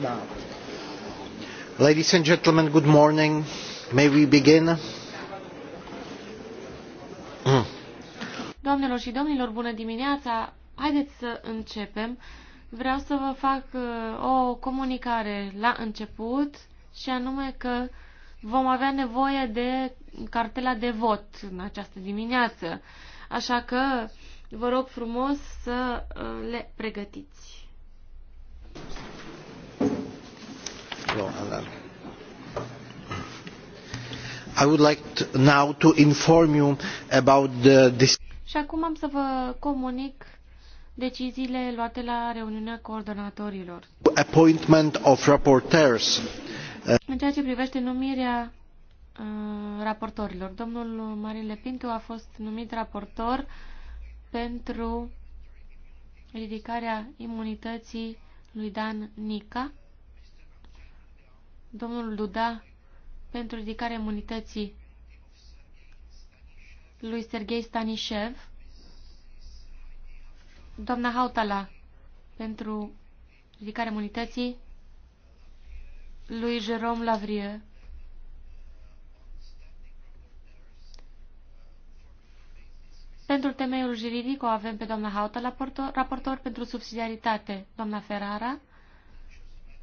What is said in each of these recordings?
Da. Ladies and gentlemen, good morning. May we begin? Mm. Doamnelor și domnilor, bună dimineața! Haideți să începem. Vreau să vă fac uh, o comunicare la început și anume că vom avea nevoie de cartela de vot în această dimineață. Așa că vă rog frumos să uh, le pregătiți. I would like to now to inform you about the Și acum am să vă comunic deciziile luate la reuniunea coordonatorilor. Appointment of rapporteurs. Uh, În ceea ce privește numirea uh, raportorilor, domnul Marin Lepintu a fost numit raportor pentru ridicarea imunității lui Dan Nica domnul Duda pentru ridicarea imunității lui Sergei Stanishev, doamna Hautala pentru ridicarea imunității lui Jerome Lavrie, Pentru temeiul juridic o avem pe doamna Hauta, raportor, raportor pentru subsidiaritate, doamna Ferrara,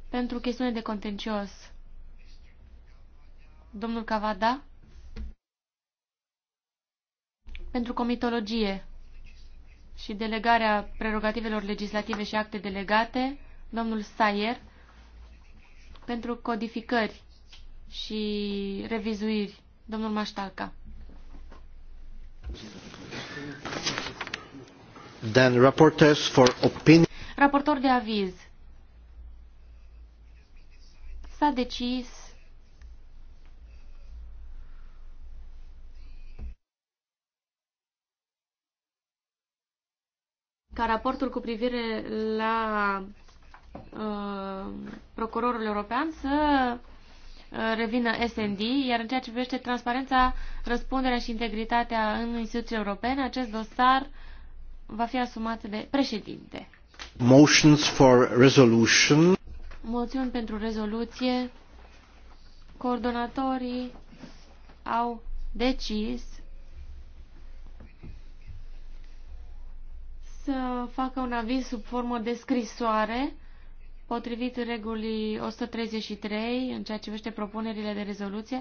pentru chestiune de contencios, Domnul Cavada? Pentru comitologie și delegarea prerogativelor legislative și acte delegate, domnul Sayer, pentru codificări și revizuiri, domnul Maștalca. Then reporters for opinion. Raportor de aviz. S-a decis ca raportul cu privire la uh, procurorul european să uh, revină SND, iar în ceea ce privește transparența, răspunderea și integritatea în instituții europene, acest dosar va fi asumat de președinte. Motions for resolution. Moțiuni pentru rezoluție. Coordonatorii au decis să facă un aviz sub formă de scrisoare potrivit regulii 133 în ceea ce vește propunerile de rezoluție,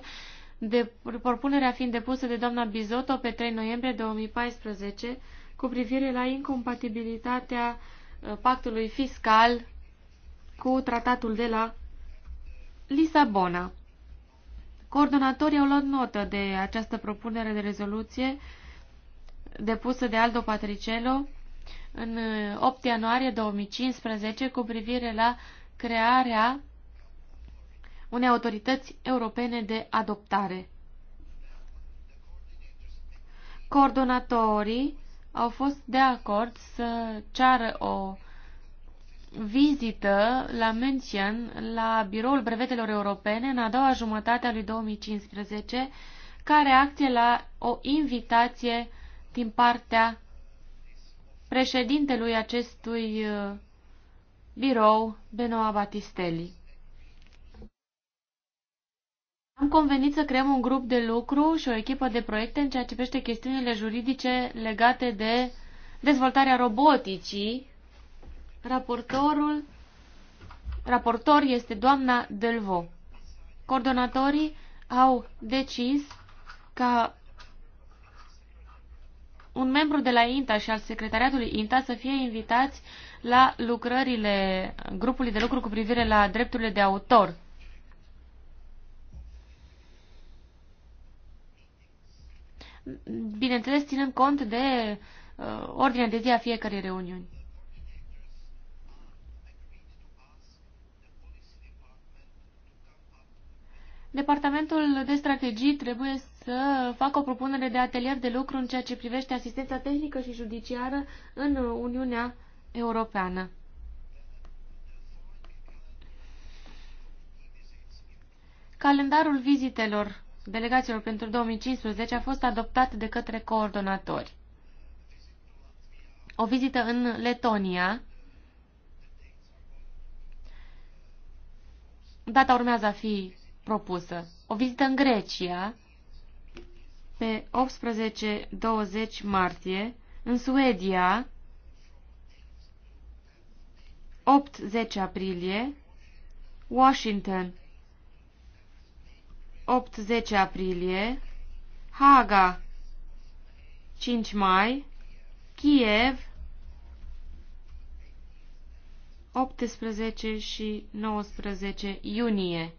de, propunerea fiind depusă de doamna Bizoto pe 3 noiembrie 2014 cu privire la incompatibilitatea uh, pactului fiscal cu tratatul de la Lisabona. Coordonatorii au luat notă de această propunere de rezoluție depusă de Aldo Patricello în 8 uh, ianuarie 2015 cu privire la crearea unei autorități europene de adoptare. Coordonatorii au fost de acord să ceară o vizită la München, la biroul brevetelor europene, în a doua jumătate a lui 2015, ca reacție la o invitație din partea președintelui acestui uh, birou, Benoa Batistelli. Am convenit să creăm un grup de lucru și o echipă de proiecte în ceea ce privește chestiunile juridice legate de dezvoltarea roboticii. Raportorul, raportor este doamna Delvo. Coordonatorii au decis ca un membru de la INTA și al secretariatului INTA să fie invitați la lucrările grupului de lucru cu privire la drepturile de autor. Bineînțeles, ținând cont de uh, ordinea de zi a fiecărei reuniuni. Departamentul de strategii trebuie să facă o propunere de atelier de lucru în ceea ce privește asistența tehnică și judiciară în Uniunea Europeană. Calendarul vizitelor delegațiilor pentru 2015 a fost adoptat de către coordonatori. O vizită în Letonia. Data urmează a fi propusă. O vizită în Grecia pe 18-20 martie, în Suedia 8-10 aprilie, Washington 8-10 aprilie, Haga 5 mai, Kiev 18 și 19 iunie.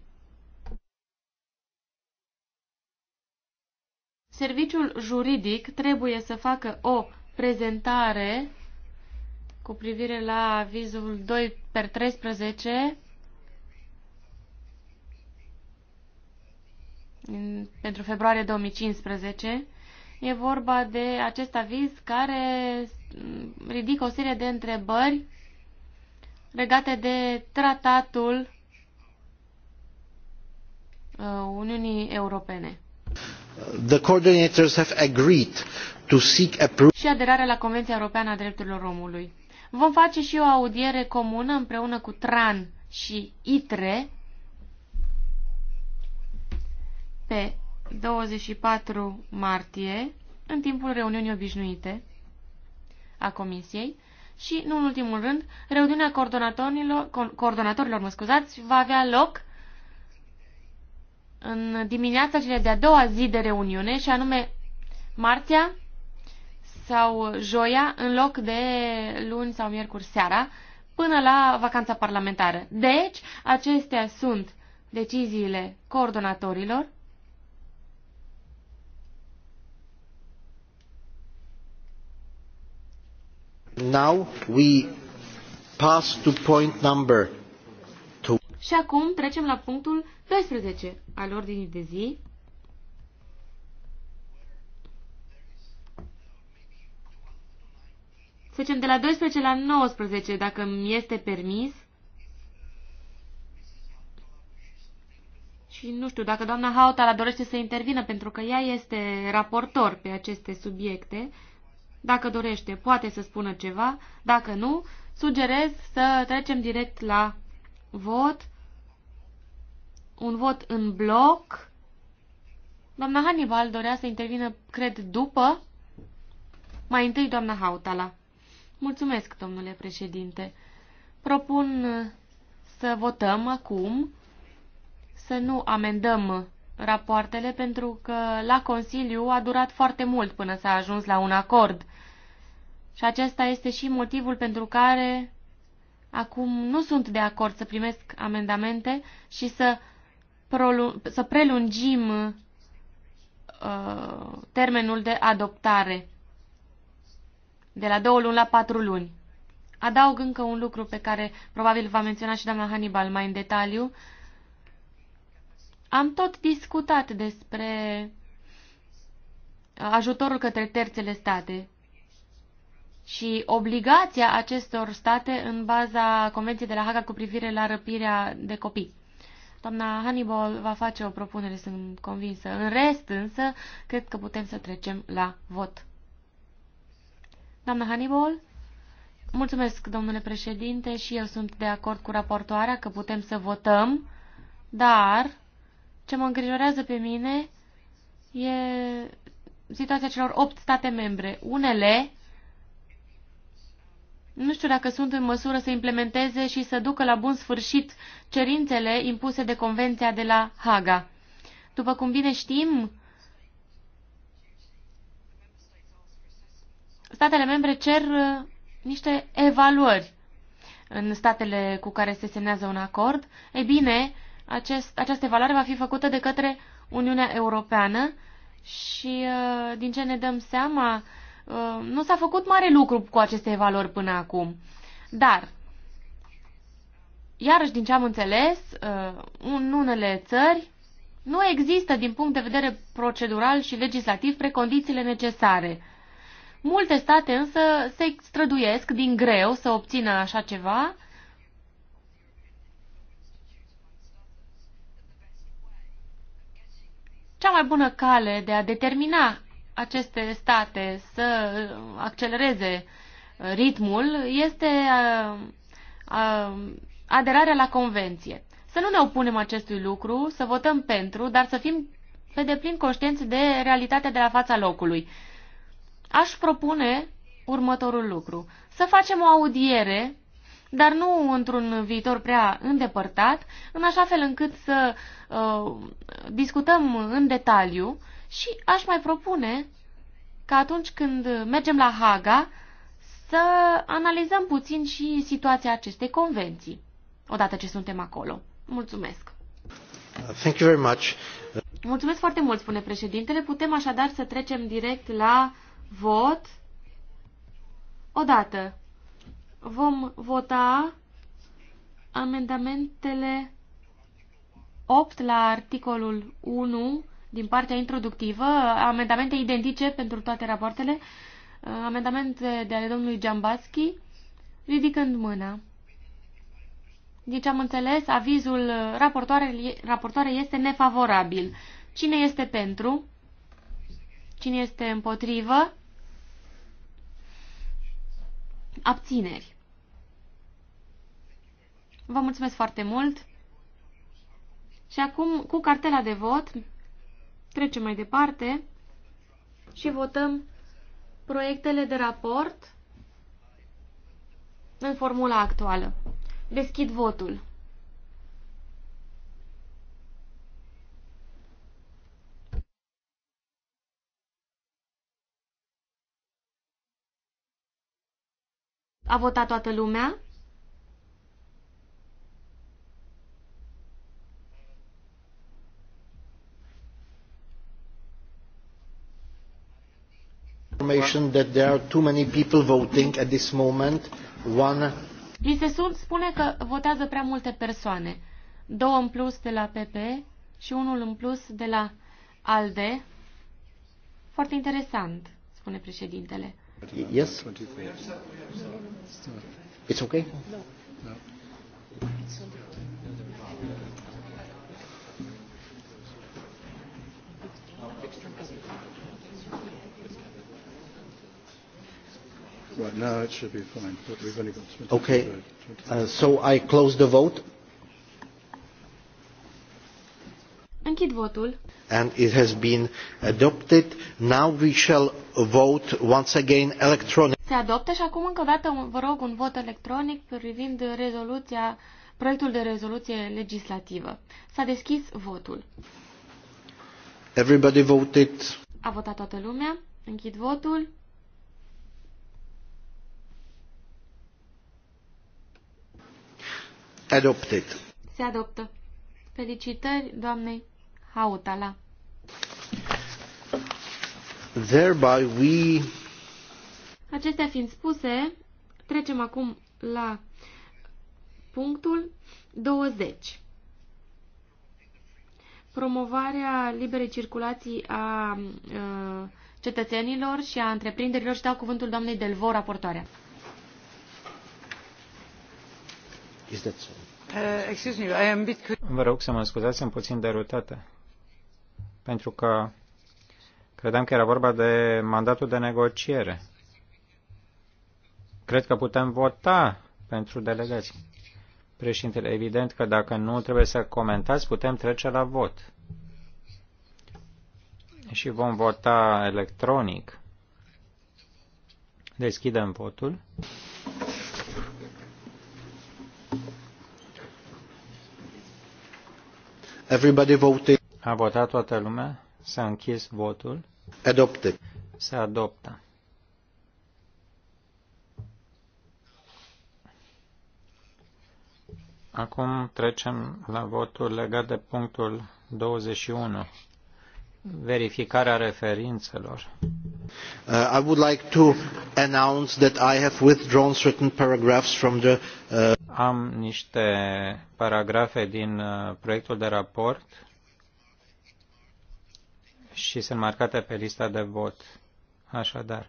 serviciul juridic trebuie să facă o prezentare cu privire la avizul 2 per 13 pentru februarie 2015. E vorba de acest aviz care ridică o serie de întrebări legate de tratatul uh, Uniunii Europene the coordinators have agreed to seek approval. Și aderarea la Convenția Europeană a Drepturilor Omului. Vom face și o audiere comună împreună cu TRAN și ITRE pe 24 martie, în timpul reuniunii obișnuite a Comisiei, și, nu în ultimul rând, reuniunea coordonatorilor, coordonatorilor mă scuzați, va avea loc în dimineața cele de-a doua zi de reuniune, și anume marțea sau joia, în loc de luni sau miercuri seara, până la vacanța parlamentară. Deci, acestea sunt deciziile coordonatorilor. Now we pass to point number two. Și acum trecem la punctul 12 al ordinii de zi Să zicem de la 12 la 19, dacă mi este permis. Și nu știu, dacă doamna Hautala dorește să intervină, pentru că ea este raportor pe aceste subiecte, dacă dorește, poate să spună ceva, dacă nu, sugerez să trecem direct la vot un vot în bloc. Doamna Hannibal dorea să intervină, cred, după. Mai întâi doamna Hautala. Mulțumesc, domnule președinte. Propun uh, să votăm acum, să nu amendăm rapoartele, pentru că la Consiliu a durat foarte mult până s-a ajuns la un acord. Și acesta este și motivul pentru care acum nu sunt de acord să primesc amendamente și să să prelungim uh, termenul de adoptare de la două luni la patru luni. Adaug încă un lucru pe care probabil va menționa și doamna Hannibal mai în detaliu. Am tot discutat despre uh, ajutorul către terțele state și obligația acestor state în baza Convenției de la Haga cu privire la răpirea de copii. Doamna Hannibal va face o propunere, sunt convinsă. În rest, însă, cred că putem să trecem la vot. Doamna Hannibal? Mulțumesc, domnule președinte, și eu sunt de acord cu raportoarea că putem să votăm, dar ce mă îngrijorează pe mine e situația celor opt state membre. Unele nu știu dacă sunt în măsură să implementeze și să ducă la bun sfârșit cerințele impuse de Convenția de la Haga. După cum bine știm, statele membre cer uh, niște evaluări în statele cu care se semnează un acord. Ei bine, acest, această evaluare va fi făcută de către Uniunea Europeană și uh, din ce ne dăm seama, Uh, nu s-a făcut mare lucru cu aceste evaluări până acum. Dar, iarăși din ce am înțeles, uh, în unele țări nu există din punct de vedere procedural și legislativ precondițiile necesare. Multe state însă se străduiesc din greu să obțină așa ceva, Cea mai bună cale de a determina aceste state să accelereze ritmul este uh, uh, aderarea la convenție. Să nu ne opunem acestui lucru, să votăm pentru, dar să fim pe deplin conștienți de realitatea de la fața locului. Aș propune următorul lucru. Să facem o audiere, dar nu într-un viitor prea îndepărtat, în așa fel încât să uh, discutăm în detaliu și aș mai propune că atunci când mergem la Haga să analizăm puțin și situația acestei convenții, odată ce suntem acolo. Mulțumesc! Uh, thank you very much. Mulțumesc foarte mult, spune președintele. Putem așadar să trecem direct la vot. Odată vom vota amendamentele 8 la articolul 1 din partea introductivă, amendamente identice pentru toate rapoartele, uh, amendamente de ale domnului Giambaschi, ridicând mâna. Din deci ce am înțeles, avizul raportoare este nefavorabil. Cine este pentru? Cine este împotrivă? Abțineri. Vă mulțumesc foarte mult. Și acum, cu cartela de vot, Trecem mai departe și votăm proiectele de raport în formula actuală. Deschid votul. A votat toată lumea? information that there moment. Li se spune că votează prea multe persoane. Două în plus de la PP și unul în plus de la ALDE. Foarte interesant, spune președintele. Yes? It's okay? No. No. Right, now it should be fine, but we've only got 20 Okay, 20. Uh, so I close the vote. Închid votul. And it has been adopted. Now we shall vote once again electronic. Se adoptă și acum încă o dată vă rog un vot electronic privind rezoluția, proiectul de rezoluție legislativă. S-a deschis votul. Everybody voted. A votat toată lumea. Închid votul. Adopted. Se adoptă. Felicitări doamnei Hautala. Thereby we... Acestea fiind spuse, trecem acum la punctul 20. Promovarea liberei circulații a uh, cetățenilor și a întreprinderilor și dau cuvântul doamnei Delvor, raportoarea. Uh, excuse am Vă rog să mă scuzați, sunt puțin derutată. Pentru că credeam că era vorba de mandatul de negociere. Cred că putem vota pentru delegații. Președintele, evident că dacă nu trebuie să comentați, putem trece la vot. Și vom vota electronic. Deschidem votul. Everybody voted. A votat toată lumea? S-a închis votul? Adopted. Se adoptă. Acum trecem la votul legat de punctul 21 verificarea referințelor. Uh, I would like to announce that I have withdrawn certain paragraphs from the uh... Am niște paragrafe din uh, proiectul de raport și sunt marcate pe lista de vot. Așadar.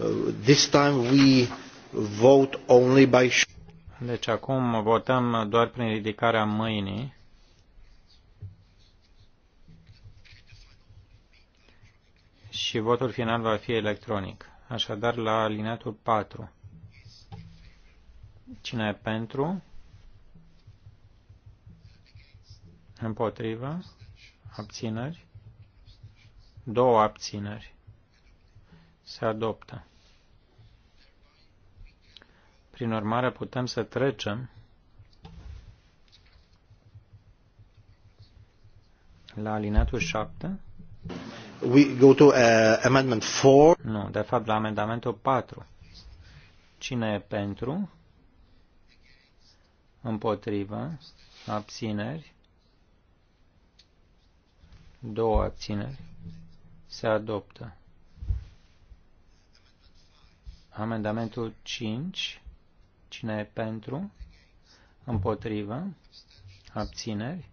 Uh, this time we vote only by deci acum votăm doar prin ridicarea mâinii. și votul final va fi electronic. Așadar, la alineatul 4. Cine e pentru? Împotrivă? Abțineri? Două abțineri. Se adoptă. Prin urmare, putem să trecem la alineatul 7. We go to uh, amendment 4. Nu, de fapt la amendamentul 4. Cine e pentru? Împotrivă. Abțineri. Două abțineri. Se adoptă. Amendamentul 5. Cine e pentru? Împotrivă. Abțineri.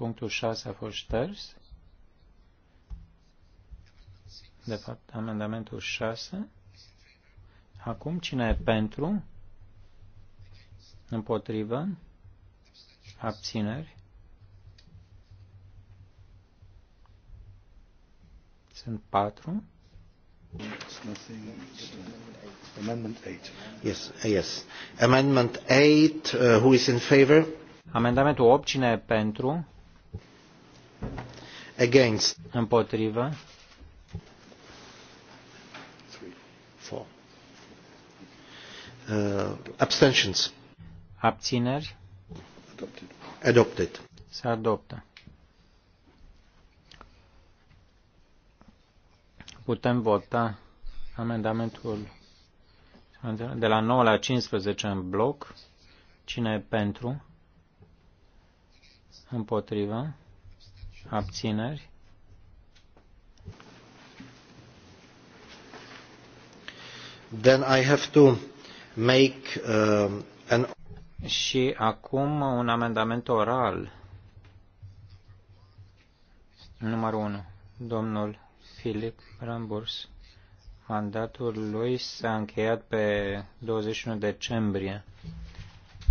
punctul 6 a fost șters. De fapt, amendamentul 6. Acum, cine e pentru? Împotrivă? Abțineri? Sunt patru. Amendment 8. Yes, yes. Amendment 8, uh, who is in favor? Amendamentul 8, cine e pentru? Against. Împotrivă. Uh, abstentions. Abțineri. Adopted. Adopted. Se adoptă. Putem vota amendamentul de la 9 la 15 în bloc. Cine e pentru? împotrivă Abțineri? Then I have to make uh, an... Și acum un amendament oral. Numărul 1. Domnul Filip Ramburs. Mandatul lui s-a încheiat pe 21 decembrie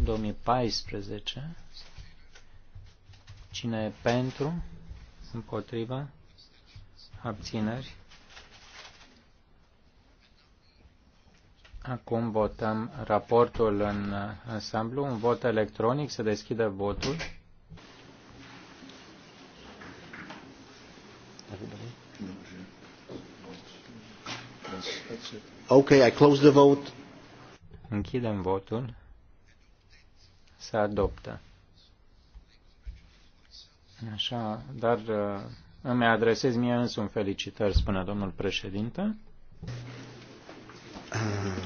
2014. Cine e pentru? împotriva, abțineri. Acum votăm raportul în ansamblu, un vot electronic, se deschide votul. Ok, I close the vote. Închidem votul. Se adoptă. Așa, dar uh, îmi adresez mie însumi felicitări, spune domnul președinte. Uh,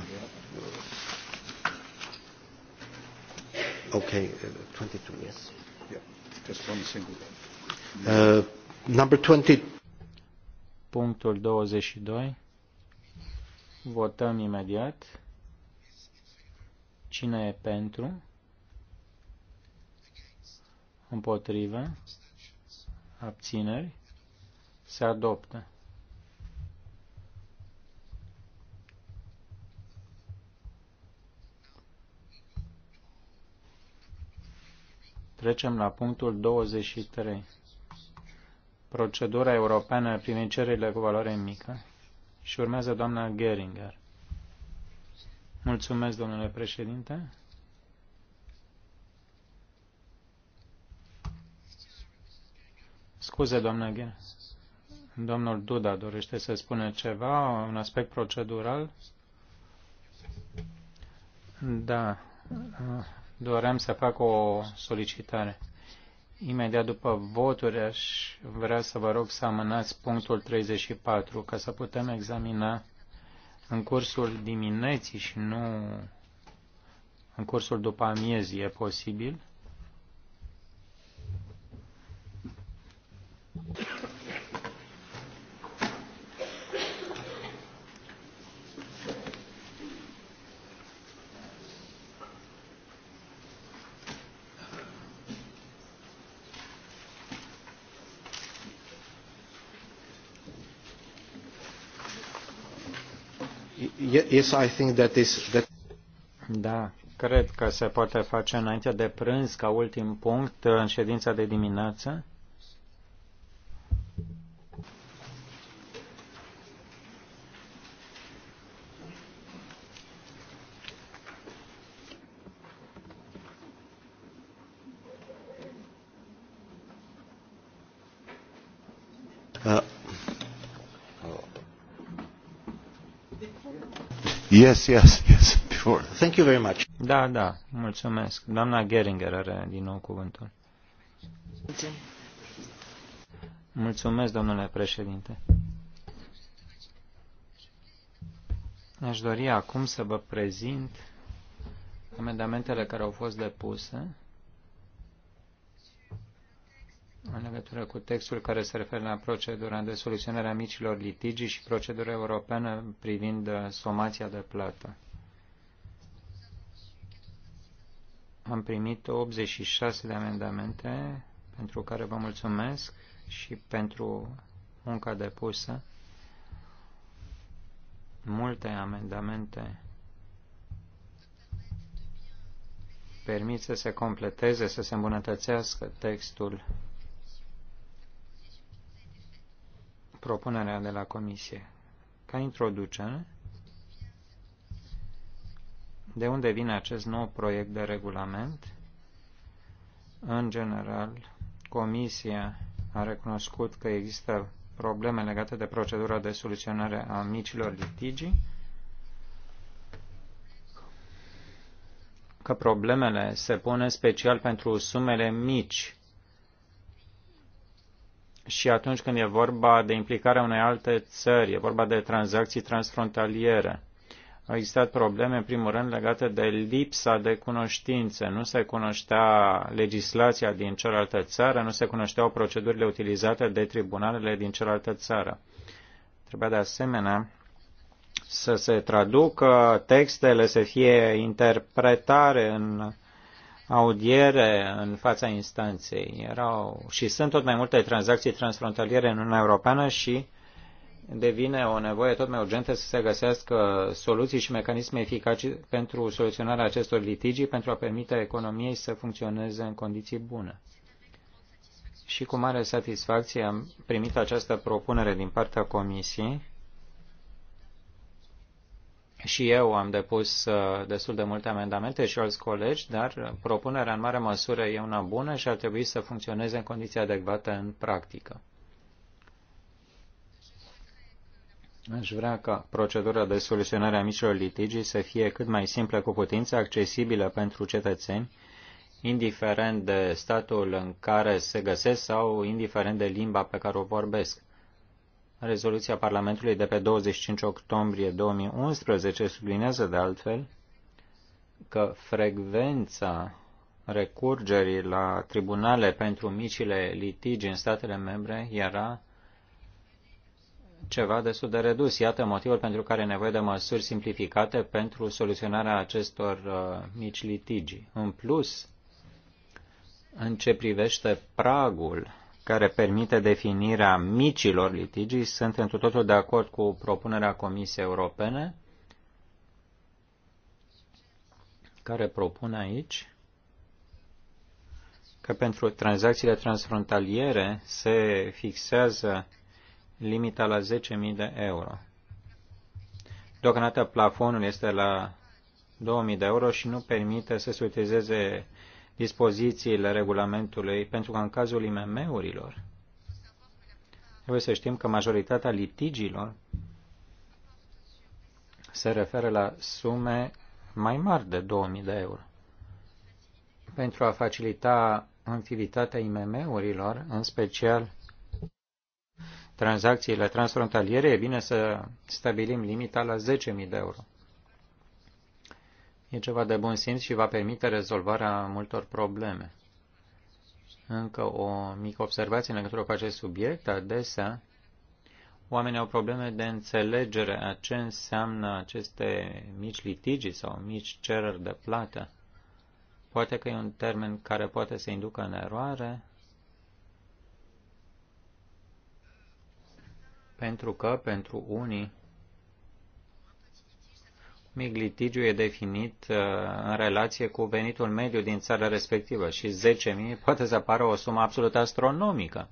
ok, uh, 22, yes. Yeah, just one single Uh, number 20. Punctul 22. Votăm imediat. Cine e pentru? Împotrivă? abțineri, se adoptă. Trecem la punctul 23. Procedura europeană privind cererile cu valoare mică. Și urmează doamna Geringer. Mulțumesc, domnule președinte. Scuze, doamnă Ghe. Domnul Duda dorește să spune ceva, un aspect procedural? Da, doream să fac o solicitare. Imediat după voturi aș vrea să vă rog să amânați punctul 34 ca să putem examina în cursul dimineții și nu în cursul după amiezii e posibil. Yes, I think that is that. Da, cred că se poate face înainte de prânz ca ultim punct în ședința de dimineață. yes, yes, yes, before. Thank you very much. Da, da, mulțumesc. Doamna Geringer are din nou cuvântul. Mulțumesc, domnule președinte. Aș dori acum să vă prezint amendamentele care au fost depuse legătură cu textul care se referă la procedura de soluționare a micilor litigi și procedura europeană privind uh, somația de plată. Am primit 86 de amendamente pentru care vă mulțumesc și pentru munca depusă. Multe amendamente permit să se completeze, să se îmbunătățească textul propunerea de la Comisie. Ca introducere, de unde vine acest nou proiect de regulament? În general, Comisia a recunoscut că există probleme legate de procedura de soluționare a micilor litigii, că problemele se pune special pentru sumele mici și atunci când e vorba de implicarea unei alte țări, e vorba de tranzacții transfrontaliere. Au existat probleme, în primul rând, legate de lipsa de cunoștințe. Nu se cunoștea legislația din cealaltă țară, nu se cunoșteau procedurile utilizate de tribunalele din cealaltă țară. Trebuia de asemenea să se traducă textele, să fie interpretare în audiere în fața instanței. Erau și sunt tot mai multe tranzacții transfrontaliere în Uniunea Europeană și devine o nevoie tot mai urgentă să se găsească soluții și mecanisme eficace pentru soluționarea acestor litigii pentru a permite economiei să funcționeze în condiții bune. Și cu mare satisfacție am primit această propunere din partea Comisiei și eu am depus uh, destul de multe amendamente și alți colegi, dar propunerea în mare măsură e una bună și ar trebui să funcționeze în condiții adecvate în practică. Aș vrea ca procedura de soluționare a micilor litigii să fie cât mai simplă cu putință, accesibilă pentru cetățeni, indiferent de statul în care se găsesc sau indiferent de limba pe care o vorbesc. Rezoluția Parlamentului de pe 25 octombrie 2011 sublinează de altfel că frecvența recurgerii la tribunale pentru micile litigi în statele membre era ceva destul de redus. Iată motivul pentru care e nevoie de măsuri simplificate pentru soluționarea acestor uh, mici litigi. În plus, în ce privește pragul care permite definirea micilor litigii. Sunt într totul de acord cu propunerea Comisiei Europene care propune aici că pentru tranzacțiile transfrontaliere se fixează limita la 10.000 de euro. Deocamdată plafonul este la 2000 de euro și nu permite să se utilizeze dispozițiile regulamentului, pentru că în cazul IMM-urilor trebuie să știm că majoritatea litigiilor se referă la sume mai mari de 2000 de euro. Pentru a facilita activitatea IMM-urilor, în special tranzacțiile transfrontaliere, e bine să stabilim limita la 10.000 de euro. E ceva de bun simț și va permite rezolvarea multor probleme. Încă o mică observație în legătură cu acest subiect. Adesea, oamenii au probleme de înțelegere a ce înseamnă aceste mici litigi sau mici cereri de plată. Poate că e un termen care poate să inducă în eroare, pentru că, pentru unii, mic litigiu e definit uh, în relație cu venitul mediu din țara respectivă și 10.000 poate să apară o sumă absolut astronomică.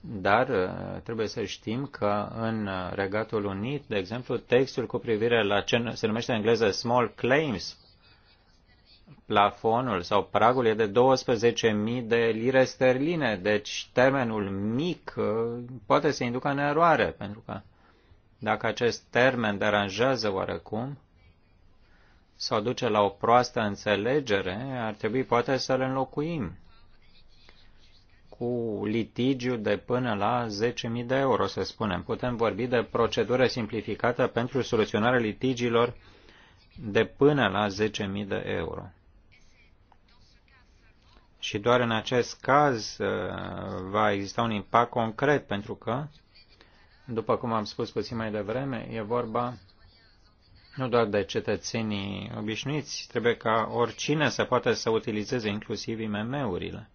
Dar uh, trebuie să știm că în Regatul Unit, de exemplu, textul cu privire la ce se numește în engleză small claims, plafonul sau pragul e de 12.000 de lire sterline, deci termenul mic uh, poate să inducă în eroare, pentru că dacă acest termen deranjează oarecum, sau duce la o proastă înțelegere, ar trebui poate să le înlocuim cu litigiu de până la 10.000 de euro, să spunem. Putem vorbi de procedură simplificată pentru soluționarea litigiilor de până la 10.000 de euro. Și doar în acest caz uh, va exista un impact concret, pentru că, după cum am spus puțin mai devreme, e vorba nu doar de cetățenii obișnuiți, trebuie ca oricine să poată să utilizeze inclusiv IMM-urile.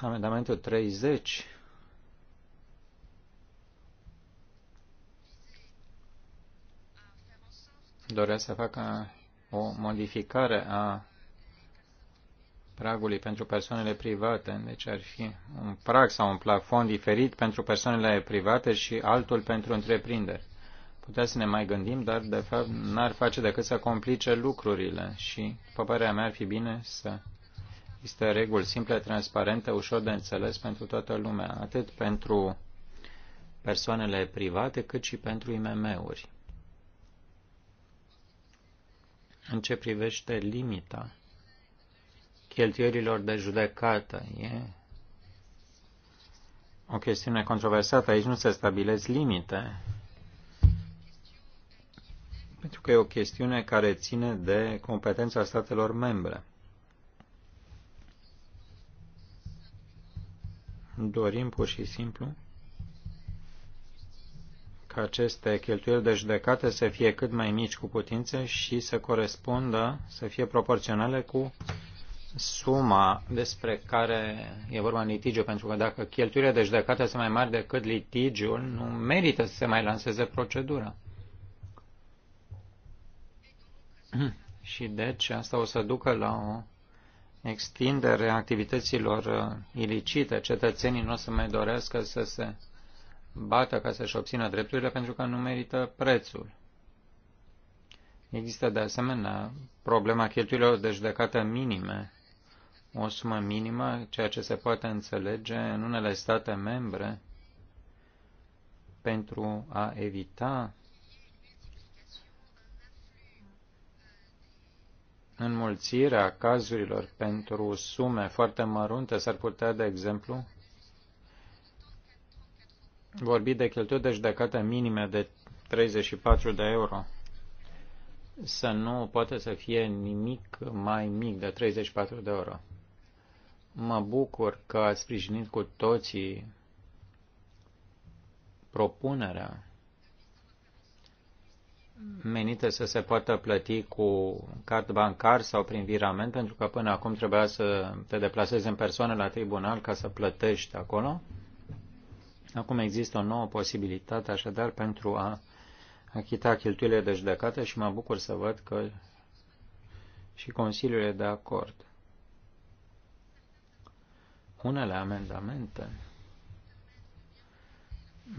Amendamentul 30 dorea să facă o modificare a pragului pentru persoanele private. Deci ar fi un prag sau un plafon diferit pentru persoanele private și altul pentru întreprinderi putea să ne mai gândim, dar de fapt n-ar face decât să complice lucrurile și, după părerea mea, ar fi bine să există reguli simple, transparente, ușor de înțeles pentru toată lumea, atât pentru persoanele private, cât și pentru IMM-uri. În ce privește limita cheltuielilor de judecată, e o chestiune controversată. Aici nu se stabilesc limite, pentru că e o chestiune care ține de competența statelor membre. Dorim pur și simplu ca aceste cheltuieli de judecată să fie cât mai mici cu putință și să corespundă, să fie proporționale cu suma despre care e vorba în litigiu, pentru că dacă cheltuielile de judecată sunt mai mari decât litigiul, nu merită să se mai lanseze procedura. Și deci asta o să ducă la o extindere a activităților uh, ilicite. Cetățenii nu o să mai dorească să se bată ca să-și obțină drepturile pentru că nu merită prețul. Există de asemenea problema cheltuielor de judecată minime, o sumă minimă, ceea ce se poate înțelege în unele state membre pentru a evita înmulțirea cazurilor pentru sume foarte mărunte s-ar putea, de exemplu, vorbi de cheltuieli de judecată minime de 34 de euro. Să nu poate să fie nimic mai mic de 34 de euro. Mă bucur că a sprijinit cu toții propunerea menite să se poată plăti cu card bancar sau prin virament, pentru că până acum trebuia să te deplasezi în persoană la tribunal ca să plătești acolo. Acum există o nouă posibilitate, așadar, pentru a achita cheltuielile de judecată și mă bucur să văd că și Consiliul e de acord. Unele amendamente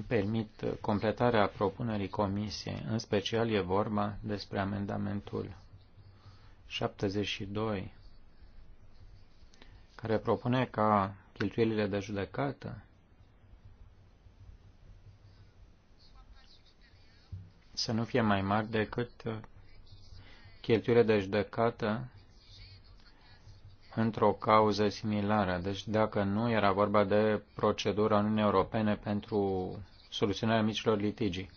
permit completarea propunerii comisiei. În special e vorba despre amendamentul 72, care propune ca cheltuielile de judecată să nu fie mai mari decât cheltuielile de judecată într-o cauză similară. Deci dacă nu era vorba de procedura Uniunii Europene pentru soluționarea micilor litigii.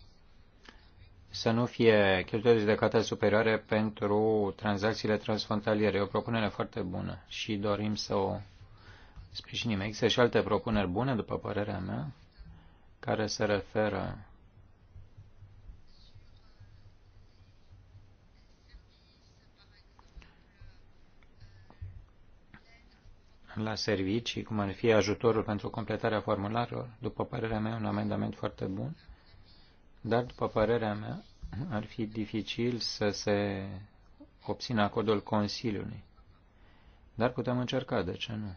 Să nu fie de judecată superioare pentru tranzacțiile transfrontaliere. E o propunere foarte bună și dorim să o sprijinim. Există și alte propuneri bune, după părerea mea, care se referă la servicii, cum ar fi ajutorul pentru completarea formularilor, după părerea mea, un amendament foarte bun, dar, după părerea mea, ar fi dificil să se obțină acordul Consiliului. Dar putem încerca, de ce nu?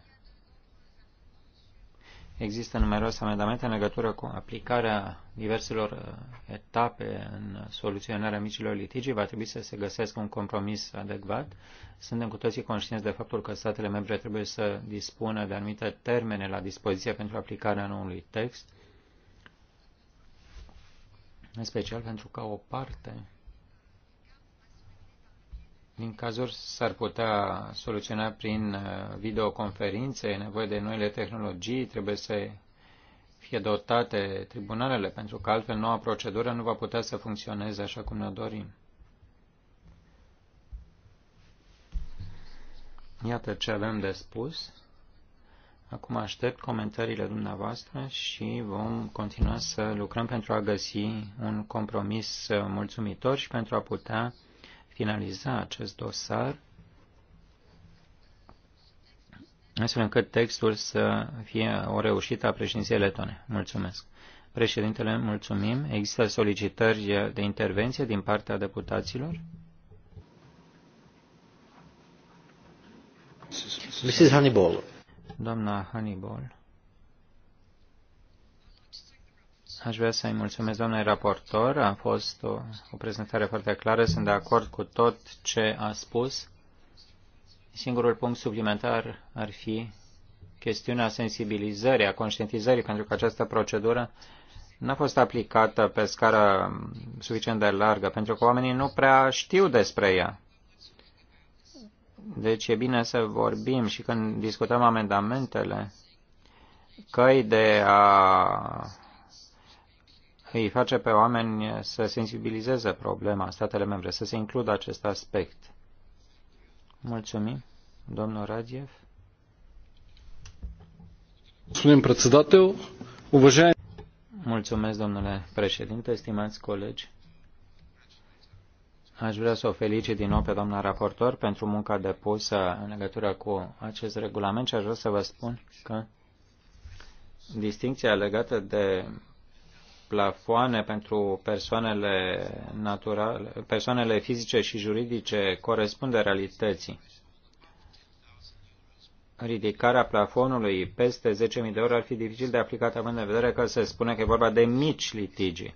Există numeroase amendamente în legătură cu aplicarea diverselor uh, etape în soluționarea micilor litigii. Va trebui să se găsească un compromis adecvat. Suntem cu toții conștienți de faptul că statele membre trebuie să dispună de anumite termene la dispoziție pentru aplicarea noului text, în special pentru că o parte din cazuri s-ar putea soluționa prin uh, videoconferințe, e nevoie de noile tehnologii, trebuie să fie dotate tribunalele, pentru că altfel noua procedură nu va putea să funcționeze așa cum ne dorim. Iată ce avem de spus. Acum aștept comentariile dumneavoastră și vom continua să lucrăm pentru a găsi un compromis mulțumitor și pentru a putea finaliza acest dosar, astfel încât textul să fie o reușită a președinției letone. Mulțumesc. Președintele, mulțumim. Există solicitări de intervenție din partea deputaților? Mrs. Hannibal. Doamna Hannibal. Aș vrea să-i mulțumesc, domnule raportor. A fost o, o prezentare foarte clară. Sunt de acord cu tot ce a spus. Singurul punct suplimentar ar fi chestiunea sensibilizării, a conștientizării, pentru că această procedură n-a fost aplicată pe scară suficient de largă, pentru că oamenii nu prea știu despre ea. Deci e bine să vorbim și când discutăm amendamentele, căi de a îi face pe oameni să sensibilizeze problema statele membre, să se includă acest aspect. Mulțumim, domnul Radiev. Mulțumim, председател. Уважаем... Mulțumesc, domnule președinte, stimați colegi. Aș vrea să o felicit din nou pe doamna raportor pentru munca depusă în legătură cu acest regulament și aș vrea să vă spun că distincția legată de plafoane pentru persoanele, naturale, persoanele fizice și juridice corespunde realității. Ridicarea plafonului peste 10.000 de euro ar fi dificil de aplicat având în vedere că se spune că e vorba de mici litigi.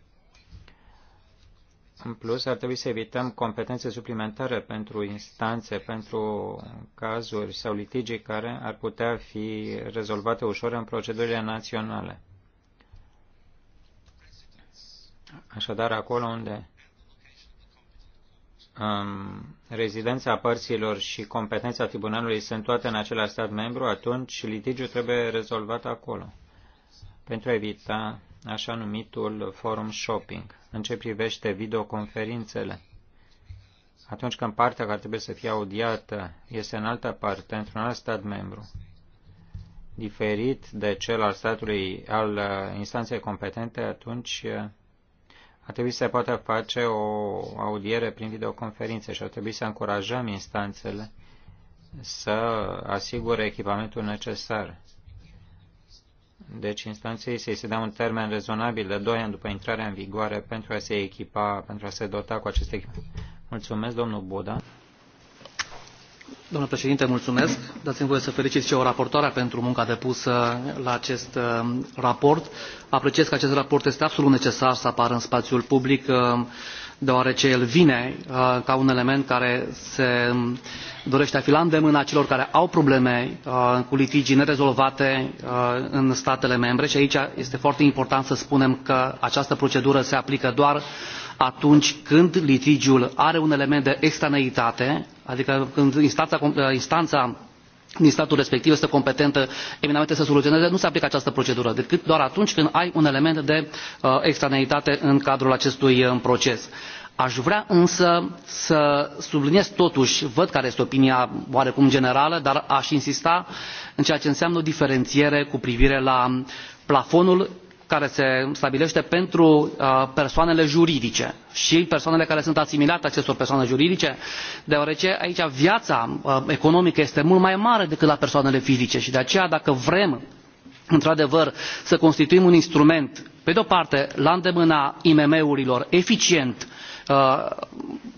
În plus, ar trebui să evităm competențe suplimentare pentru instanțe, pentru cazuri sau litigii care ar putea fi rezolvate ușor în procedurile naționale. Așadar, acolo unde um, rezidența părților și competența tribunalului sunt toate în același stat membru, atunci litigiul trebuie rezolvat acolo pentru a evita așa numitul forum shopping în ce privește videoconferințele. Atunci când partea care trebuie să fie audiată este în altă parte, într-un alt stat membru, diferit de cel al statului, al uh, instanței competente, atunci uh, a trebuit să poată face o audiere prin videoconferințe și a trebuit să încurajăm instanțele să asigure echipamentul necesar. Deci instanței să-i se dea un termen rezonabil de 2 ani după intrarea în vigoare pentru a se echipa, pentru a se dota cu aceste echipamente. Mulțumesc, domnul Buda. Domnule președinte, mulțumesc. Dați-mi voie să felicit și eu raportoarea pentru munca depusă la acest uh, raport. Apreciez că acest raport este absolut necesar să apară în spațiul public, uh, deoarece el vine uh, ca un element care se um, dorește a fi la îndemâna celor care au probleme cu litigii nerezolvate în statele membre și aici este foarte important să spunem că această procedură se aplică doar atunci când litigiul are un element de extraneitate, adică când instanța, uh, instanța din statul respectiv este competentă eminamente să soluționeze, nu se aplică această procedură, decât doar atunci când ai un element de uh, extraneitate în cadrul acestui uh, proces. Aș vrea însă să subliniez totuși, văd care este opinia oarecum generală, dar aș insista în ceea ce înseamnă o diferențiere cu privire la plafonul care se stabilește pentru uh, persoanele juridice și persoanele care sunt asimilate acestor persoane juridice deoarece aici viața uh, economică este mult mai mare decât la persoanele fizice și de aceea dacă vrem într adevăr să constituim un instrument pe de o parte la îndemâna imm urilor eficient uh,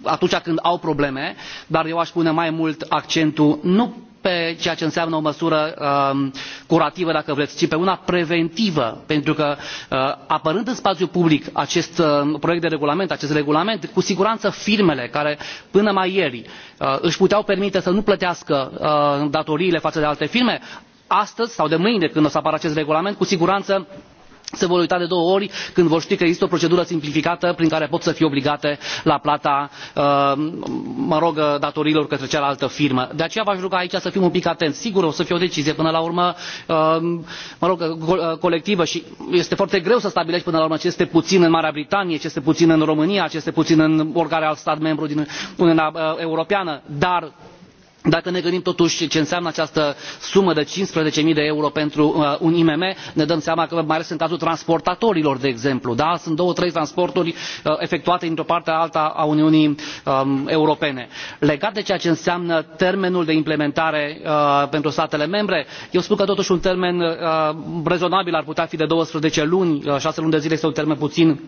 atunci când au probleme dar eu aș pune mai mult accentul nu pe ceea ce înseamnă o măsură um, curativă dacă vreți ci pe una preventivă pentru că uh, apărând în spațiul public acest um, proiect de regulament acest regulament cu siguranță firmele care până mai ieri uh, își puteau permite să nu plătească uh, datoriile față de alte firme astăzi sau de mâine când o să apară acest regulament cu siguranță se vor uita de două ori când vor ști că există o procedură simplificată prin care pot să fie obligate la plata uh, mă rog uh, datoriilor către cealaltă firmă. de aceea v aș ruga aici să fim un pic atenți. sigur o să fie o decizie până la urmă uh, mă rog colectivă și este foarte greu să stabilești până la urmă ce este puțin în marea britanie ce este puțin în românia ce este puțin în oricare alt stat membru din uniunea europeană dar dacă ne gândim totuși ce înseamnă această sumă de cincisprezece zero de euro pentru uh, un imm ne dăm seama că mai ales în cazul transportatorilor de exemplu da? sunt două trei transporturi uh, efectuate dintr o parte în alta a uniunii um, europene. legat de ceea ce înseamnă termenul de implementare uh, pentru statele membre eu spun că totuși un termen rezonabil ar putea fi de douăsprezece luni șase luni de zile este un termen puțin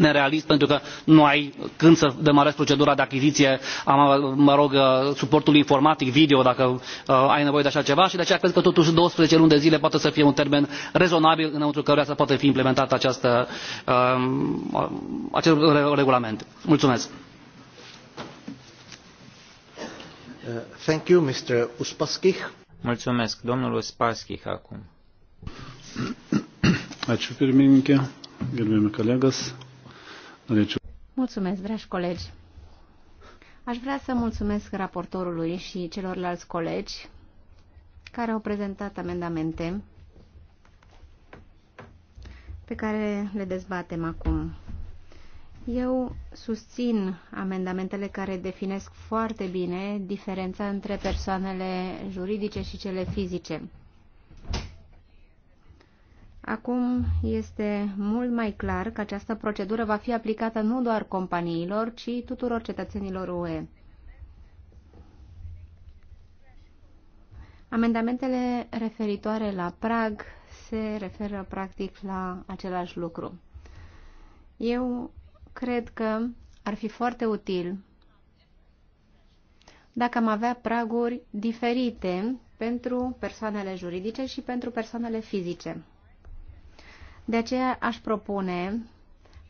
nerealist pentru că nu ai când să demarezi procedura de achiziție a mă rog uh, suportului informatic video dacă uh, ai nevoie de așa ceva și de aceea cred că totuși douăsprezece luni de zile poate să fie un termen rezonabil înăuntru căruia să poată fi implementat această, um, acest regulament. Mulțumesc. Uh, thank you, Mr. Uspaskich. Mulțumesc. Domnul Uspaskich acum. Ačiū pirmininkė, gerbiami kolegos. Deci- mulțumesc, dragi colegi. Aș vrea să mulțumesc raportorului și celorlalți colegi care au prezentat amendamente pe care le dezbatem acum. Eu susțin amendamentele care definesc foarte bine diferența între persoanele juridice și cele fizice. Acum este mult mai clar că această procedură va fi aplicată nu doar companiilor, ci tuturor cetățenilor UE. Amendamentele referitoare la prag se referă practic la același lucru. Eu cred că ar fi foarte util dacă am avea praguri diferite pentru persoanele juridice și pentru persoanele fizice. De aceea aș propune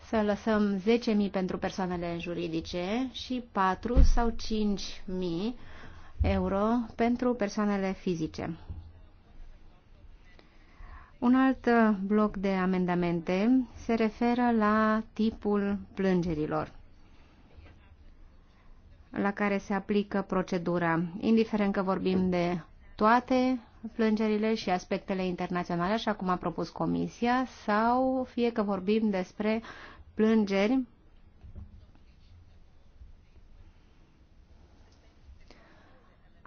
să lăsăm 10.000 pentru persoanele juridice și 4 sau 5.000 euro pentru persoanele fizice. Un alt bloc de amendamente se referă la tipul plângerilor la care se aplică procedura, indiferent că vorbim de toate plângerile și aspectele internaționale, așa cum a propus Comisia, sau fie că vorbim despre plângeri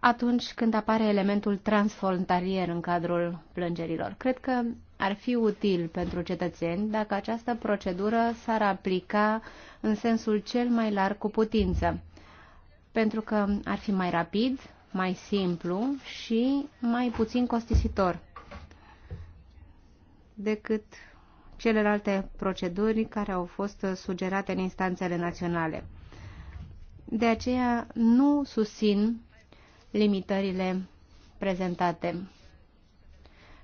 atunci când apare elementul transfrontalier în cadrul plângerilor. Cred că ar fi util pentru cetățeni dacă această procedură s-ar aplica în sensul cel mai larg cu putință, pentru că ar fi mai rapid, mai simplu și mai puțin costisitor decât celelalte proceduri care au fost sugerate în instanțele naționale. De aceea nu susțin limitările prezentate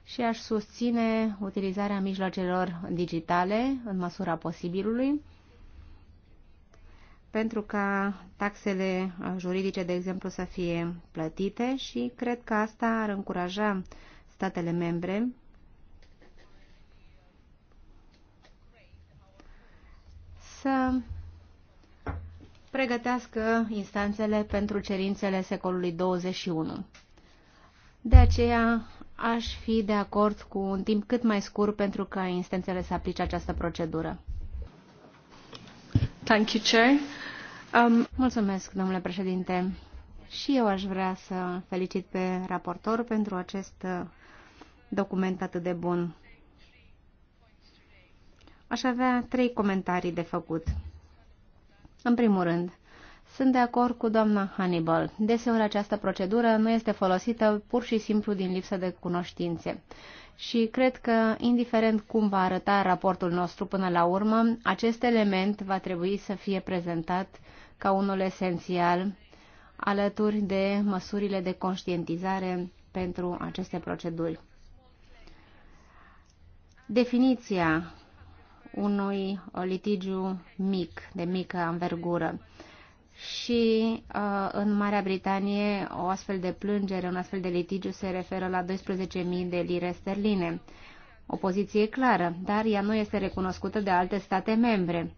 și aș susține utilizarea mijloacelor digitale în măsura posibilului pentru ca taxele uh, juridice, de exemplu, să fie plătite și cred că asta ar încuraja statele membre să pregătească instanțele pentru cerințele secolului 21. De aceea aș fi de acord cu un timp cât mai scurt pentru ca instanțele să aplice această procedură. Thank you, Chair. Mulțumesc, domnule președinte. Și eu aș vrea să felicit pe raportor pentru acest uh, document atât de bun. Aș avea trei comentarii de făcut. În primul rând, sunt de acord cu doamna Hannibal. Deseori această procedură nu este folosită pur și simplu din lipsă de cunoștințe. Și cred că, indiferent cum va arăta raportul nostru până la urmă, acest element va trebui să fie prezentat ca unul esențial, alături de măsurile de conștientizare pentru aceste proceduri. Definiția unui litigiu mic, de mică anvergură. Și uh, în Marea Britanie o astfel de plângere, un astfel de litigiu se referă la 12.000 de lire sterline. O poziție clară, dar ea nu este recunoscută de alte state membre.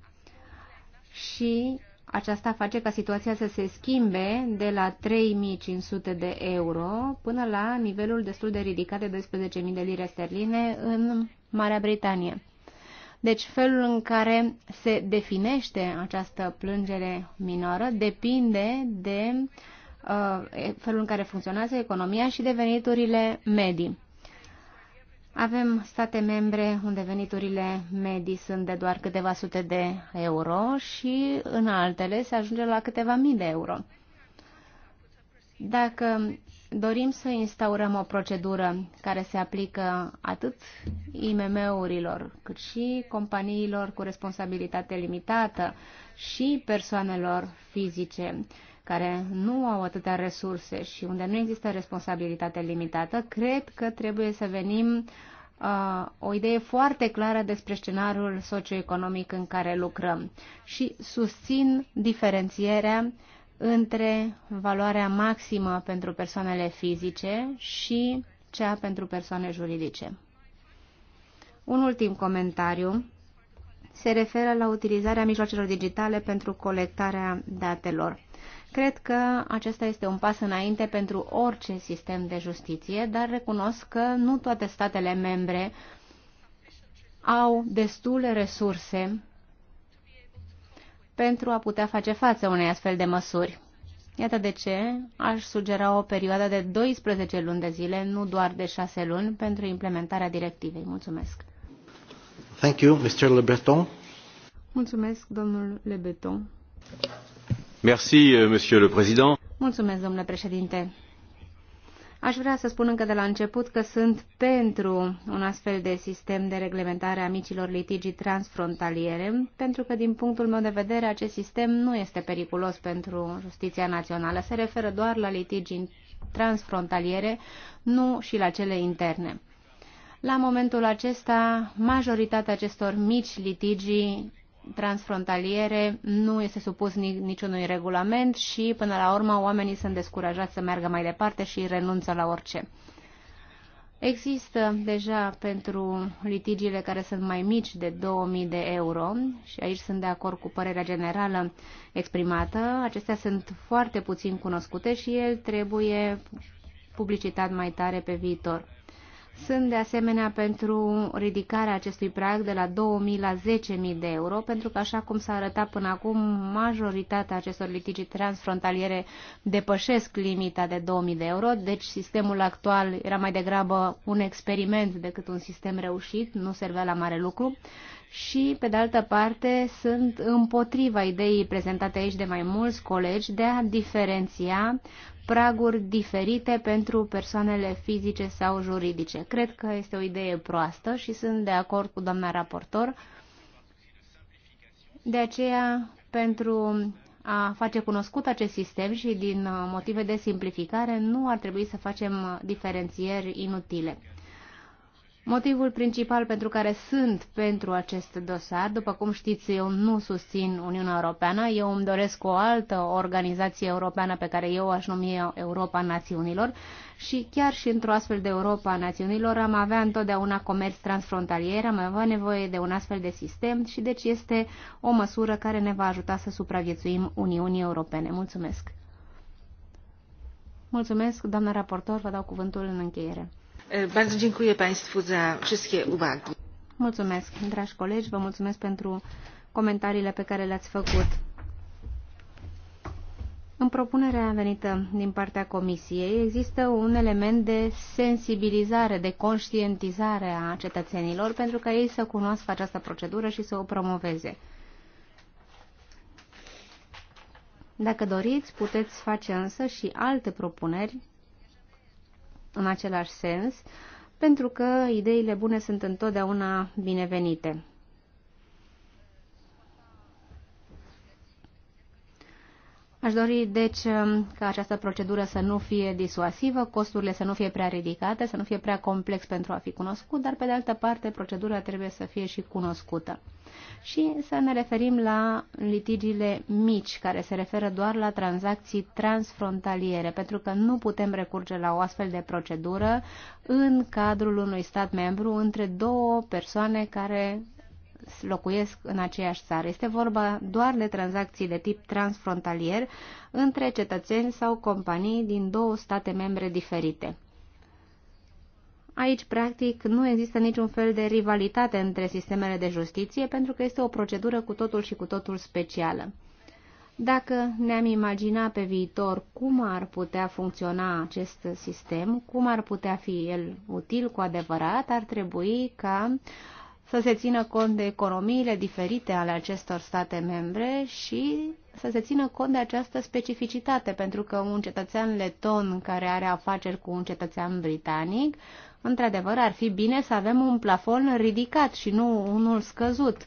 Și aceasta face ca situația să se schimbe de la 3500 de euro până la nivelul destul de ridicat de 12.000 de lire sterline în Marea Britanie. Deci felul în care se definește această plângere minoră depinde de uh, felul în care funcționează economia și de veniturile medii. Avem state membre unde veniturile medii sunt de doar câteva sute de euro și în altele se ajunge la câteva mii de euro. Dacă dorim să instaurăm o procedură care se aplică atât IMM-urilor, cât și companiilor cu responsabilitate limitată și persoanelor fizice care nu au atâtea resurse și unde nu există responsabilitate limitată, cred că trebuie să venim uh, o idee foarte clară despre scenariul socioeconomic în care lucrăm și susțin diferențierea între valoarea maximă pentru persoanele fizice și cea pentru persoane juridice. Un ultim comentariu se referă la utilizarea mijloacelor digitale pentru colectarea datelor. Cred că acesta este un pas înainte pentru orice sistem de justiție, dar recunosc că nu toate statele membre au destule resurse pentru a putea face față unei astfel de măsuri. Iată de ce aș sugera o perioadă de 12 luni de zile, nu doar de 6 luni, pentru implementarea directivei. Mulțumesc. Thank you, Mr. Le Breton. Mulțumesc, domnul Le Breton. Euh, Mulțumesc, domnule președinte. Aș vrea să spun încă de la început că sunt pentru un astfel de sistem de reglementare a micilor litigii transfrontaliere, pentru că, din punctul meu de vedere, acest sistem nu este periculos pentru justiția națională. Se referă doar la litigii transfrontaliere, nu și la cele interne. La momentul acesta, majoritatea acestor mici litigii transfrontaliere nu este supus niciunui regulament și până la urmă oamenii sunt descurajați să meargă mai departe și renunță la orice. Există deja pentru litigiile care sunt mai mici de 2000 de euro și aici sunt de acord cu părerea generală exprimată. Acestea sunt foarte puțin cunoscute și el trebuie publicitat mai tare pe viitor. Sunt de asemenea pentru ridicarea acestui prag de la 2.000 la 10.000 de euro, pentru că, așa cum s-a arătat până acum, majoritatea acestor litigi transfrontaliere depășesc limita de 2.000 de euro, deci sistemul actual era mai degrabă un experiment decât un sistem reușit, nu servea la mare lucru. Și, pe de altă parte, sunt împotriva ideii prezentate aici de mai mulți colegi de a diferenția praguri diferite pentru persoanele fizice sau juridice. Cred că este o idee proastă și sunt de acord cu doamna raportor. De aceea, pentru a face cunoscut acest sistem și din motive de simplificare, nu ar trebui să facem diferențieri inutile. Motivul principal pentru care sunt pentru acest dosar, după cum știți, eu nu susțin Uniunea Europeană, eu îmi doresc o altă organizație europeană pe care eu aș numi Europa Națiunilor și chiar și într-o astfel de Europa Națiunilor am avea întotdeauna comerț transfrontalier, am avea nevoie de un astfel de sistem și deci este o măsură care ne va ajuta să supraviețuim Uniunii Europene. Mulțumesc! Mulțumesc, doamna raportor, vă dau cuvântul în încheiere. Bardzo dziękuję Państwu za wszystkie uwagi. Mulțumesc, dragi colegi, vă mulțumesc pentru comentariile pe care le-ați făcut. În propunerea venită din partea Comisiei există un element de sensibilizare, de conștientizare a cetățenilor pentru ca ei să cunoască această procedură și să o promoveze. Dacă doriți, puteți face însă și alte propuneri în același sens, pentru că ideile bune sunt întotdeauna binevenite. Aș dori, deci, ca această procedură să nu fie disuasivă, costurile să nu fie prea ridicate, să nu fie prea complex pentru a fi cunoscut, dar, pe de altă parte, procedura trebuie să fie și cunoscută și să ne referim la litigiile mici, care se referă doar la tranzacții transfrontaliere, pentru că nu putem recurge la o astfel de procedură în cadrul unui stat membru între două persoane care locuiesc în aceeași țară. Este vorba doar de tranzacții de tip transfrontalier între cetățeni sau companii din două state membre diferite. Aici, practic, nu există niciun fel de rivalitate între sistemele de justiție, pentru că este o procedură cu totul și cu totul specială. Dacă ne-am imagina pe viitor cum ar putea funcționa acest sistem, cum ar putea fi el util cu adevărat, ar trebui ca să se țină cont de economiile diferite ale acestor state membre și să se țină cont de această specificitate, pentru că un cetățean leton care are afaceri cu un cetățean britanic Într-adevăr, ar fi bine să avem un plafon ridicat și nu unul scăzut,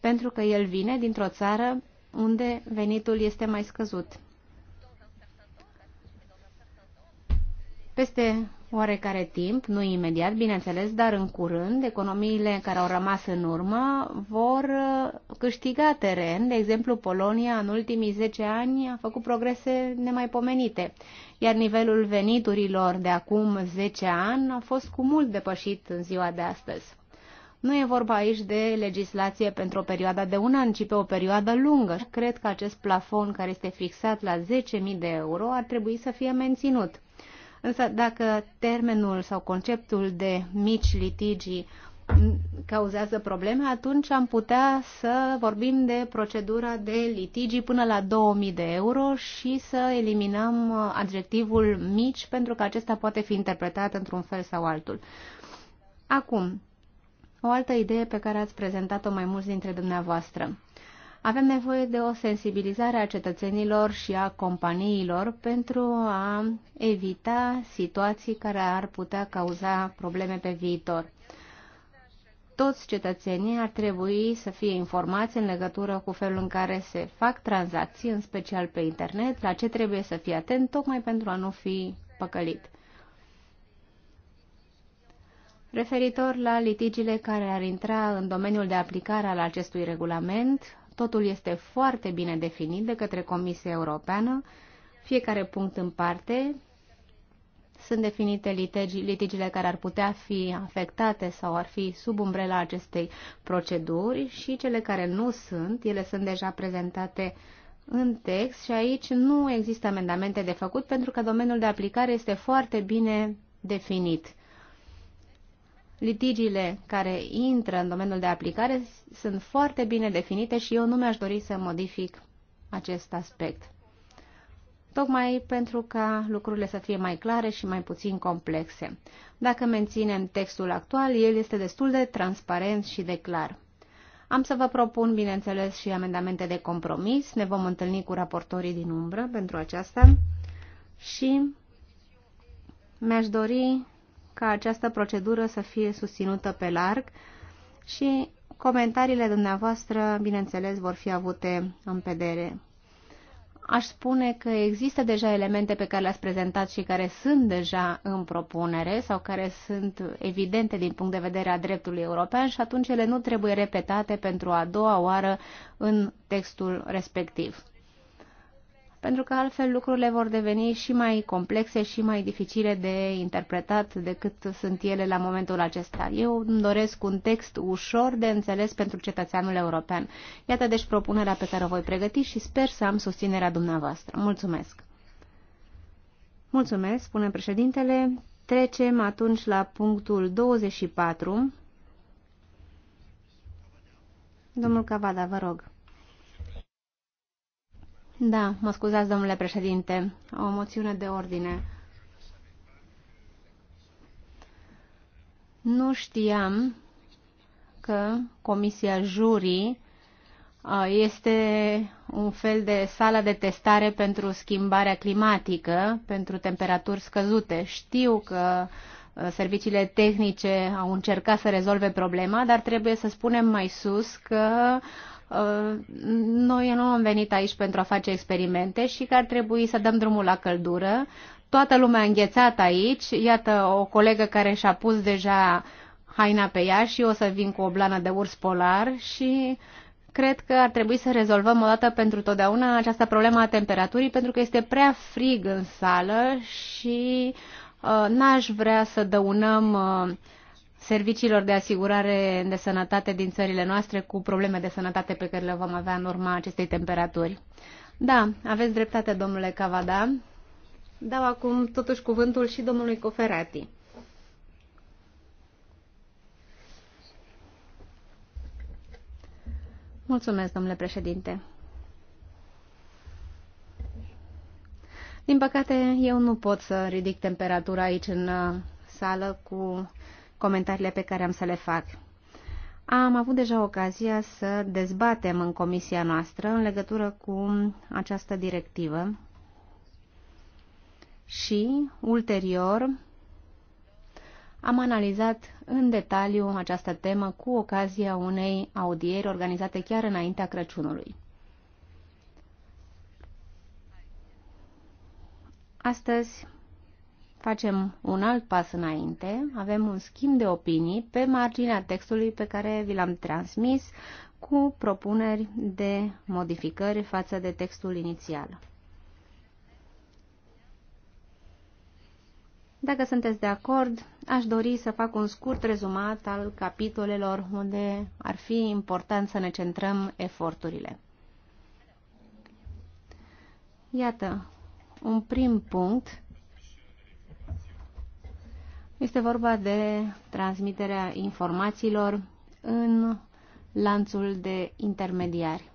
pentru că el vine dintr-o țară unde venitul este mai scăzut. Peste oarecare timp, nu imediat, bineînțeles, dar în curând, economiile care au rămas în urmă vor uh, câștiga teren. De exemplu, Polonia în ultimii 10 ani a făcut progrese nemaipomenite iar nivelul veniturilor de acum 10 ani a fost cu mult depășit în ziua de astăzi. Nu e vorba aici de legislație pentru o perioadă de un an, ci pe o perioadă lungă. Cred că acest plafon care este fixat la 10.000 de euro ar trebui să fie menținut. Însă dacă termenul sau conceptul de mici litigii cauzează probleme, atunci am putea să vorbim de procedura de litigi până la 2000 de euro și să eliminăm uh, adjectivul mici pentru că acesta poate fi interpretat într-un fel sau altul. Acum, o altă idee pe care ați prezentat-o mai mulți dintre dumneavoastră. Avem nevoie de o sensibilizare a cetățenilor și a companiilor pentru a evita situații care ar putea cauza probleme pe viitor toți cetățenii ar trebui să fie informați în legătură cu felul în care se fac tranzacții, în special pe internet, la ce trebuie să fie atent, tocmai pentru a nu fi păcălit. Referitor la litigiile care ar intra în domeniul de aplicare al acestui regulament, totul este foarte bine definit de către Comisia Europeană, fiecare punct în parte sunt definite litigiile care ar putea fi afectate sau ar fi sub umbrela acestei proceduri și cele care nu sunt, ele sunt deja prezentate în text și aici nu există amendamente de făcut pentru că domeniul de aplicare este foarte bine definit. Litigiile care intră în domeniul de aplicare sunt foarte bine definite și eu nu mi-aș dori să modific acest aspect tocmai pentru ca lucrurile să fie mai clare și mai puțin complexe. Dacă menținem textul actual, el este destul de transparent și de clar. Am să vă propun, bineînțeles, și amendamente de compromis. Ne vom întâlni cu raportorii din umbră pentru aceasta și mi-aș dori ca această procedură să fie susținută pe larg și comentariile dumneavoastră, bineînțeles, vor fi avute în vedere aș spune că există deja elemente pe care le-ați prezentat și care sunt deja în propunere sau care sunt evidente din punct de vedere a dreptului european și atunci ele nu trebuie repetate pentru a doua oară în textul respectiv pentru că altfel lucrurile vor deveni și mai complexe și mai dificile de interpretat decât sunt ele la momentul acesta. Eu îmi doresc un text ușor de înțeles pentru cetățeanul european. Iată deci propunerea pe care o voi pregăti și sper să am susținerea dumneavoastră. Mulțumesc! Mulțumesc, spune președintele. Trecem atunci la punctul 24. Domnul Cavada, vă rog. Da, mă scuzați, domnule președinte, o moțiune de ordine. Nu știam că Comisia Jurii este un fel de sală de testare pentru schimbarea climatică, pentru temperaturi scăzute. Știu că serviciile tehnice au încercat să rezolve problema, dar trebuie să spunem mai sus că Uh, noi nu am venit aici pentru a face experimente și că ar trebui să dăm drumul la căldură. Toată lumea înghețat aici, iată o colegă care și-a pus deja haina pe ea și o să vin cu o blană de urs polar și cred că ar trebui să rezolvăm o dată pentru totdeauna această problemă a temperaturii pentru că este prea frig în sală și uh, n-aș vrea să dăunăm uh, serviciilor de asigurare de sănătate din țările noastre cu probleme de sănătate pe care le vom avea în urma acestei temperaturi. Da, aveți dreptate, domnule Cavada. Dau acum totuși cuvântul și domnului Coferati. Mulțumesc, domnule președinte. Din păcate, eu nu pot să ridic temperatura aici în uh, sală cu comentariile pe care am să le fac. Am avut deja ocazia să dezbatem în comisia noastră în legătură cu această directivă și, ulterior, am analizat în detaliu această temă cu ocazia unei audieri organizate chiar înaintea Crăciunului. Astăzi facem un alt pas înainte, avem un schimb de opinii pe marginea textului pe care vi l-am transmis cu propuneri de modificări față de textul inițial. Dacă sunteți de acord, aș dori să fac un scurt rezumat al capitolelor unde ar fi important să ne centrăm eforturile. Iată, un prim punct este vorba de transmiterea informațiilor în lanțul de intermediari.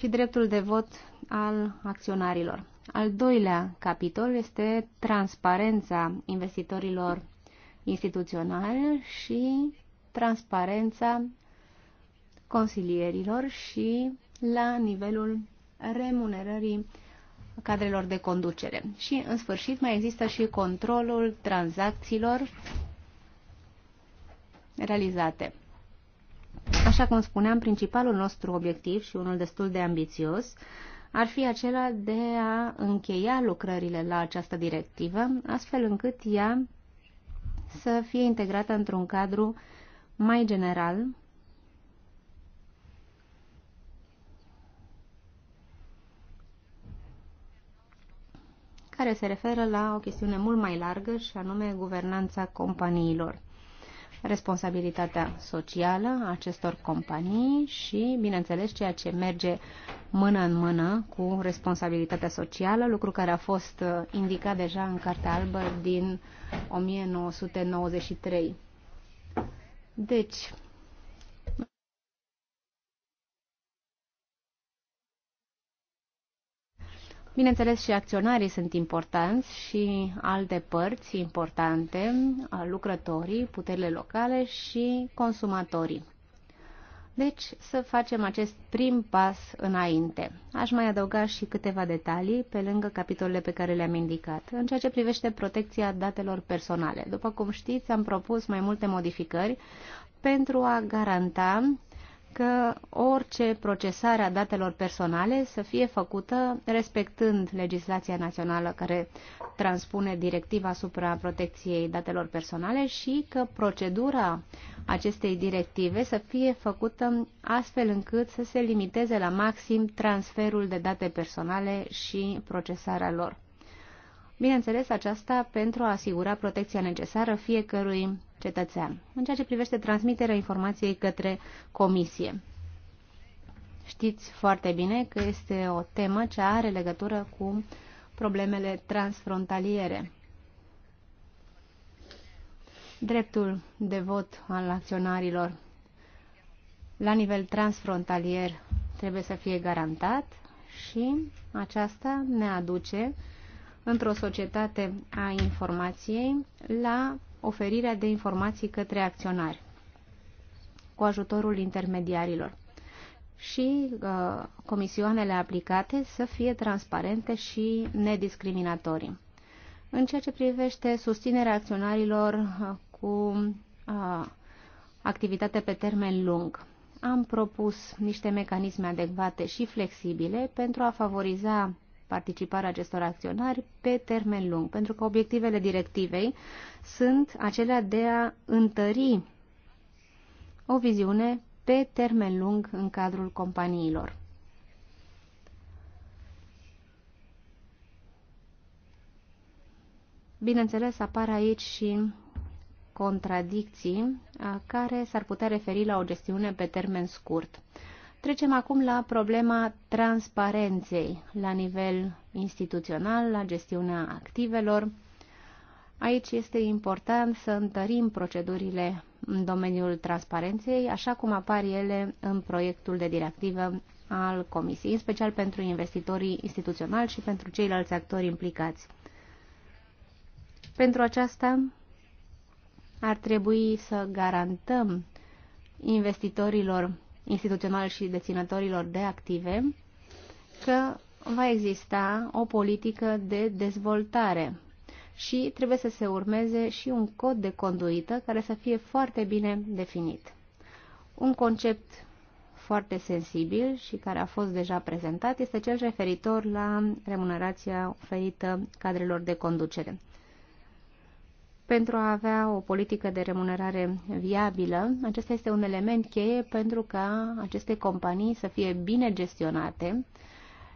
Și dreptul de vot al acționarilor. Al doilea capitol este transparența investitorilor instituționali și transparența consilierilor și la nivelul remunerării cadrelor de conducere. Și, în sfârșit, mai există și controlul tranzacțiilor realizate. Așa cum spuneam, principalul nostru obiectiv și unul destul de ambițios ar fi acela de a încheia lucrările la această directivă, astfel încât ea să fie integrată într-un cadru mai general care se referă la o chestiune mult mai largă și anume guvernanța companiilor responsabilitatea socială a acestor companii și, bineînțeles, ceea ce merge mână în mână cu responsabilitatea socială, lucru care a fost uh, indicat deja în Cartea Albă din 1993. Deci, Bineînțeles, și acționarii sunt importanți și alte părți importante, lucrătorii, puterile locale și consumatorii. Deci, să facem acest prim pas înainte. Aș mai adăuga și câteva detalii pe lângă capitolele pe care le-am indicat. În ceea ce privește protecția datelor personale, după cum știți, am propus mai multe modificări pentru a garanta că orice procesare a datelor personale să fie făcută respectând legislația națională care transpune directiva asupra protecției datelor personale și că procedura acestei directive să fie făcută astfel încât să se limiteze la maxim transferul de date personale și procesarea lor. Bineînțeles, aceasta pentru a asigura protecția necesară fiecărui cetățean, în ceea ce privește transmiterea informației către comisie. Știți foarte bine că este o temă ce are legătură cu problemele transfrontaliere. Dreptul de vot al acționarilor la nivel transfrontalier trebuie să fie garantat și aceasta ne aduce într-o societate a informației la oferirea de informații către acționari cu ajutorul intermediarilor și uh, comisioanele aplicate să fie transparente și nediscriminatorii. În ceea ce privește susținerea acționarilor uh, cu uh, activitate pe termen lung, am propus niște mecanisme adecvate și flexibile pentru a favoriza participarea acestor acționari pe termen lung, pentru că obiectivele directivei sunt acelea de a întări o viziune pe termen lung în cadrul companiilor. Bineînțeles, apar aici și contradicții care s-ar putea referi la o gestiune pe termen scurt. Trecem acum la problema transparenței la nivel instituțional, la gestiunea activelor. Aici este important să întărim procedurile în domeniul transparenței, așa cum apar ele în proiectul de directivă al Comisiei, în special pentru investitorii instituționali și pentru ceilalți actori implicați. Pentru aceasta ar trebui să garantăm investitorilor instituțional și deținătorilor de active că va exista o politică de dezvoltare și trebuie să se urmeze și un cod de conduită care să fie foarte bine definit. Un concept foarte sensibil și care a fost deja prezentat este cel referitor la remunerația oferită cadrelor de conducere pentru a avea o politică de remunerare viabilă. Acesta este un element cheie pentru ca aceste companii să fie bine gestionate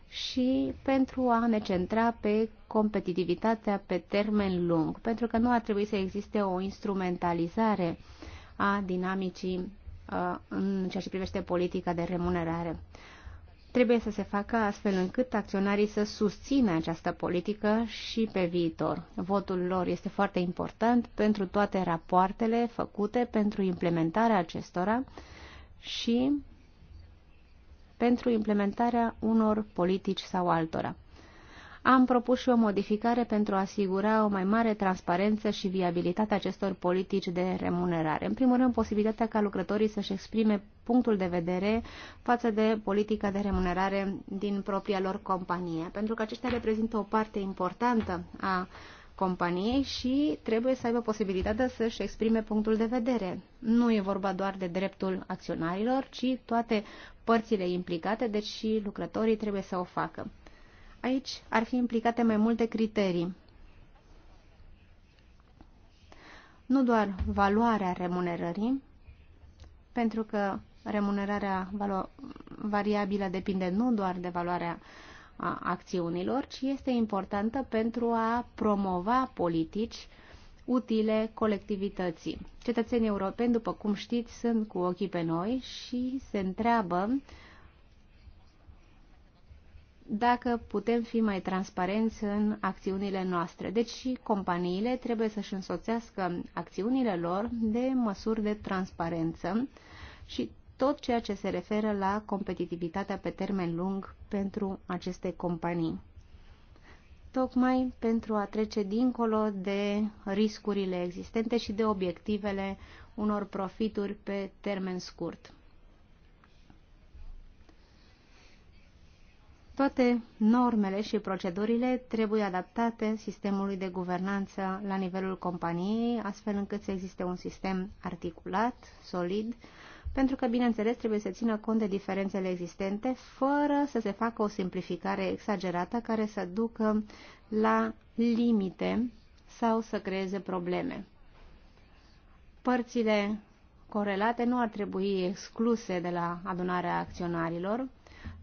și pentru a ne centra pe competitivitatea pe termen lung, pentru că nu ar trebui să existe o instrumentalizare a dinamicii uh, în ceea ce privește politica de remunerare. Trebuie să se facă astfel încât acționarii să susțină această politică și pe viitor. Votul lor este foarte important pentru toate rapoartele făcute pentru implementarea acestora și pentru implementarea unor politici sau altora am propus și o modificare pentru a asigura o mai mare transparență și viabilitate acestor politici de remunerare. În primul rând, posibilitatea ca lucrătorii să-și exprime punctul de vedere față de politica de remunerare din propria lor companie, pentru că aceștia reprezintă o parte importantă a companiei și trebuie să aibă posibilitatea să-și exprime punctul de vedere. Nu e vorba doar de dreptul acționarilor, ci toate părțile implicate, deci și lucrătorii trebuie să o facă. Aici ar fi implicate mai multe criterii. Nu doar valoarea remunerării, pentru că remunerarea variabilă depinde nu doar de valoarea a acțiunilor, ci este importantă pentru a promova politici utile colectivității. Cetățenii europeni, după cum știți, sunt cu ochii pe noi și se întreabă uh, dacă putem fi mai transparenți în acțiunile noastre. Deci și companiile trebuie să-și însoțească acțiunile lor de măsuri de transparență și tot ceea ce se referă la competitivitatea pe termen lung pentru aceste companii. Tocmai pentru a trece dincolo de riscurile existente și de obiectivele unor profituri pe termen scurt. Toate normele și procedurile trebuie adaptate sistemului de guvernanță la nivelul companiei, astfel încât să existe un sistem articulat, solid, pentru că, bineînțeles, trebuie să țină cont de diferențele existente, fără să se facă o simplificare exagerată care să ducă la limite sau să creeze probleme. Părțile corelate nu ar trebui excluse de la adunarea acționarilor,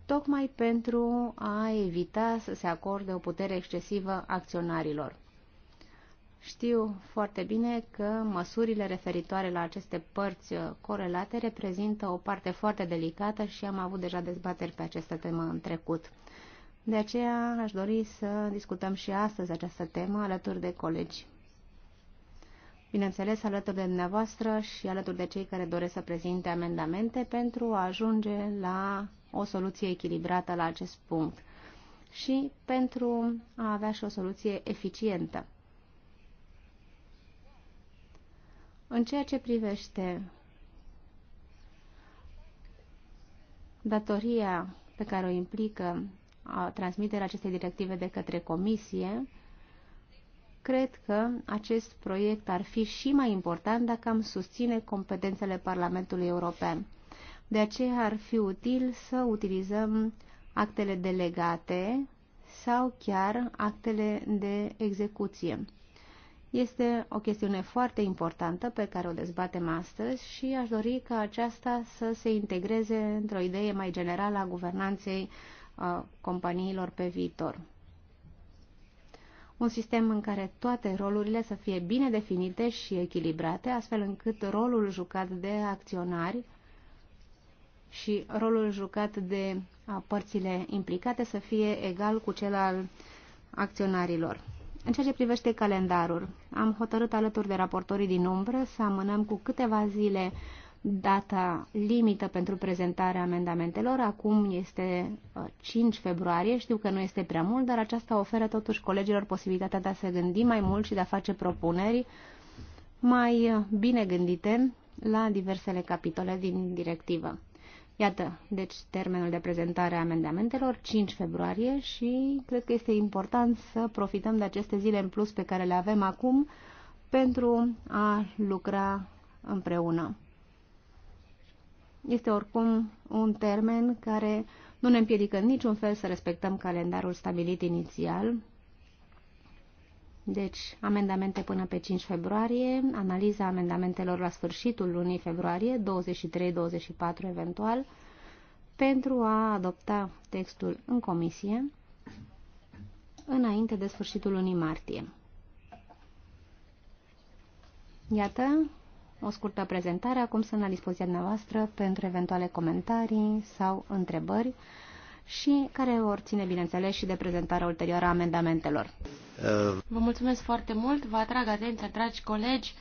tocmai pentru a evita să se acorde o putere excesivă acționarilor. Știu foarte bine că măsurile referitoare la aceste părți uh, corelate reprezintă o parte foarte delicată și am avut deja dezbateri pe această temă în trecut. De aceea aș dori să discutăm și astăzi această temă alături de colegi. Bineînțeles, alături de dumneavoastră și alături de cei care doresc să prezinte amendamente pentru a ajunge la o soluție echilibrată la acest punct și pentru a avea și o soluție eficientă. În ceea ce privește datoria pe care o implică a transmiterea acestei directive de către Comisie, cred că acest proiect ar fi și mai important dacă am susține competențele Parlamentului European. De aceea ar fi util să utilizăm actele delegate sau chiar actele de execuție. Este o chestiune foarte importantă pe care o dezbatem astăzi și aș dori ca aceasta să se integreze într-o idee mai generală a guvernanței a uh, companiilor pe viitor. Un sistem în care toate rolurile să fie bine definite și echilibrate, astfel încât rolul jucat de acționari și rolul jucat de părțile implicate să fie egal cu cel al acționarilor. În ceea ce privește calendarul, am hotărât alături de raportorii din umbră să amânăm cu câteva zile data limită pentru prezentarea amendamentelor. Acum este 5 februarie, știu că nu este prea mult, dar aceasta oferă totuși colegilor posibilitatea de a se gândi mai mult și de a face propuneri mai bine gândite la diversele capitole din directivă. Iată, deci, termenul de prezentare a amendamentelor, 5 februarie și cred că este important să profităm de aceste zile în plus pe care le avem acum pentru a lucra împreună. Este oricum un termen care nu ne împiedică în niciun fel să respectăm calendarul stabilit inițial deci, amendamente până pe 5 februarie, analiza amendamentelor la sfârșitul lunii februarie, 23-24 eventual, pentru a adopta textul în comisie înainte de sfârșitul lunii martie. Iată o scurtă prezentare, acum sunt la dispoziția noastră pentru eventuale comentarii sau întrebări și care vor ține, bineînțeles, și de prezentarea ulterioară a amendamentelor. Vă mulțumesc foarte mult, vă atrag atenția, dragi colegi,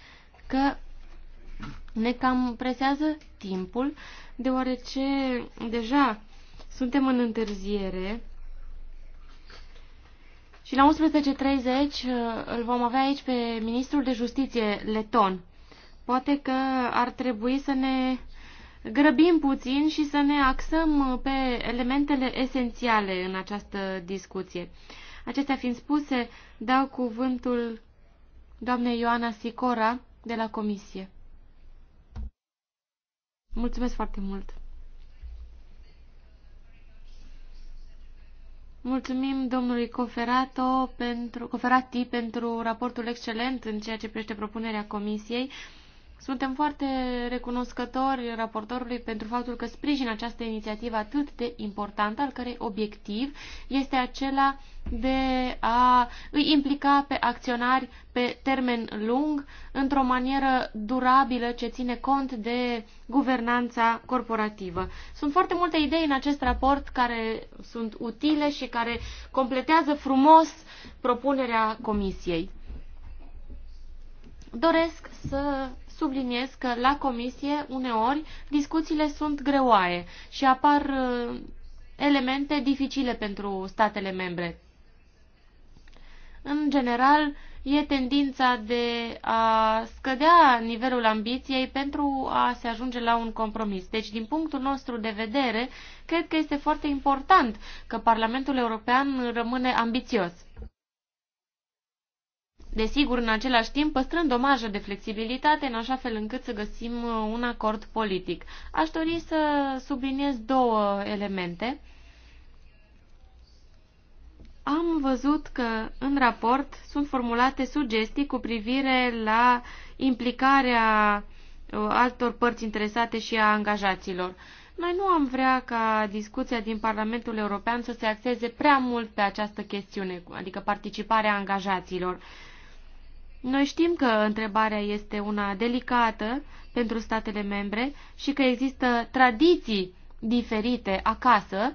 că ne cam presează timpul, deoarece deja suntem în întârziere și la 11.30 uh, îl vom avea aici pe ministrul de justiție leton. Poate că ar trebui să ne grăbim puțin și să ne axăm uh, pe elementele esențiale în această discuție. Acestea fiind spuse, dau cuvântul doamnei Ioana Sicora de la Comisie. Mulțumesc foarte mult! Mulțumim domnului Coferato pentru, Coferati pentru raportul excelent în ceea ce privește propunerea Comisiei. Suntem foarte recunoscători raportorului pentru faptul că sprijină această inițiativă atât de importantă, al cărei obiectiv este acela de a îi implica pe acționari pe termen lung într-o manieră durabilă ce ține cont de guvernanța corporativă. Sunt foarte multe idei în acest raport care sunt utile și care completează frumos propunerea Comisiei. Doresc să subliniez că la comisie, uneori, discuțiile sunt greoaie și apar uh, elemente dificile pentru statele membre. În general, e tendința de a scădea nivelul ambiției pentru a se ajunge la un compromis. Deci, din punctul nostru de vedere, cred că este foarte important că Parlamentul European rămâne ambițios desigur, în același timp, păstrând o marjă de flexibilitate în așa fel încât să găsim uh, un acord politic. Aș dori să subliniez două elemente. Am văzut că în raport sunt formulate sugestii cu privire la implicarea uh, altor părți interesate și a angajaților. Noi nu am vrea ca discuția din Parlamentul European să se axeze prea mult pe această chestiune, adică participarea angajaților. Noi știm că întrebarea este una delicată pentru statele membre și că există tradiții diferite acasă.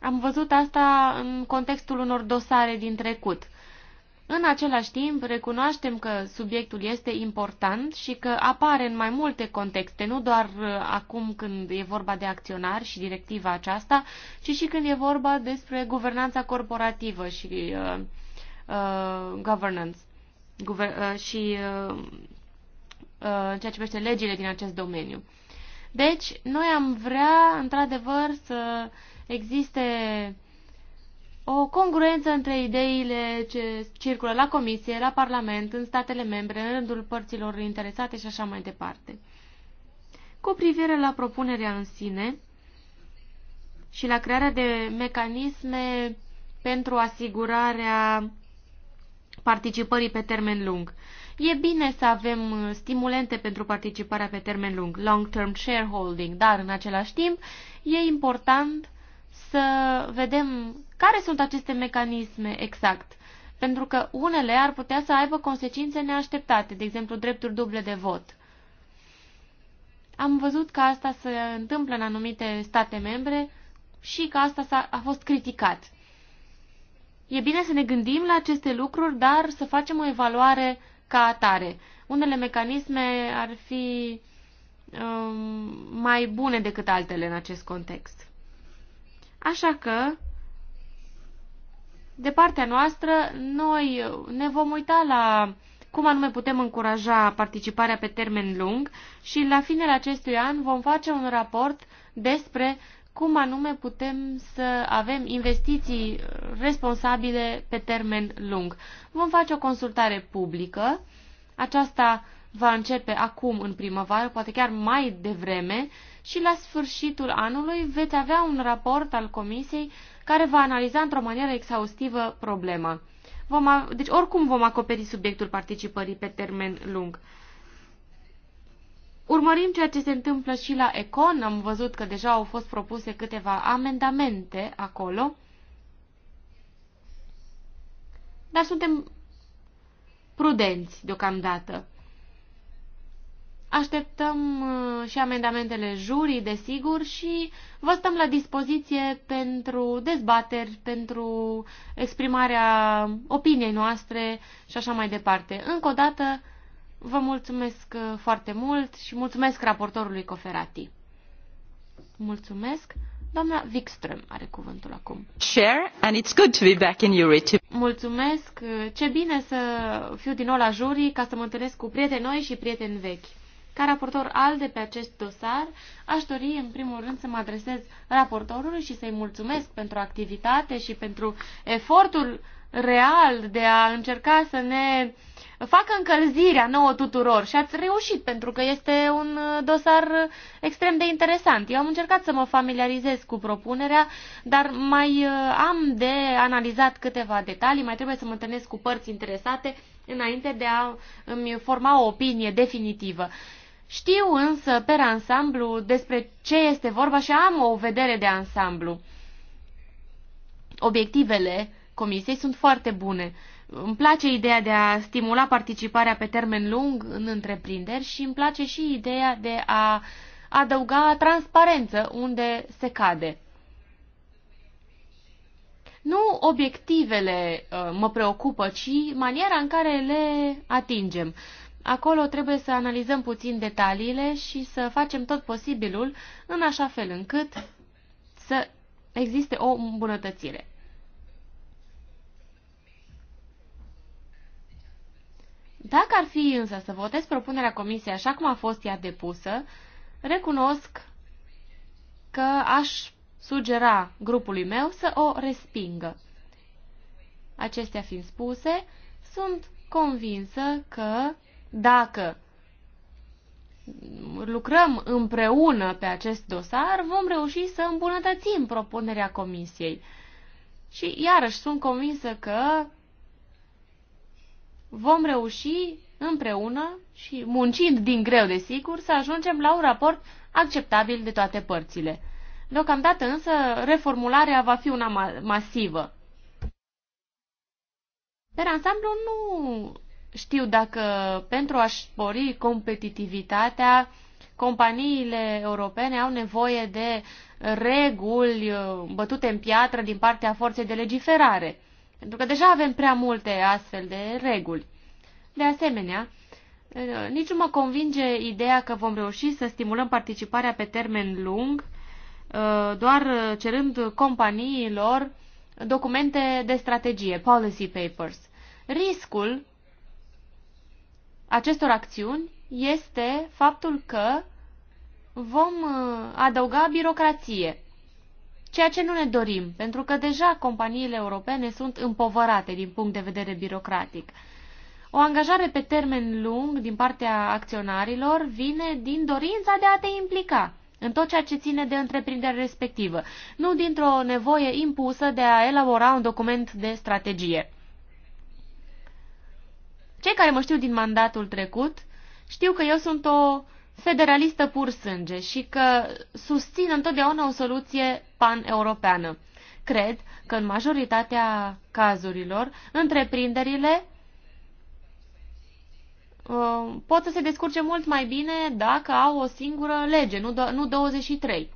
Am văzut asta în contextul unor dosare din trecut. În același timp, recunoaștem că subiectul este important și că apare în mai multe contexte, nu doar uh, acum când e vorba de acționari și directiva aceasta, ci și când e vorba despre guvernanța corporativă și uh, uh, governance. Uh, și uh, uh, în ceea ce privește legile din acest domeniu. Deci, noi am vrea, într-adevăr, să existe o congruență între ideile ce circulă la Comisie, la Parlament, în statele membre, în rândul părților interesate și așa mai departe. Cu privire la propunerea în sine și la crearea de mecanisme pentru asigurarea participării pe termen lung. E bine să avem uh, stimulente pentru participarea pe termen lung, long-term shareholding, dar în același timp e important să vedem care sunt aceste mecanisme exact. Pentru că unele ar putea să aibă consecințe neașteptate, de exemplu drepturi duble de vot. Am văzut că asta se întâmplă în anumite state membre și că asta a a fost criticat. E bine să ne gândim la aceste lucruri, dar să facem o evaluare ca atare. Unele mecanisme ar fi um, mai bune decât altele în acest context. Așa că, de partea noastră, noi ne vom uita la cum anume putem încuraja participarea pe termen lung și la finele acestui an vom face un raport despre cum anume putem să avem investiții responsabile pe termen lung. Vom face o consultare publică. Aceasta va începe acum în primăvară, poate chiar mai devreme, și la sfârșitul anului veți avea un raport al comisiei care va analiza într-o manieră exhaustivă problema. Vom, deci oricum vom acoperi subiectul participării pe termen lung. Urmărim ceea ce se întâmplă și la Econ. Am văzut că deja au fost propuse câteva amendamente acolo. Dar suntem prudenți deocamdată. Așteptăm uh, și amendamentele jurii, desigur, și vă stăm la dispoziție pentru dezbateri, pentru exprimarea opiniei noastre și așa mai departe. Încă o dată, Vă mulțumesc uh, foarte mult și mulțumesc raportorului Coferati. Mulțumesc. Doamna Wikström are cuvântul acum. Share and it's good to be back in Uri. Mulțumesc. Uh, ce bine să fiu din nou la jury ca să mă întâlnesc cu prieteni noi și prieteni vechi. Ca raportor al de pe acest dosar, aș dori în primul rând să mă adresez raportorului și să-i mulțumesc pentru activitate și pentru efortul real de a încerca să ne uh, facă încălzirea nouă tuturor și ați reușit pentru că este un uh, dosar extrem de interesant. Eu am încercat să mă familiarizez cu propunerea, dar mai uh, am de analizat câteva detalii, mai trebuie să mă întâlnesc cu părți interesate înainte de a îmi forma o opinie definitivă. Știu însă pe ansamblu despre ce este vorba și am o vedere de ansamblu. Obiectivele comisiei sunt foarte bune. Îmi place ideea de a stimula participarea pe termen lung în întreprinderi și îmi place și ideea de a adăuga transparență unde se cade. Nu obiectivele uh, mă preocupă, ci maniera în care le atingem. Acolo trebuie să analizăm puțin detaliile și să facem tot posibilul în așa fel încât să existe o îmbunătățire. Dacă ar fi însă să votez propunerea comisiei așa cum a fost ea depusă, recunosc că aș sugera grupului meu să o respingă. Acestea fiind spuse, sunt convinsă că dacă lucrăm împreună pe acest dosar, vom reuși să îmbunătățim propunerea comisiei. Și iarăși sunt convinsă că vom reuși împreună și muncind din greu, desigur, să ajungem la un raport acceptabil de toate părțile. Deocamdată însă reformularea va fi una masivă. Per ansamblu nu știu dacă pentru a-și spori competitivitatea companiile europene au nevoie de reguli uh, bătute în piatră din partea forței de legiferare. Pentru că deja avem prea multe astfel de reguli. De asemenea, eh, nici nu mă convinge ideea că vom reuși să stimulăm participarea pe termen lung, eh, doar eh, cerând companiilor documente de strategie, policy papers. Riscul acestor acțiuni este faptul că vom adăuga birocrație ceea ce nu ne dorim, pentru că deja companiile europene sunt împovărate din punct de vedere birocratic. O angajare pe termen lung din partea acționarilor vine din dorința de a te implica în tot ceea ce ține de întreprinderea respectivă, nu dintr-o nevoie impusă de a elabora un document de strategie. Cei care mă știu din mandatul trecut știu că eu sunt o federalistă pur sânge și că susțin întotdeauna o soluție pan-europeană. Cred că în majoritatea cazurilor, întreprinderile uh, pot să se descurce mult mai bine dacă au o singură lege, nu, nu 23.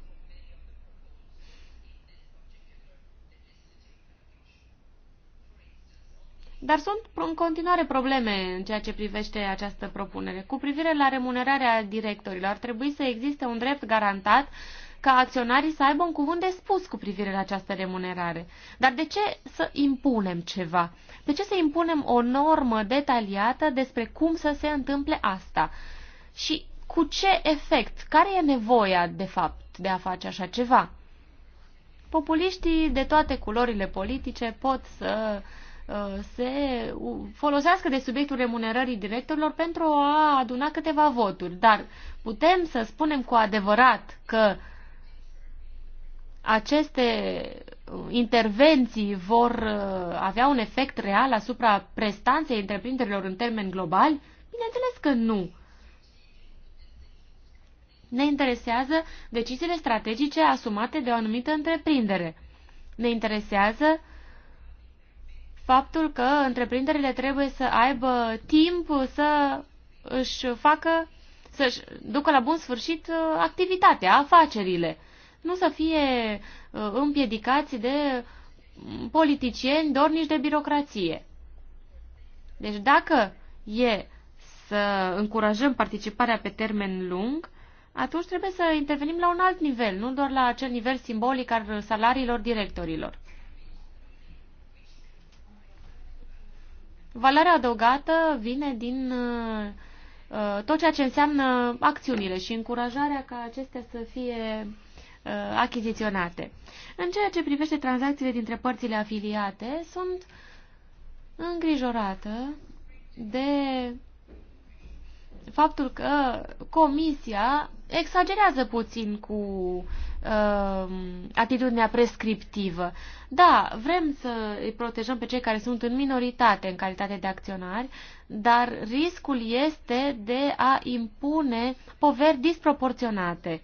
Dar sunt în continuare probleme în ceea ce privește această propunere. Cu privire la remunerarea directorilor, ar trebui să existe un drept garantat ca acționarii să aibă un cuvânt de spus cu privire la această remunerare. Dar de ce să impunem ceva? De ce să impunem o normă detaliată despre cum să se întâmple asta? Și cu ce efect? Care e nevoia, de fapt, de a face așa ceva? Populiștii de toate culorile politice pot să uh, Uh, se folosească de subiectul remunerării directorilor pentru a aduna câteva voturi. Dar putem să spunem cu adevărat că aceste uh, intervenții vor uh, avea un efect real asupra prestanței întreprinderilor în termeni globali? Bineînțeles că nu. Ne interesează deciziile strategice asumate de o anumită întreprindere. Ne interesează faptul că întreprinderile trebuie să aibă timp să își facă, să-și ducă la bun sfârșit uh, activitatea, afacerile. Nu să fie uh, împiedicați de politicieni dornici de birocrație. Deci dacă e să încurajăm participarea pe termen lung, atunci trebuie să intervenim la un alt nivel, nu doar la acel nivel simbolic al salariilor directorilor. Valoarea adăugată vine din uh, uh, tot ceea ce înseamnă acțiunile și încurajarea ca acestea să fie uh, achiziționate. În ceea ce privește tranzacțiile dintre părțile afiliate, sunt îngrijorată de faptul că Comisia exagerează puțin cu uh, atitudinea prescriptivă. Da, vrem să îi protejăm pe cei care sunt în minoritate în calitate de acționari, dar riscul este de a impune poveri disproporționate.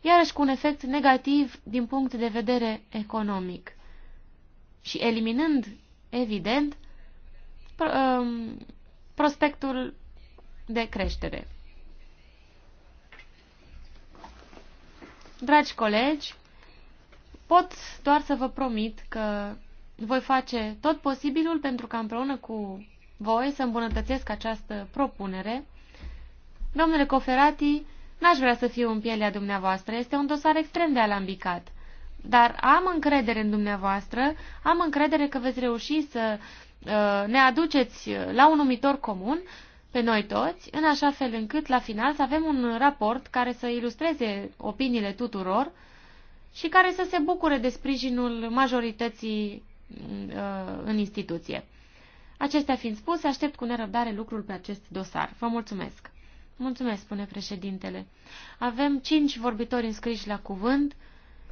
Iarăși cu un efect negativ din punct de vedere economic. Și eliminând, evident, um, prospectul de creștere. Dragi colegi, pot doar să vă promit că voi face tot posibilul pentru ca împreună cu voi să îmbunătățesc această propunere. Domnule Coferati, n-aș vrea să fiu în pielea dumneavoastră, este un dosar extrem de alambicat. Dar am încredere în dumneavoastră, am încredere că veți reuși să uh, ne aduceți la un numitor comun pe noi toți, în așa fel încât la final să avem un raport care să ilustreze opiniile tuturor și care să se bucure de sprijinul majorității uh, în instituție. Acestea fiind spuse, aștept cu nerăbdare lucrul pe acest dosar. Vă mulțumesc! Mulțumesc, spune președintele. Avem cinci vorbitori înscriși la cuvânt,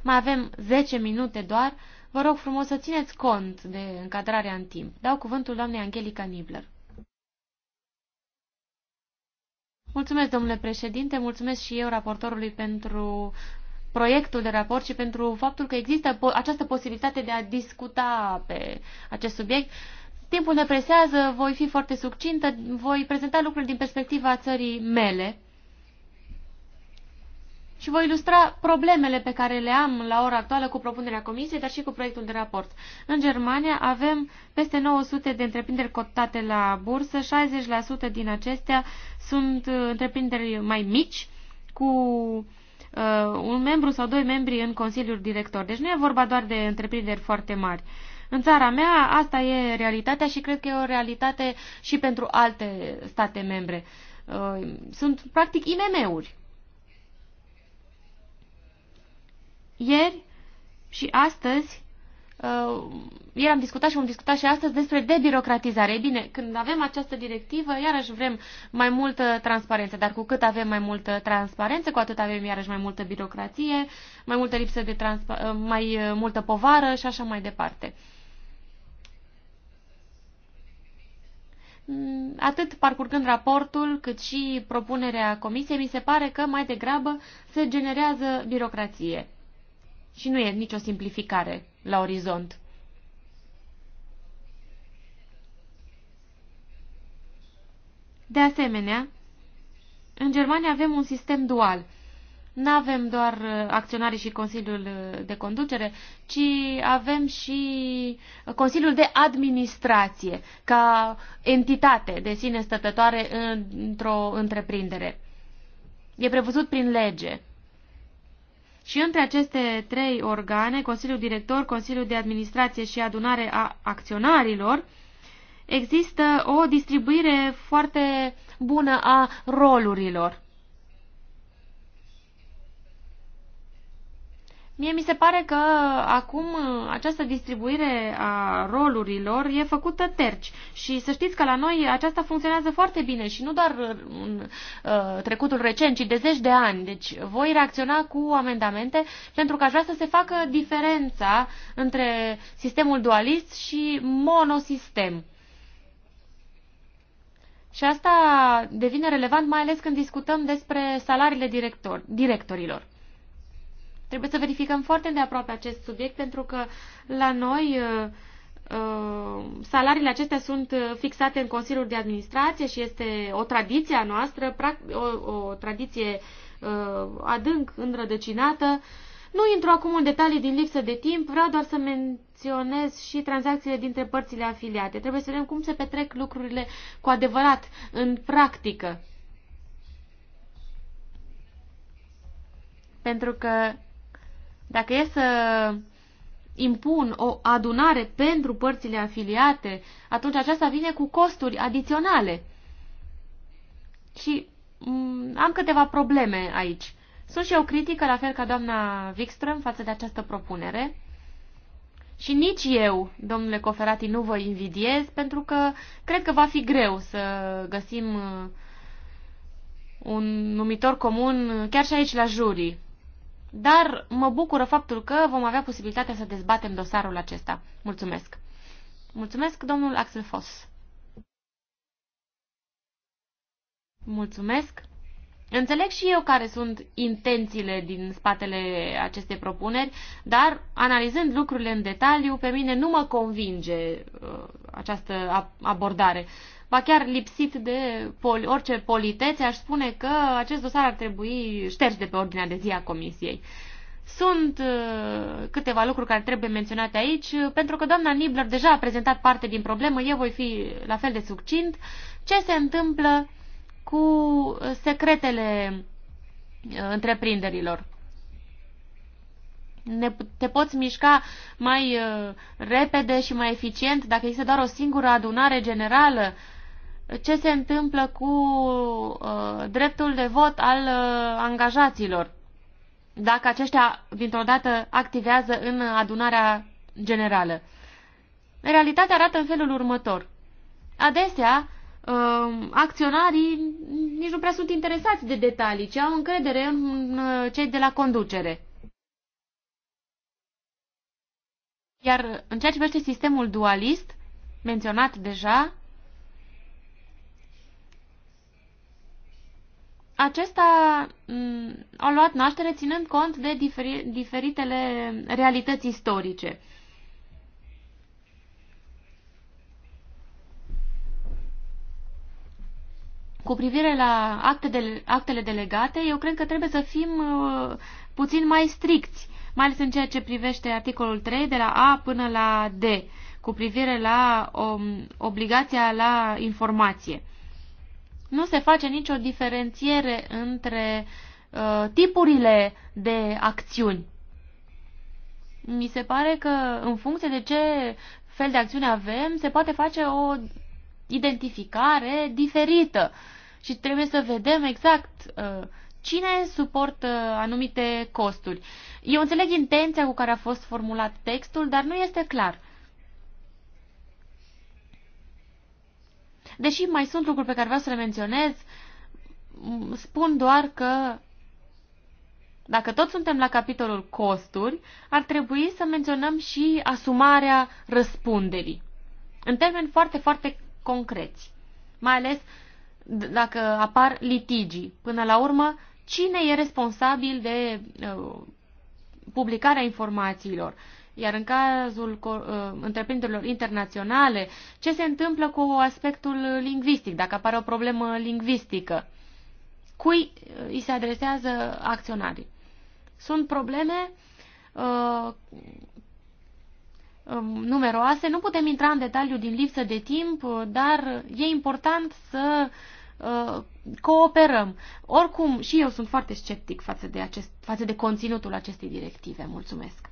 mai avem zece minute doar. Vă rog frumos să țineți cont de încadrarea în timp. Dau cuvântul doamnei Angelica Nibler. Mulțumesc, domnule președinte, mulțumesc și eu raportorului pentru proiectul de raport și pentru faptul că există această posibilitate de a discuta pe acest subiect. Timpul ne presează, voi fi foarte succintă, voi prezenta lucruri din perspectiva țării mele și voi ilustra problemele pe care le am la ora actuală cu propunerea comisiei, dar și cu proiectul de raport. În Germania avem peste 900 de întreprinderi cotate la bursă, 60% din acestea sunt uh, întreprinderi mai mici, cu uh, un membru sau doi membri în Consiliul Director. Deci nu e vorba doar de întreprinderi foarte mari. În țara mea asta e realitatea și cred că e o realitate și pentru alte state membre. Uh, sunt practic IMM-uri Ieri și astăzi, uh, ieri am discutat și vom discuta și astăzi despre debirocratizare. Ei bine, când avem această directivă, iarăși vrem mai multă transparență, dar cu cât avem mai multă transparență, cu atât avem iarăși mai multă birocrație, mai multă lipsă de transpa- uh, mai uh, multă povară și așa mai departe. Mm, atât parcurgând raportul, cât și propunerea comisiei, mi se pare că mai degrabă se generează birocrație. Și nu e nicio simplificare la orizont. De asemenea, în Germania avem un sistem dual. Nu avem doar uh, acționarii și Consiliul uh, de Conducere, ci avem și uh, Consiliul de Administrație ca entitate de sine stătătoare într-o întreprindere. E prevăzut prin lege. Și între aceste trei organe, Consiliul Director, Consiliul de Administrație și Adunare a Acționarilor, există o distribuire foarte bună a rolurilor. Mie mi se pare că acum uh, această distribuire a rolurilor e făcută terci și să știți că la noi aceasta funcționează foarte bine și nu doar uh, în uh, trecutul recent, ci de zeci de ani. Deci voi reacționa cu amendamente pentru că aș vrea să se facă diferența între sistemul dualist și monosistem. Și asta devine relevant mai ales când discutăm despre salariile director, directorilor. Trebuie să verificăm foarte de aproape acest subiect pentru că la noi uh, uh, salariile acestea sunt uh, fixate în Consiliul de Administrație și este o tradiție a noastră, o, o tradiție adânc înrădăcinată. Nu intru acum în detalii din lipsă de timp, vreau doar să menționez și tranzacțiile dintre părțile afiliate. Trebuie să vedem cum se petrec lucrurile cu adevărat în practică. Pentru că dacă e să impun o adunare pentru părțile afiliate, atunci aceasta vine cu costuri adiționale. Și mm, am câteva probleme aici. Sunt și eu critică, la fel ca doamna Wikström, față de această propunere. Și nici eu, domnule Coferati, nu vă invidiez, pentru că cred că va fi greu să găsim uh, un numitor comun chiar și aici la jurii dar mă bucură faptul că vom avea posibilitatea să dezbatem dosarul acesta. Mulțumesc! Mulțumesc, domnul Axel Foss! Mulțumesc! Înțeleg și eu care sunt intențiile din spatele acestei propuneri, dar analizând lucrurile în detaliu, pe mine nu mă convinge uh, această abordare ba chiar lipsit de poli, orice politețe, aș spune că acest dosar ar trebui șters de pe ordinea de zi a Comisiei. Sunt uh, câteva lucruri care trebuie menționate aici, pentru că doamna Nibler deja a prezentat parte din problemă, eu voi fi la fel de succint. Ce se întâmplă cu secretele uh, întreprinderilor? ne, te poți mișca mai uh, repede și mai eficient dacă există doar o singură adunare generală ce se întâmplă cu uh, dreptul de vot al uh, angajaților, dacă aceștia dintr-o dată activează în adunarea generală. Realitatea arată în felul următor. Adesea, uh, acționarii nici nu prea sunt interesați de detalii, ci au încredere în uh, cei de la conducere. Iar în ceea ce privește sistemul dualist, menționat deja, acesta mm, a luat naștere ținând cont de diferi, diferitele realități istorice. Cu privire la acte de, actele delegate, eu cred că trebuie să fim uh, puțin mai stricți, mai ales în ceea ce privește articolul 3, de la A până la D, cu privire la um, obligația la informație nu se face nicio diferențiere între uh, tipurile de acțiuni. Mi se pare că în funcție de ce fel de acțiune avem, se poate face o identificare diferită și trebuie să vedem exact uh, cine suportă anumite costuri. Eu înțeleg intenția cu care a fost formulat textul, dar nu este clar. Deși mai sunt lucruri pe care vreau să le menționez, spun doar că dacă tot suntem la capitolul costuri, ar trebui să menționăm și asumarea răspunderii. În termeni foarte, foarte concreți. Mai ales dacă apar litigii. Până la urmă, cine e responsabil de uh, publicarea informațiilor? Iar în cazul uh, întreprinderilor internaționale, ce se întâmplă cu aspectul lingvistic, dacă apare o problemă lingvistică? Cui uh, îi se adresează acționarii? Sunt probleme uh, uh, numeroase, nu putem intra în detaliu din lipsă de timp, dar e important să cooperăm. Oricum, și eu sunt foarte sceptic față de, acest, față de conținutul acestei directive. Mulțumesc!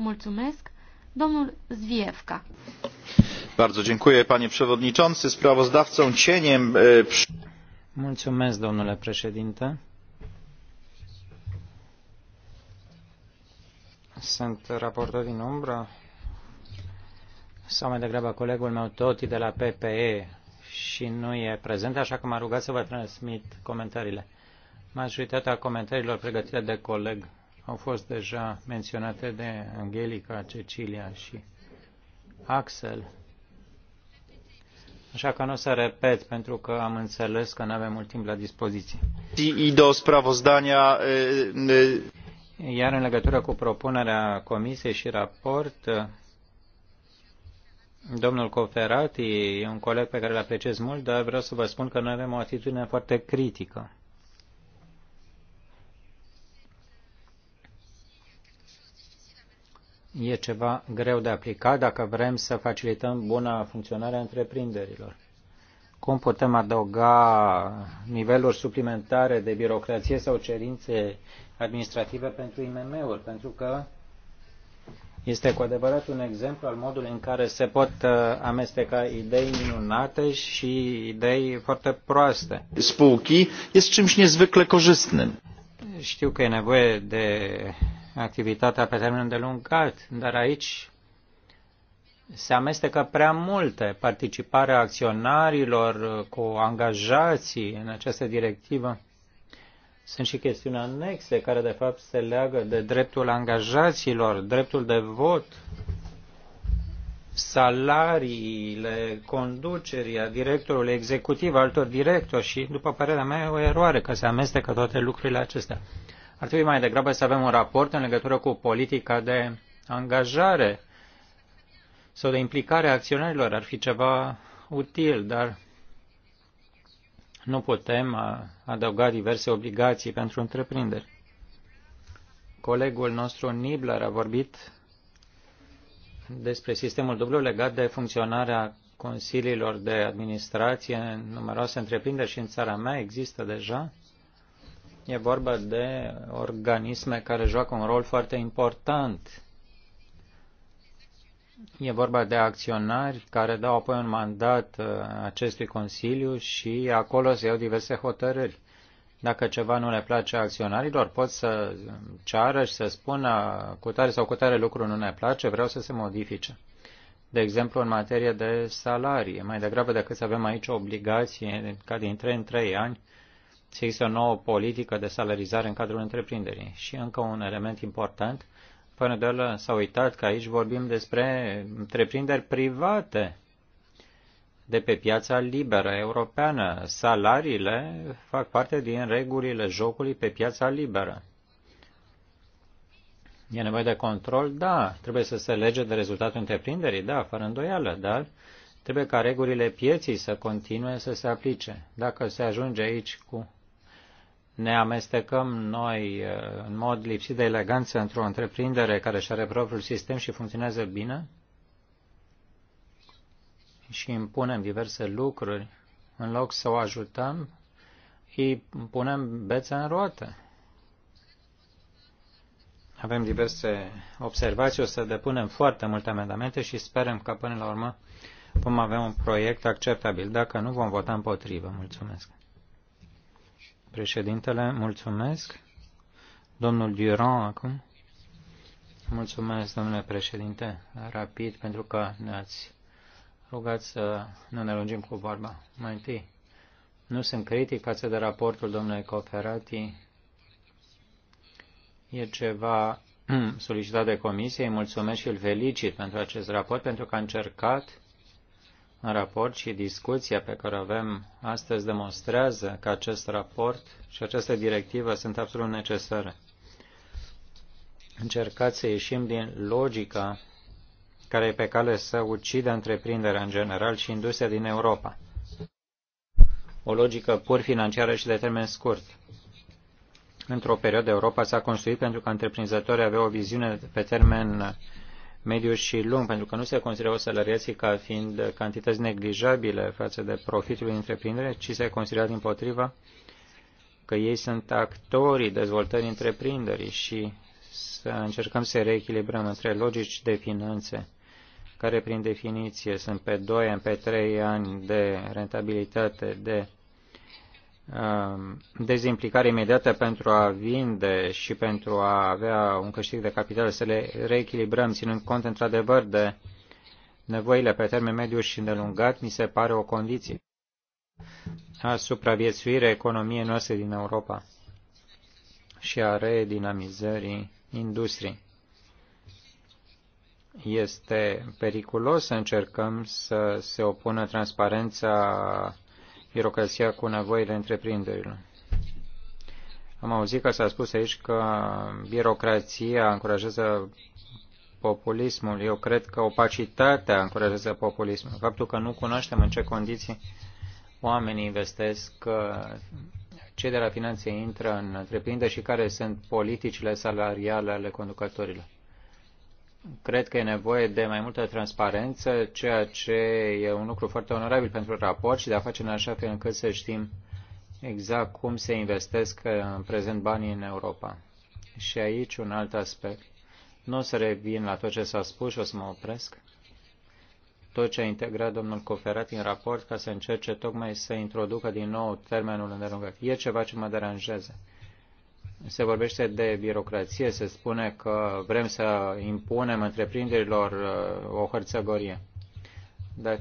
Mulțumesc. Domnul Zwiewka. Bardzo dziękuję, panie przewodniczący. Sprawozdawcą cieniem... Mulțumesc, domnule președinte. Sunt raportor din umbră, sau mai degrabă colegul meu Toti de la PPE și nu e prezent, așa că m-a rugat să vă transmit comentariile. Majoritatea comentariilor pregătite de coleg au fost deja menționate de Angelica, Cecilia și Axel. Așa că nu o să repet, pentru că am înțeles că nu avem mult timp la dispoziție. Iar în legătură cu propunerea comisiei și raport, domnul Coferati e un coleg pe care îl apreciez mult, dar vreau să vă spun că noi avem o atitudine foarte critică. e ceva greu de aplicat dacă vrem să facilităm buna funcționare a întreprinderilor. Cum putem adăuga niveluri suplimentare de birocrație sau cerințe administrative pentru IMM-uri? Pentru că este cu adevărat un exemplu al modului în care se pot uh, amesteca idei minunate și idei foarte proaste. Spółki este czymś niezwykle korzystnym. Știu că e nevoie de activitatea pe termen de alt, dar aici se amestecă prea multe. Participarea acționarilor cu angajații în această directivă. Sunt și chestiuni anexe care de fapt se leagă de dreptul angajaților, dreptul de vot, salariile conducerii a directorului executiv, altor directori și, după părerea mea, e o eroare că se amestecă toate lucrurile acestea. Ar trebui mai degrabă să avem un raport în legătură cu politica de angajare sau de implicare a acționarilor. Ar fi ceva util, dar nu putem adăuga diverse obligații pentru întreprinderi. Colegul nostru Nibler a vorbit despre sistemul dublu legat de funcționarea consiliilor de administrație în numeroase întreprinderi și în țara mea există deja E vorba de organisme care joacă un rol foarte important. E vorba de acționari care dau apoi un mandat uh, acestui Consiliu și acolo se iau diverse hotărâri. Dacă ceva nu le place acționarilor, pot să ceară și să spună cu tare sau cu tare lucru nu ne place, vreau să se modifice. De exemplu, în materie de salarii, mai degrabă decât să avem aici obligație ca din 3 în 3 ani să există o nouă politică de salarizare în cadrul întreprinderii. Și încă un element important, de la s-a uitat că aici vorbim despre întreprinderi private de pe piața liberă europeană. Salariile fac parte din regulile jocului pe piața liberă. E nevoie de control? Da. Trebuie să se lege de rezultatul întreprinderii? Da, fără îndoială, dar trebuie ca regulile pieții să continue să se aplice. Dacă se ajunge aici cu ne amestecăm noi uh, în mod lipsit de eleganță într-o întreprindere care își are propriul sistem și funcționează bine și impunem diverse lucruri, în loc să o ajutăm, îi punem bețe în roată. Avem diverse observații, o să depunem foarte multe amendamente și sperăm că până la urmă vom avea un proiect acceptabil, dacă nu vom vota împotrivă. Mulțumesc! Președintele, mulțumesc. Domnul Durand acum. Mulțumesc, domnule președinte, rapid, pentru că ne-ați rugat să nu ne lungim cu vorba. Mai întâi, nu sunt critic față de raportul domnului Coferati. E ceva solicitat de comisie. Îi mulțumesc și îl felicit pentru acest raport, pentru că a încercat în raport și discuția pe care o avem astăzi demonstrează că acest raport și această directivă sunt absolut necesare. Încercați să ieșim din logica care e pe cale să ucidă întreprinderea în general și industria din Europa. O logică pur financiară și de termen scurt. Într-o perioadă Europa s-a construit pentru că întreprinzătorii aveau o viziune pe termen mediu și lung, pentru că nu se consideră salariație ca fiind cantități neglijabile față de profitul întreprindere, ci se consideră din potriva că ei sunt actorii dezvoltării întreprinderii și să încercăm să reechilibrăm între logici de finanțe, care prin definiție sunt pe 2 ani, pe 3 ani de rentabilitate, de Um, dezimplicare imediată pentru a vinde și pentru a avea un câștig de capital, să le reechilibrăm, ținând cont într-adevăr de nevoile pe termen mediu și îndelungat, mi se pare o condiție a supraviețuirii economiei noastre din Europa și a redinamizării industriei. Este periculos să încercăm să se opună transparența birocrația cu nevoile întreprinderilor. Am auzit că s-a spus aici că birocrația încurajează populismul. Eu cred că opacitatea încurajează populismul. Faptul că nu cunoaștem în ce condiții oamenii investesc, ce de la finanțe intră în întreprindere și care sunt politicile salariale ale conducătorilor. Cred că e nevoie de mai multă transparență, ceea ce e un lucru foarte onorabil pentru raport și de a face în așa fel încât să știm exact cum se investesc uh, în prezent banii în Europa. Și aici un alt aspect. Nu o să revin la tot ce s-a spus și o să mă opresc. Tot ce a integrat domnul Coferat în raport ca să încerce tocmai să introducă din nou termenul îndelungat. E ceva ce mă deranjează se vorbește de birocrație, se spune că vrem să impunem întreprinderilor uh, o hărțăgorie. Dar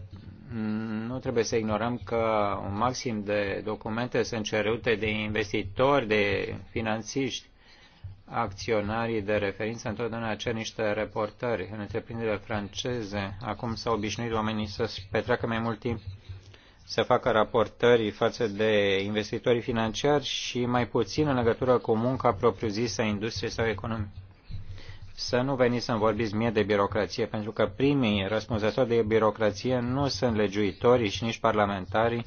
nu trebuie să ignorăm că un maxim de documente sunt cerute de investitori, de finanțiști, acționarii de referință întotdeauna cer niște reportări. În întreprinderile franceze, acum s-au obișnuit oamenii să petreacă mai mult timp să facă raportări față de investitorii financiari și mai puțin în legătură cu munca propriu-zisă a industriei sau economiei. Să nu veniți să-mi vorbiți mie de birocrație, pentru că primii răspunzători de birocrație nu sunt legiuitorii și nici parlamentarii,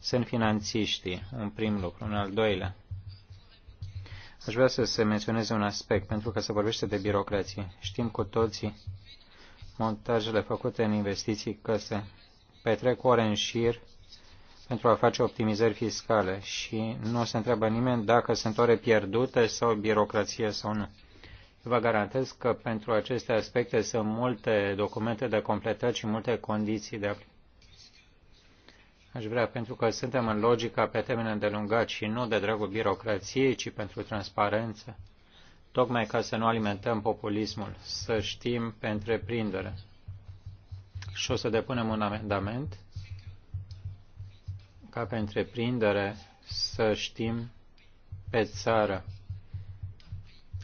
sunt finanțiștii, un prim lucru. Un al doilea, aș vrea să se menționeze un aspect, pentru că se vorbește de birocrație. Știm cu toții montajele făcute în investiții că se petrec ore în șir pentru a face optimizări fiscale și nu se întreabă nimeni dacă sunt ore pierdute sau birocrație sau nu. Vă garantez că pentru aceste aspecte sunt multe documente de completat și multe condiții de aplicare. Aș vrea, pentru că suntem în logica pe termen îndelungat și nu de dragul birocrației, ci pentru transparență, tocmai ca să nu alimentăm populismul, să știm pe întreprindere. Și o să depunem un amendament ca pe întreprindere să știm pe țară.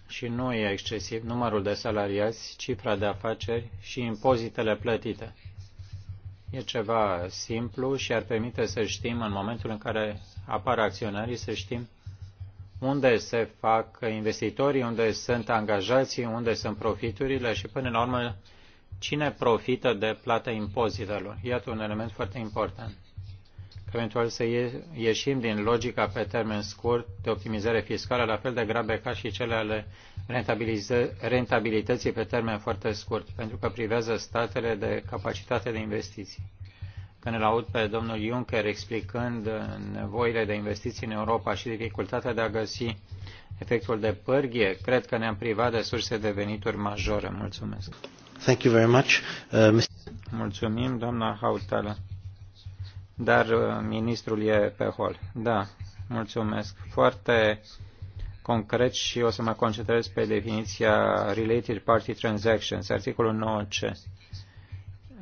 Și nu e excesiv numărul de salariați, cifra de afaceri și impozitele plătite. E ceva simplu și ar permite să știm în momentul în care apar acționarii, să știm unde se fac investitorii, unde sunt angajații, unde sunt profiturile și până la urmă cine profită de plata impozitelor. Iată un element foarte important eventual să ieșim din logica pe termen scurt de optimizare fiscală, la fel de grabe ca și cele ale rentabilității pe termen foarte scurt, pentru că privează statele de capacitate de investiții. Când îl aud pe domnul Juncker explicând nevoile de investiții în Europa și dificultatea de a găsi efectul de pârghie, cred că ne-am privat de surse de venituri majore. Mulțumesc. Thank you very much. Uh, Mulțumim, doamna Hautala dar uh, ministrul e pe hol. Da, mulțumesc. Foarte concret și o să mă concentrez pe definiția Related Party Transactions, articolul 9c.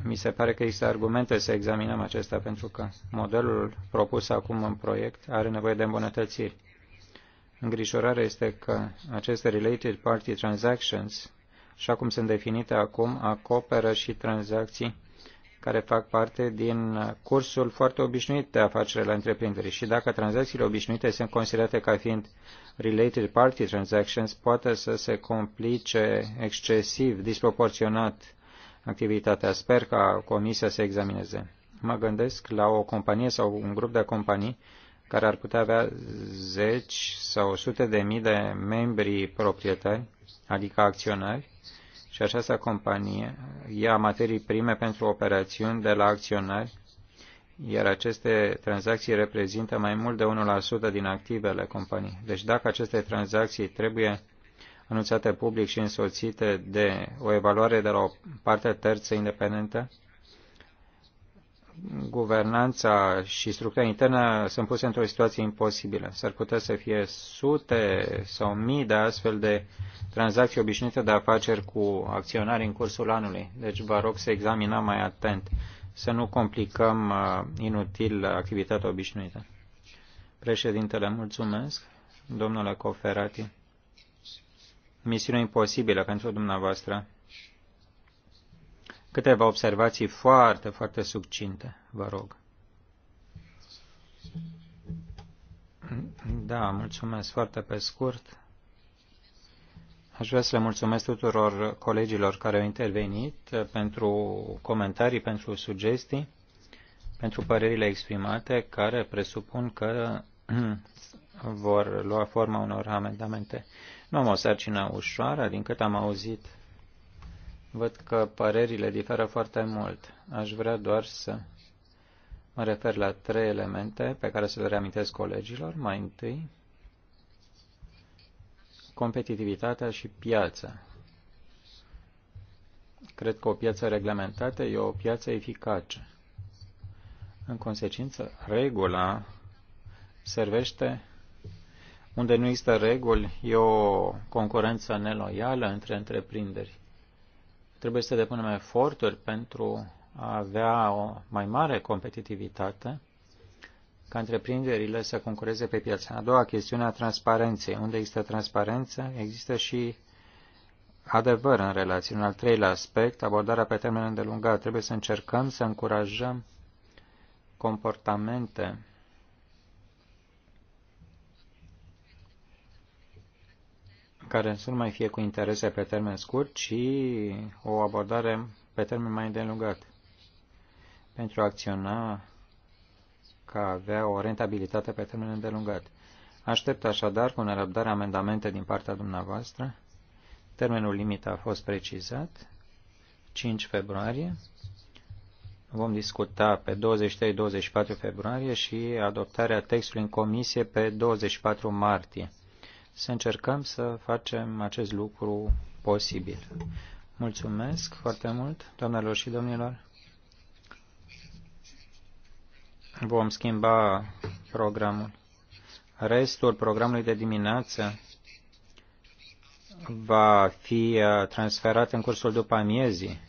Mi se pare că există argumente să examinăm acesta pentru că modelul propus acum în proiect are nevoie de îmbunătățiri. Îngrijorarea este că aceste Related Party Transactions, așa cum sunt definite acum, acoperă și tranzacții care fac parte din cursul foarte obișnuit de afacere la întreprindere. Și dacă tranzacțiile obișnuite sunt considerate ca fiind related party transactions, poate să se complice excesiv, disproporționat activitatea. Sper ca comisia să examineze. Mă gândesc la o companie sau un grup de companii care ar putea avea zeci sau sute de mii de membri proprietari, adică acționari, și această companie ia materii prime pentru operațiuni de la acționari, iar aceste tranzacții reprezintă mai mult de 1% din activele companiei. Deci dacă aceste tranzacții trebuie anunțate public și însoțite de o evaluare de la o parte terță independentă, guvernanța și structura internă sunt puse într-o situație imposibilă. S-ar putea să fie sute sau mii de astfel de tranzacții obișnuite de afaceri cu acționari în cursul anului. Deci vă rog să examinăm mai atent, să nu complicăm uh, inutil activitatea obișnuită. Președintele, mulțumesc. Domnule Coferati, misiune imposibilă pentru dumneavoastră. Câteva observații foarte, foarte succinte, vă rog. Da, mulțumesc foarte pe scurt. Aș vrea să le mulțumesc tuturor colegilor care au intervenit pentru comentarii, pentru sugestii, pentru părerile exprimate, care presupun că vor lua forma unor amendamente. Nu am o sarcină ușoară, din cât am auzit Văd că părerile diferă foarte mult. Aș vrea doar să mă refer la trei elemente pe care să le reamintesc colegilor. Mai întâi, competitivitatea și piața. Cred că o piață reglementată e o piață eficace. În consecință, regula servește unde nu există reguli, e o concurență neloială între întreprinderi. Trebuie să depunem eforturi pentru a avea o mai mare competitivitate ca întreprinderile să concureze pe piață. A doua chestiune a transparenței. Unde există transparență, există și adevăr în relație. Un al treilea aspect, abordarea pe termen îndelungat. Trebuie să încercăm să încurajăm comportamente care să nu mai fie cu interese pe termen scurt, ci o abordare pe termen mai îndelungat. Pentru a acționa ca avea o rentabilitate pe termen îndelungat. Aștept așadar cu nerăbdare amendamente din partea dumneavoastră. Termenul limit a fost precizat, 5 februarie. Vom discuta pe 23-24 februarie și adoptarea textului în comisie pe 24 martie să încercăm să facem acest lucru posibil. Mulțumesc foarte mult, doamnelor și domnilor. Vom schimba programul. Restul programului de dimineață va fi uh, transferat în cursul după amiezii,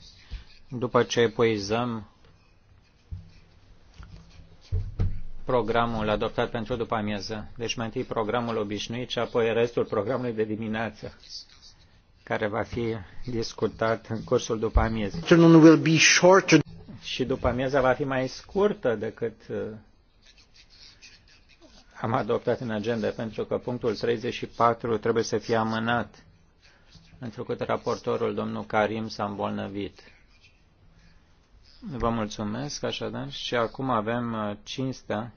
după ce epuizăm programul adoptat pentru după amiază. Deci mai întâi programul obișnuit și apoi restul programului de dimineață care va fi discutat în cursul după amiezii. Și după amiaza va fi mai scurtă decât uh, am adoptat în agenda, pentru că punctul 34 trebuie să fie amânat, pentru că raportorul domnul Karim s-a îmbolnăvit. Vă mulțumesc, așadar, și acum avem uh, cinstea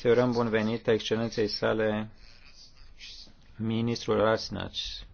să urăm bun venit excelenței sale ministrul Rasnaci.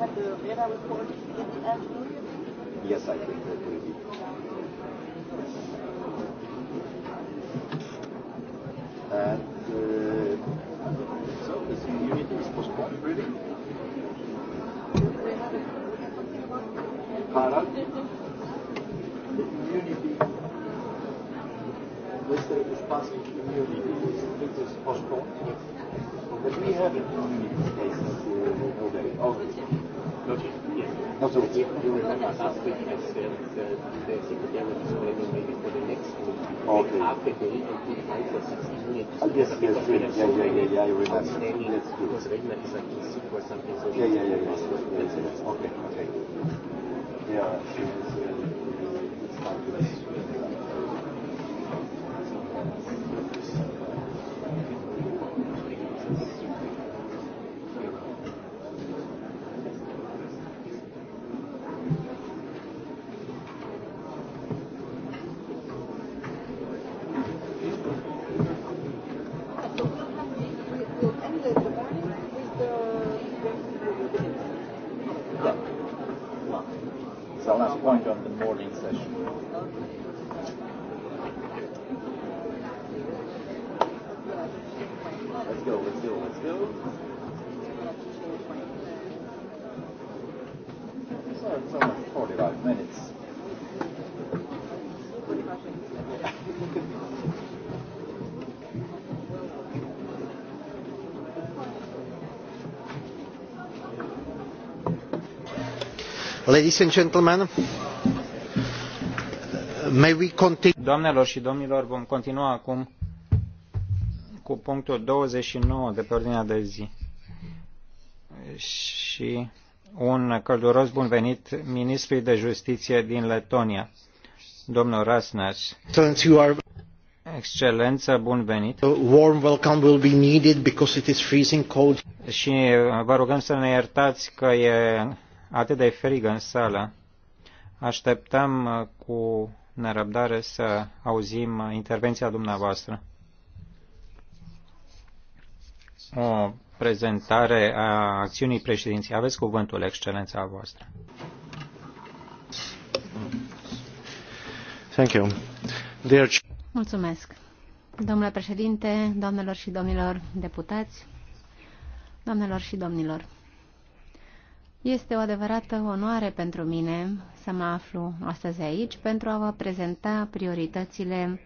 had the, then I was yes, yes, yes, yes, yeah, yeah, yeah, yeah, I remember. Yes, because Regner is like sick or something. So yeah, yeah, yeah, yes, yes, yes, yes. Okay, okay. Yeah, she is. Uh, Doamnelor și domnilor, vom continua acum cu punctul 29 de pe ordinea de zi. Și un călduros bun venit ministrului de justiție din Letonia, domnul Rasnas. Excelență, bun venit. A warm welcome will be needed because it is freezing cold. Și vă rugăm să ne iertați că e atât de frig în sală. Așteptăm uh, cu nerăbdare să auzim intervenția dumneavoastră. O prezentare a acțiunii președinției. Aveți cuvântul, excelența voastră. Thank you. Dear... Mulțumesc. Domnule președinte, doamnelor și domnilor deputați, doamnelor și domnilor. Este o adevărată onoare pentru mine să mă aflu astăzi aici pentru a vă prezenta prioritățile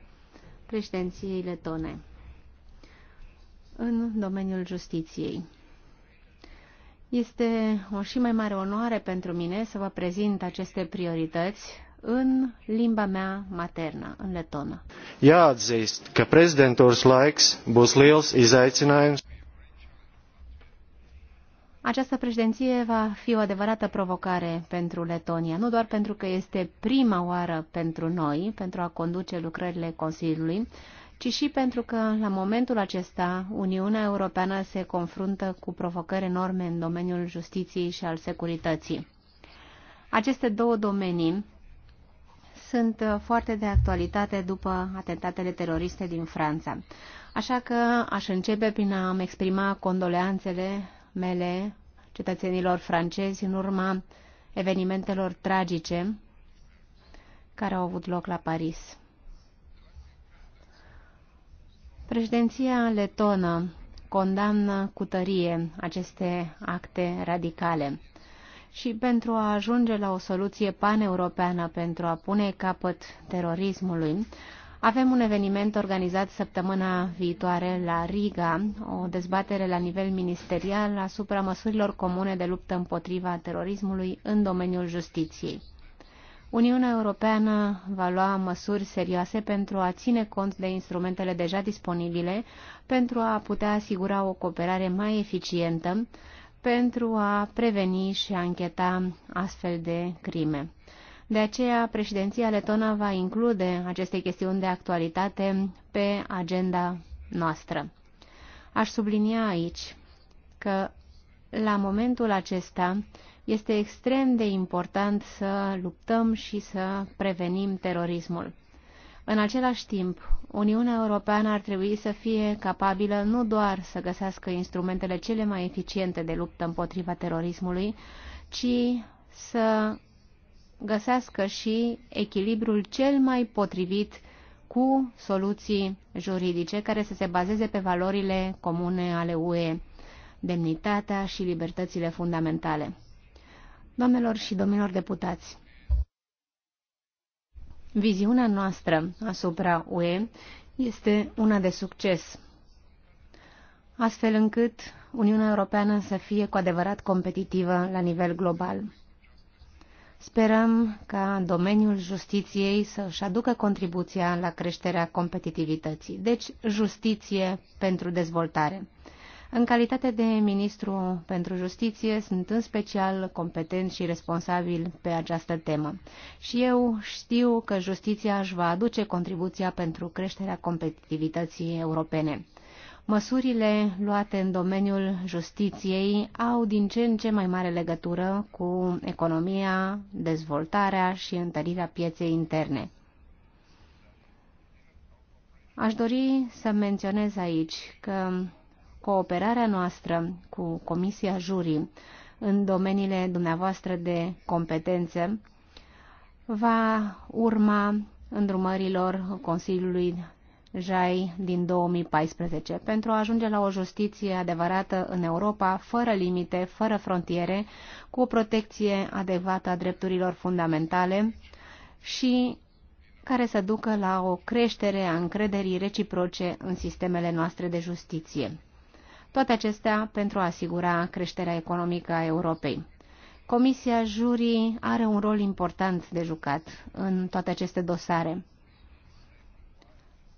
președinției letone în domeniul justiției. Este o și mai mare onoare pentru mine să vă prezint aceste priorități în limba mea maternă, în letonă. Jāatzīst, ka prezidentūras laiks būs liels izaicinājums. Această președinție va fi o adevărată provocare pentru Letonia, nu doar pentru că este prima oară pentru noi, pentru a conduce lucrările Consiliului, ci și pentru că, la momentul acesta, Uniunea Europeană se confruntă cu provocări enorme în domeniul justiției și al securității. Aceste două domenii sunt foarte de actualitate după atentatele teroriste din Franța. Așa că aș începe prin a-mi exprima condoleanțele mele cetățenilor francezi în urma evenimentelor tragice care au avut loc la Paris. Președinția letonă condamnă cu tărie aceste acte radicale și pentru a ajunge la o soluție paneuropeană pentru a pune capăt terorismului, avem un eveniment organizat săptămâna viitoare la Riga, o dezbatere la nivel ministerial asupra măsurilor comune de luptă împotriva terorismului în domeniul justiției. Uniunea Europeană va lua măsuri serioase pentru a ține cont de instrumentele deja disponibile, pentru a putea asigura o cooperare mai eficientă, pentru a preveni și a încheta astfel de crime. De aceea, președinția letona va include aceste chestiuni de actualitate pe agenda noastră. Aș sublinia aici că la momentul acesta este extrem de important să luptăm și să prevenim terorismul. În același timp, Uniunea Europeană ar trebui să fie capabilă nu doar să găsească instrumentele cele mai eficiente de luptă împotriva terorismului, ci să găsească și echilibrul cel mai potrivit cu soluții juridice care să se bazeze pe valorile comune ale UE, demnitatea și libertățile fundamentale. Doamnelor și domnilor deputați, viziunea noastră asupra UE este una de succes, astfel încât Uniunea Europeană să fie cu adevărat competitivă la nivel global. Sperăm ca în domeniul justiției să-și aducă contribuția la creșterea competitivității, deci justiție pentru dezvoltare. În calitate de ministru pentru justiție, sunt în special competent și responsabil pe această temă. Și eu știu că justiția își va aduce contribuția pentru creșterea competitivității europene. Măsurile luate în domeniul justiției au din ce în ce mai mare legătură cu economia, dezvoltarea și întărirea pieței interne. Aș dori să menționez aici că cooperarea noastră cu Comisia Jurii în domeniile dumneavoastră de competență va urma îndrumărilor Consiliului Jai din 2014 pentru a ajunge la o justiție adevărată în Europa, fără limite, fără frontiere, cu o protecție adecvată a drepturilor fundamentale și care să ducă la o creștere a încrederii reciproce în sistemele noastre de justiție. Toate acestea pentru a asigura creșterea economică a Europei. Comisia Jurii are un rol important de jucat în toate aceste dosare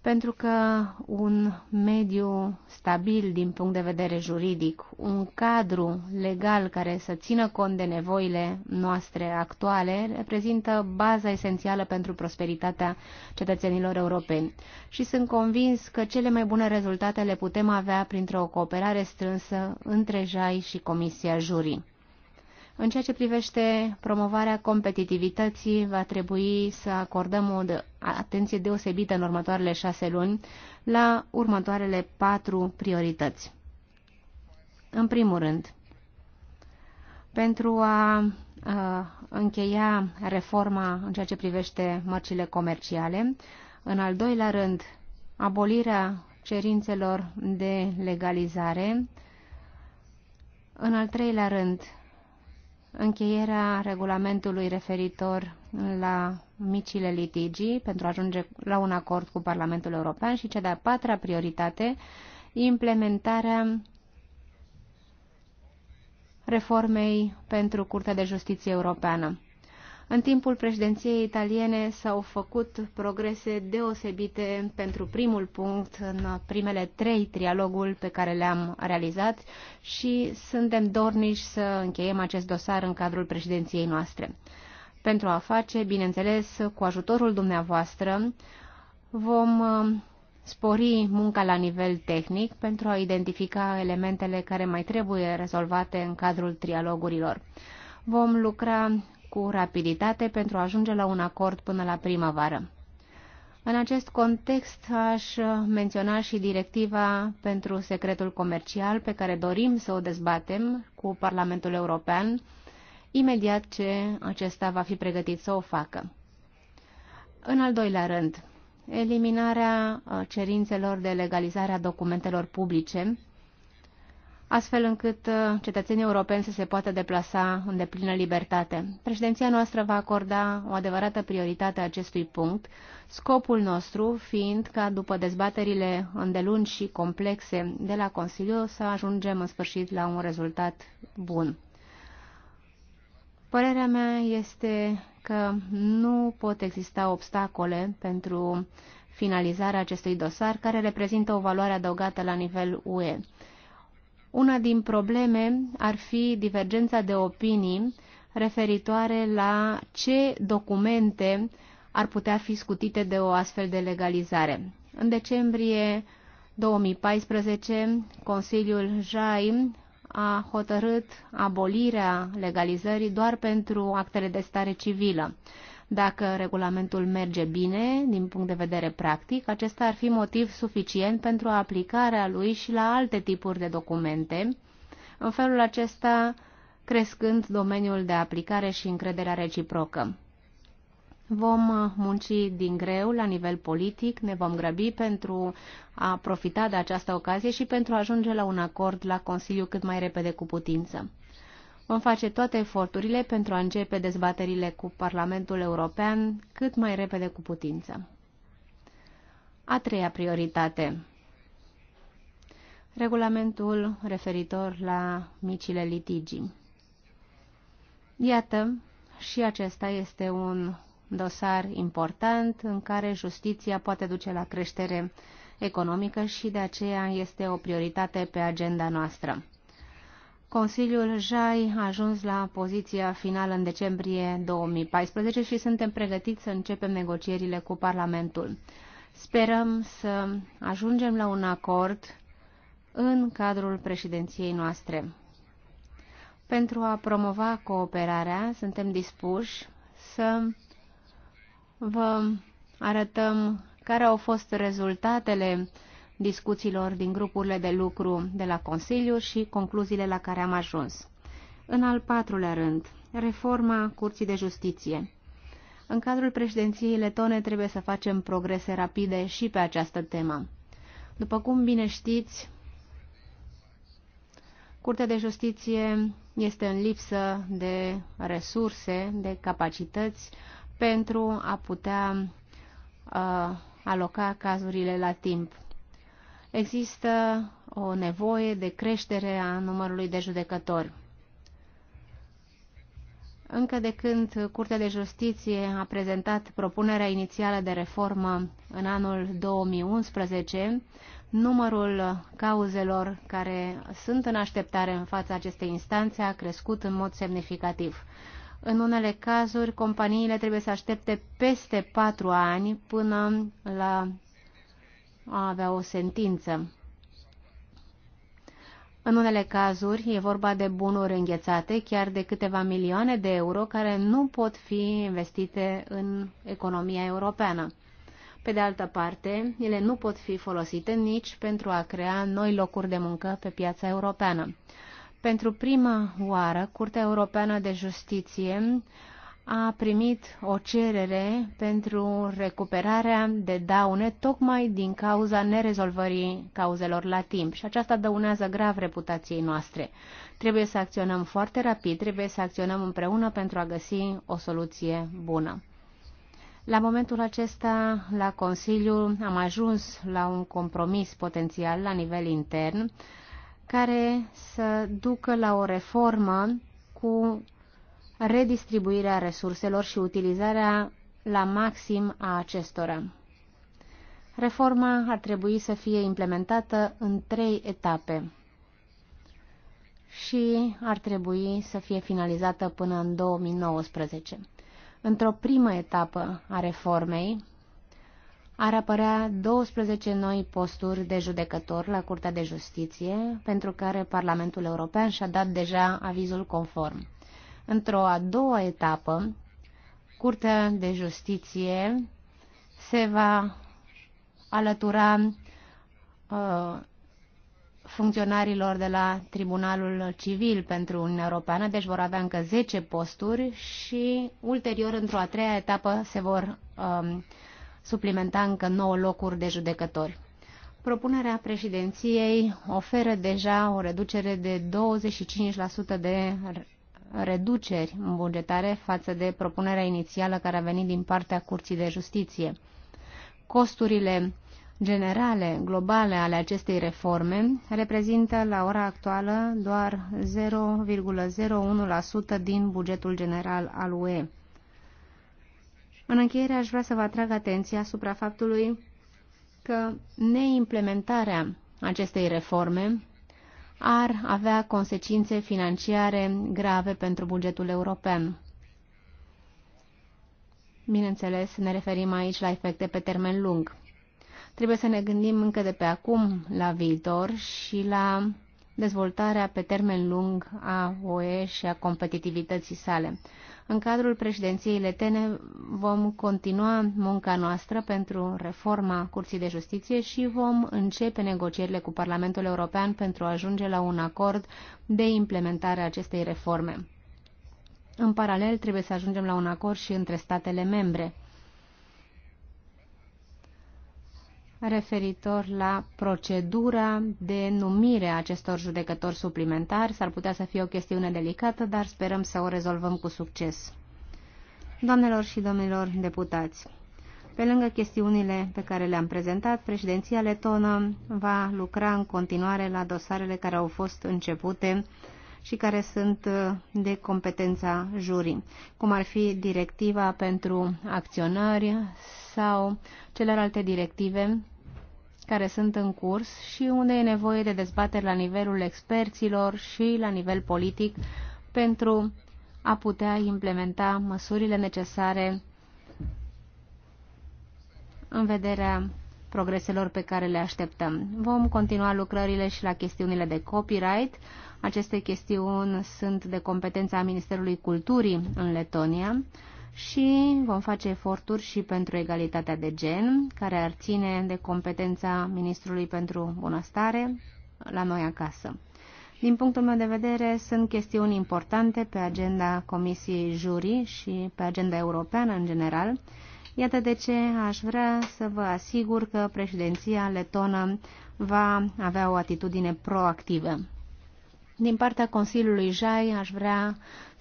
pentru că un mediu stabil din punct de vedere juridic, un cadru legal care să țină cont de nevoile noastre actuale, reprezintă baza esențială pentru prosperitatea cetățenilor europeni. Și sunt convins că cele mai bune rezultate le putem avea printr-o cooperare strânsă între JAI și Comisia Jurii. În ceea ce privește promovarea competitivității, va trebui să acordăm o atenție deosebită în următoarele șase luni la următoarele patru priorități. În primul rând, pentru a, a încheia reforma în ceea ce privește mărcile comerciale, în al doilea rând, abolirea cerințelor de legalizare, în al treilea rând, încheierea regulamentului referitor la micile litigii pentru a ajunge la un acord cu Parlamentul European și cea de-a patra prioritate, implementarea reformei pentru Curtea de Justiție Europeană. În timpul președinției italiene s-au făcut progrese deosebite pentru primul punct în primele trei trialoguri pe care le-am realizat și suntem dorniși să încheiem acest dosar în cadrul președinției noastre. Pentru a face, bineînțeles, cu ajutorul dumneavoastră, vom uh, spori munca la nivel tehnic pentru a identifica elementele care mai trebuie rezolvate în cadrul trialogurilor. Vom lucra cu rapiditate pentru a ajunge la un acord până la primăvară. În acest context aș menționa și directiva pentru secretul comercial pe care dorim să o dezbatem cu Parlamentul European imediat ce acesta va fi pregătit să o facă. În al doilea rând, eliminarea uh, cerințelor de legalizare a documentelor publice astfel încât uh, cetățenii europeni să se poată deplasa în deplină libertate. Președinția noastră va acorda o adevărată prioritate acestui punct, scopul nostru fiind ca după dezbaterile îndelungi și complexe de la Consiliu să ajungem în sfârșit la un rezultat bun. Părerea mea este că nu pot exista obstacole pentru finalizarea acestui dosar, care reprezintă o valoare adăugată la nivel UE. Una din probleme ar fi divergența de opinii referitoare la ce documente ar putea fi scutite de o astfel de legalizare. În decembrie 2014, Consiliul JAI a hotărât abolirea legalizării doar pentru actele de stare civilă. Dacă regulamentul merge bine, din punct de vedere practic, acesta ar fi motiv suficient pentru aplicarea lui și la alte tipuri de documente, în felul acesta crescând domeniul de aplicare și încrederea reciprocă. Vom munci din greu la nivel politic, ne vom grăbi pentru a profita de această ocazie și pentru a ajunge la un acord la Consiliu cât mai repede cu putință. Vom face toate eforturile pentru a începe dezbaterile cu Parlamentul European cât mai repede cu putință. A treia prioritate. Regulamentul referitor la micile litigii. Iată, și acesta este un dosar important în care justiția poate duce la creștere economică și de aceea este o prioritate pe agenda noastră. Consiliul JAI a ajuns la poziția finală în decembrie 2014 și suntem pregătiți să începem negocierile cu Parlamentul. Sperăm să ajungem la un acord în cadrul președinției noastre. Pentru a promova cooperarea, suntem dispuși să vă arătăm care au fost rezultatele uh, discuțiilor din grupurile de lucru de la Consiliu și concluziile la care am ajuns. În al patrulea rând, reforma Curții de Justiție. În cadrul președinției letone trebuie să facem progrese rapide și pe această temă. După cum bine știți, Curtea de Justiție este în lipsă de resurse, de capacități pentru a putea uh, aloca cazurile la timp există o nevoie de creștere a numărului de judecători. Încă de când Curtea de Justiție a prezentat propunerea inițială de reformă în anul 2011, numărul cauzelor care sunt în așteptare în fața acestei instanțe a crescut în mod semnificativ. În unele cazuri, companiile trebuie să aștepte peste patru ani până la a avea o sentință. În unele cazuri e vorba de bunuri înghețate, chiar de câteva milioane de euro care nu pot fi investite în economia europeană. Pe de altă parte, ele nu pot fi folosite nici pentru a crea noi locuri de muncă pe piața europeană. Pentru prima oară, Curtea Europeană de Justiție a primit o cerere pentru recuperarea de daune tocmai din cauza nerezolvării cauzelor la timp și aceasta dăunează grav reputației noastre. Trebuie să acționăm foarte rapid, trebuie să acționăm împreună pentru a găsi o soluție bună. La momentul acesta, la Consiliu, am ajuns la un compromis potențial la nivel intern care să ducă la o reformă cu redistribuirea resurselor și utilizarea la maxim a acestora. Reforma ar trebui să fie implementată în trei etape și ar trebui să fie finalizată până în 2019. Într-o primă etapă a reformei ar apărea 12 noi posturi de judecător la Curtea de Justiție, pentru care Parlamentul European și-a dat deja avizul conform. Într-o a doua etapă, Curtea de Justiție se va alătura uh, funcționarilor de la Tribunalul Civil pentru Uniunea Europeană, deci vor avea încă 10 posturi și ulterior, într-o a treia etapă, se vor uh, suplimenta încă 9 locuri de judecători. Propunerea președinției oferă deja o reducere de 25% de reduceri bugetare față de propunerea inițială care a venit din partea Curții de Justiție. Costurile generale, globale ale acestei reforme reprezintă la ora actuală doar 0,01% din bugetul general al UE. În încheiere aș vrea să vă atrag atenția asupra faptului că neimplementarea acestei reforme ar avea consecințe financiare grave pentru bugetul european. Bineînțeles, ne referim aici la efecte pe termen lung. Trebuie să ne gândim încă de pe acum la viitor și la dezvoltarea pe termen lung a OE și a competitivității sale. În cadrul președinției letene vom continua munca noastră pentru reforma Curții de Justiție și vom începe negocierile cu Parlamentul European pentru a ajunge la un acord de implementare a acestei reforme. În paralel, trebuie să ajungem la un acord și între statele membre. referitor la procedura de numire a acestor judecători suplimentari. S-ar putea să fie o chestiune delicată, dar sperăm să o rezolvăm cu succes. Doamnelor și domnilor deputați, pe lângă chestiunile pe care le-am prezentat, președinția letonă va lucra în continuare la dosarele care au fost începute și care sunt uh, de competența jurii, cum ar fi directiva pentru acționari sau celelalte directive care sunt în curs și unde e nevoie de dezbateri la nivelul experților și la nivel politic pentru a putea implementa măsurile necesare în vederea progreselor pe care le așteptăm. Vom continua lucrările și la chestiunile de copyright, aceste chestiuni sunt de competența Ministerului Culturii în Letonia și vom face eforturi și pentru egalitatea de gen, care ar ține de competența Ministrului pentru Bunăstare la noi acasă. Din punctul meu de vedere, sunt chestiuni importante pe agenda Comisiei Juri și pe agenda europeană în general. Iată de ce aș vrea să vă asigur că președinția letonă va avea o atitudine proactivă. Din partea Consiliului JAI aș vrea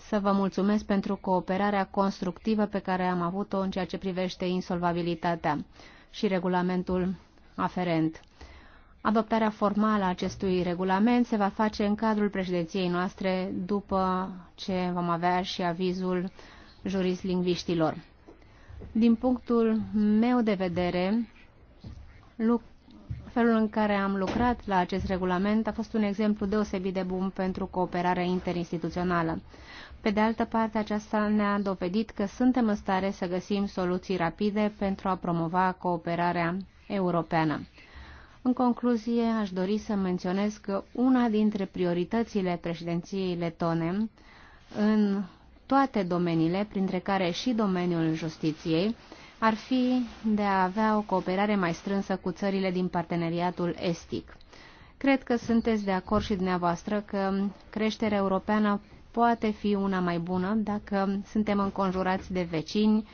să vă mulțumesc pentru cooperarea constructivă pe care am avut-o în ceea ce privește insolvabilitatea și regulamentul aferent. Adoptarea formală a acestui regulament se va face în cadrul președinției noastre după ce vom avea și avizul jurislingviștilor. Din punctul meu de vedere, Felul în care am lucrat la acest regulament a fost un exemplu deosebit de bun pentru cooperarea interinstituțională. Pe de altă parte, aceasta ne-a dovedit că suntem în stare să găsim soluții rapide pentru a promova cooperarea europeană. În concluzie, aș dori să menționez că una dintre prioritățile președinției letone în toate domeniile, printre care și domeniul justiției, ar fi de a avea o cooperare mai strânsă cu țările din parteneriatul estic. Cred că sunteți de acord și dumneavoastră că creșterea europeană poate fi una mai bună dacă suntem înconjurați de vecini,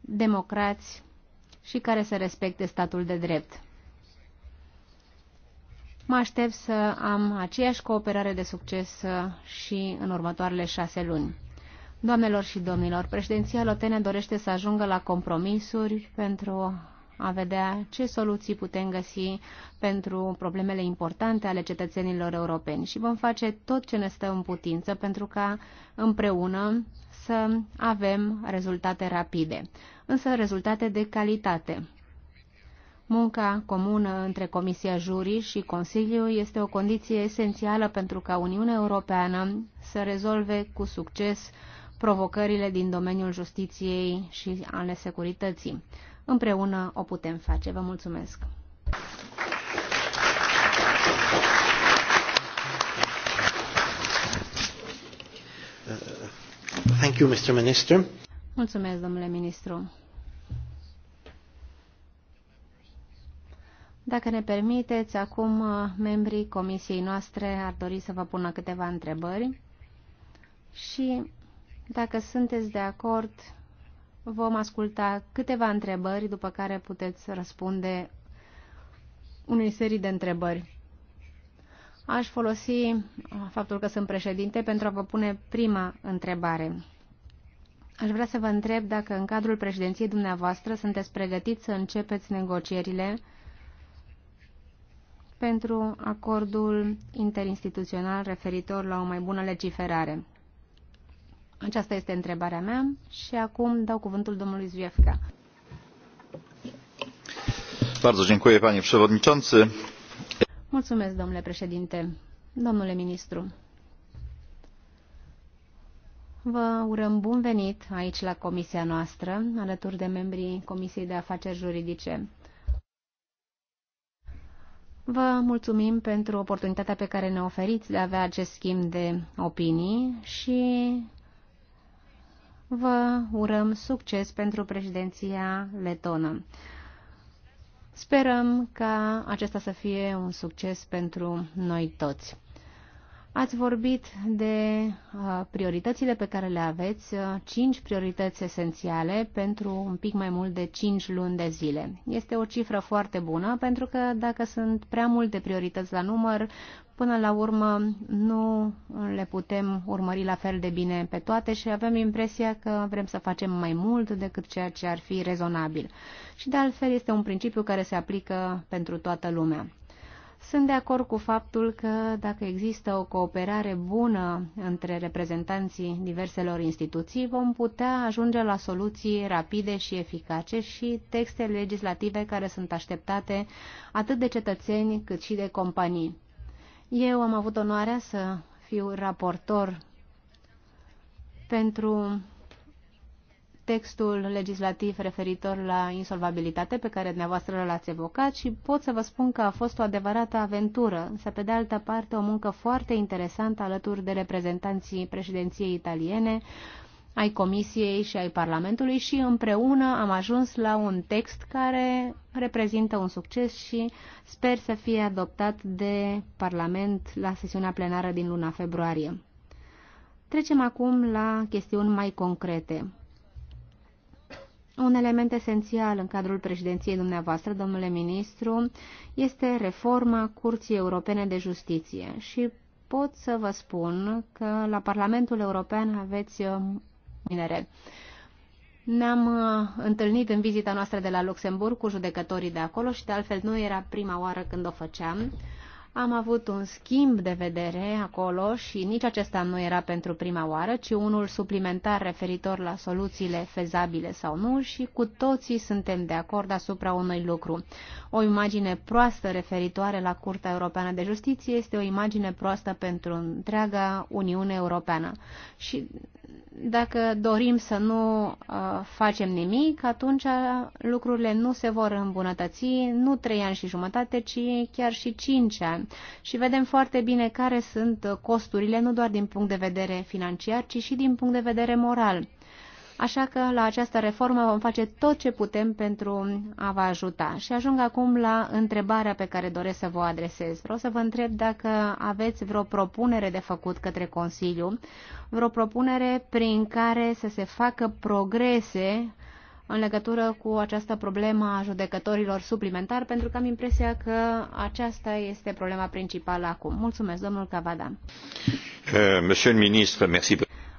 democrați și care să respecte statul de drept. Mă aștept să am aceeași cooperare de succes și în următoarele șase luni. Doamnelor și domnilor, președinția Lotene dorește să ajungă la compromisuri pentru a vedea ce soluții putem găsi pentru problemele importante ale cetățenilor europeni și vom face tot ce ne stă în putință pentru ca împreună să avem rezultate rapide, însă rezultate de calitate. Munca comună între Comisia Jurii și Consiliu este o condiție esențială pentru ca Uniunea Europeană să rezolve cu succes provocările din domeniul justiției și ale securității. Împreună o putem face. Vă mulțumesc! Thank you, Mr. Minister. Mulțumesc, domnule ministru. Dacă ne permiteți, acum uh, membrii comisiei noastre ar dori să vă pună câteva întrebări și dacă sunteți de acord, vom asculta câteva întrebări, după care puteți răspunde unei serii de întrebări. Aș folosi uh, faptul că sunt președinte pentru a vă pune prima întrebare. Aș vrea să vă întreb dacă în cadrul președinției dumneavoastră sunteți pregătiți să începeți negocierile pentru acordul interinstituțional referitor la o mai bună legiferare. Aceasta este întrebarea mea și acum dau cuvântul domnului Zviefka. Bardzo dziękuję, panie przewodniczący. Mulțumesc, domnule președinte. Domnule ministru, vă urăm bun venit aici la comisia noastră, alături de membrii Comisiei de Afaceri Juridice. Vă mulțumim pentru oportunitatea pe care ne oferiți de a avea acest schimb de opinii și vă urăm succes pentru președinția letonă. Sperăm ca acesta să fie un succes pentru noi toți. Ați vorbit de uh, prioritățile pe care le aveți, uh, 5 priorități esențiale pentru un pic mai mult de 5 luni de zile. Este o cifră foarte bună pentru că dacă sunt prea multe priorități la număr, până la urmă nu le putem urmări la fel de bine pe toate și avem impresia că vrem să facem mai mult decât ceea ce ar fi rezonabil. Și de altfel este un principiu care se aplică pentru toată lumea. Sunt de acord cu faptul că dacă există o cooperare bună între reprezentanții diverselor instituții, vom putea ajunge la soluții rapide și eficace și texte legislative care sunt așteptate atât de cetățeni cât și de companii. Eu am avut onoarea să fiu raportor pentru textul legislativ referitor la insolvabilitate pe care dumneavoastră l-ați evocat și pot să vă spun că a fost o adevărată aventură, însă pe de altă parte o muncă foarte interesantă alături de reprezentanții președinției italiene, ai Comisiei și ai Parlamentului și împreună am ajuns la un text care reprezintă un succes și sper să fie adoptat de Parlament la sesiunea plenară din luna februarie. Trecem acum la chestiuni mai concrete. Un element esențial în cadrul președinției dumneavoastră, domnule ministru, este reforma Curții Europene de Justiție și pot să vă spun că la Parlamentul European aveți uh, minere. Ne-am uh, întâlnit în vizita noastră de la Luxemburg cu judecătorii de acolo și de altfel nu era prima oară când o făceam. Am avut un schimb de vedere acolo și nici acesta nu era pentru prima oară, ci unul suplimentar referitor la soluțiile fezabile sau nu și cu toții suntem de acord asupra unui lucru. O imagine proastă referitoare la Curtea Europeană de Justiție este o imagine proastă pentru întreaga Uniune Europeană. Și dacă dorim să nu uh, facem nimic, atunci uh, lucrurile nu se vor îmbunătăți, nu trei ani și jumătate, ci chiar și cinci ani. Și vedem foarte bine care sunt costurile, nu doar din punct de vedere financiar, ci și din punct de vedere moral. Așa că la această reformă vom face tot ce putem pentru a vă ajuta. Și ajung acum la întrebarea pe care doresc să vă adresez. Vreau să vă întreb dacă aveți vreo propunere de făcut către Consiliu, vreo propunere prin care să se facă progrese în legătură cu această problemă a judecătorilor suplimentari, pentru că am impresia că aceasta este problema principală acum. Mulțumesc, domnul Cavada. Euh, monsieur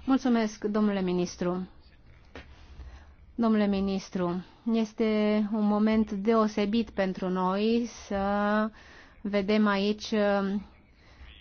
Mulțumesc, domnule ministru. Domnule ministru, este un moment deosebit pentru noi să vedem aici um,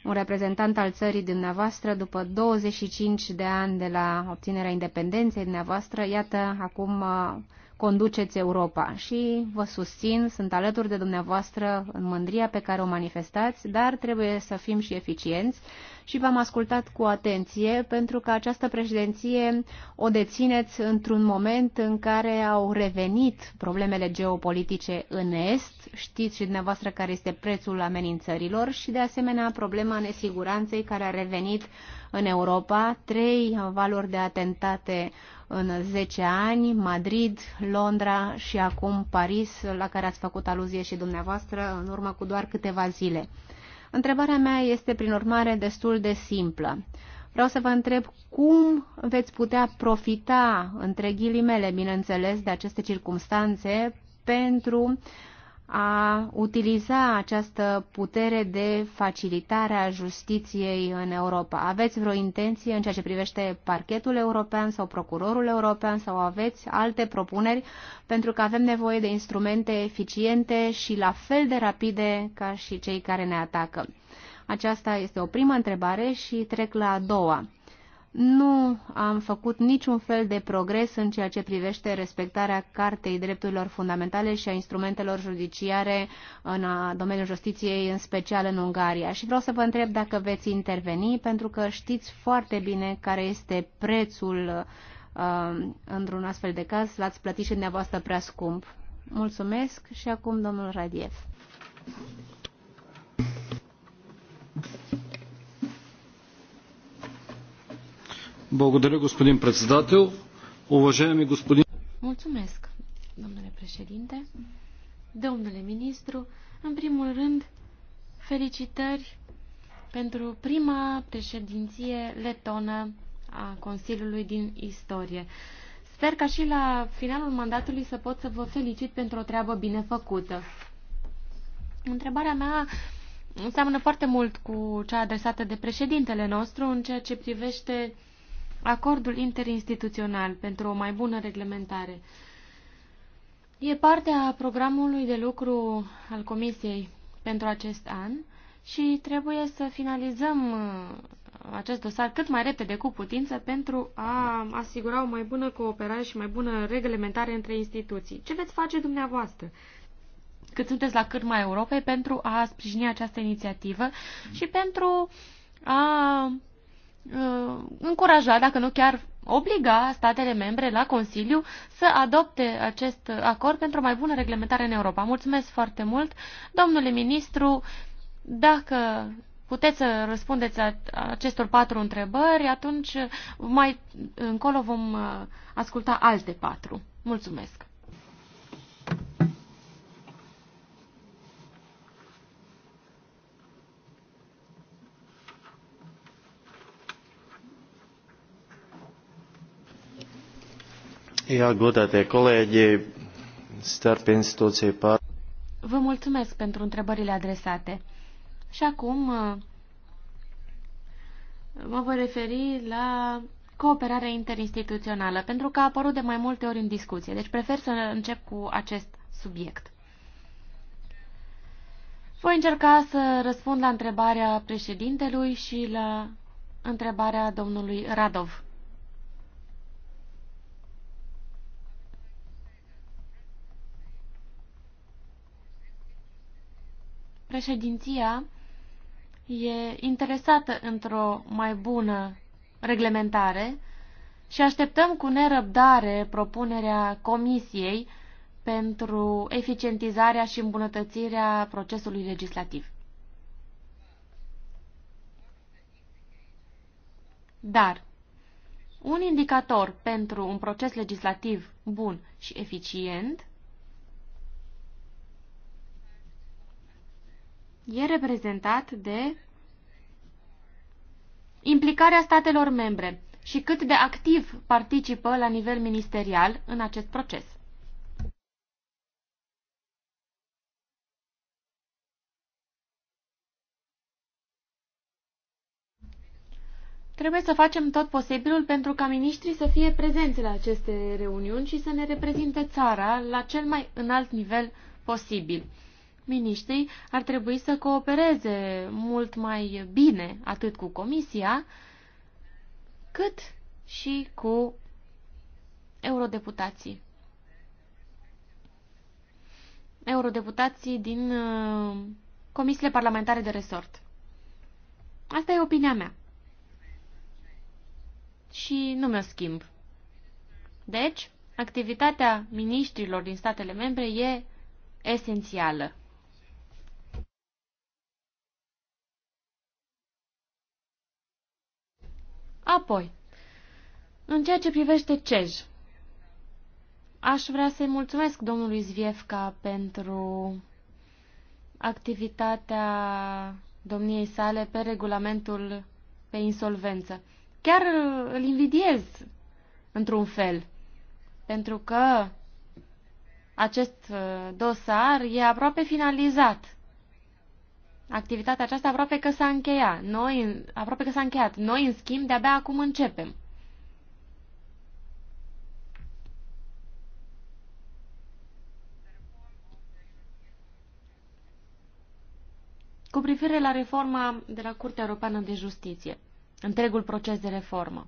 un reprezentant al țării dumneavoastră după 25 de ani de la obținerea independenței dumneavoastră. Iată, acum uh, conduceți Europa și vă susțin, sunt alături de dumneavoastră în mândria pe care o manifestați, dar trebuie să fim și eficienți și v-am ascultat cu atenție pentru că această președinție o dețineți într-un moment în care au revenit problemele geopolitice în Est, știți și dumneavoastră care este prețul amenințărilor și de asemenea problema nesiguranței care a revenit în Europa, trei valuri de atentate în 10 ani, Madrid, Londra și acum Paris, la care ați făcut aluzie și dumneavoastră în urmă cu doar câteva zile. Întrebarea mea este, prin urmare, destul de simplă. Vreau să vă întreb cum veți putea profita, între ghilimele, bineînțeles, de aceste circumstanțe pentru uh, a utiliza această putere de facilitare a justiției în Europa? Aveți vreo intenție în ceea ce privește parchetul european sau procurorul european sau aveți alte propuneri pentru că avem nevoie de instrumente eficiente și la fel de rapide ca și cei care ne atacă? Aceasta este o primă întrebare și trec la a doua nu am făcut niciun fel de progres în ceea ce privește respectarea Cartei Drepturilor Fundamentale și a instrumentelor judiciare în domeniul justiției, în special în Ungaria. Și vreau să vă întreb dacă veți interveni, pentru că știți foarte bine care este prețul uh, într-un astfel de caz. L-ați plătit și dumneavoastră prea scump. Mulțumesc și acum domnul Radiev. Благодаря, господин председател. Уважаеми господин... Mulțumesc, domnule președinte. Domnule ministru, în primul rând, felicitări pentru prima președinție letonă a Consiliului din istorie. Sper ca și la finalul mandatului să pot să vă felicit pentru o treabă bine făcută. Întrebarea mea înseamnă foarte mult cu cea adresată de președintele nostru în ceea ce privește uh, acordul interinstituțional pentru o mai bună reglementare. E parte a programului de lucru al Comisiei pentru acest an și trebuie să finalizăm uh, acest dosar cât mai repede cu putință pentru a asigura o mai bună cooperare și mai bună reglementare între instituții. Ce veți face dumneavoastră? cât sunteți la cârma Europei pentru a sprijini această inițiativă și pentru a Uh, încuraja, dacă nu chiar obliga statele membre la Consiliu să adopte acest acord pentru o mai bună reglementare în Europa. Mulțumesc foarte mult, domnule ministru. Dacă puteți să răspundeți acestor patru întrebări, atunci mai încolo vom uh, asculta alte patru. Mulțumesc. Jā, godātie colegi, starp Vă mulțumesc pentru întrebările adresate. Și acum uh, mă voi referi la cooperarea interinstituțională, pentru că a apărut de mai multe ori în discuție, deci prefer să încep cu acest subiect. Voi încerca să răspund la întrebarea președintelui și la întrebarea domnului Radov. președinția e interesată într-o mai bună reglementare și așteptăm cu nerăbdare propunerea Comisiei pentru eficientizarea și îmbunătățirea procesului legislativ. Dar un indicator pentru un proces legislativ bun și eficient e reprezentat de implicarea statelor membre și cât de activ participă la nivel ministerial în acest proces. Trebuie să facem tot posibilul pentru ca miniștrii să fie prezenți la aceste reuniuni și să ne reprezinte țara la cel mai înalt nivel posibil miniștrii ar trebui să coopereze mult mai bine atât cu Comisia, cât și cu eurodeputații. Eurodeputații din uh, comisiile parlamentare de resort. Asta e opinia mea. Și nu mi-o schimb. Deci, activitatea miniștrilor din statele membre e esențială. Apoi, în ceea ce privește CEJ, aș vrea să-i mulțumesc domnului Zviefca pentru activitatea domniei sale pe regulamentul pe insolvență. Chiar îl invidiez într-un fel, pentru că acest uh, dosar e aproape finalizat. Activitatea aceasta aproape că s-a încheiat. Noi, aproape că s-a încheiat. Noi, în schimb, de-abia acum începem. Cu privire la reforma de la Curtea Europeană de Justiție, întregul proces de reformă.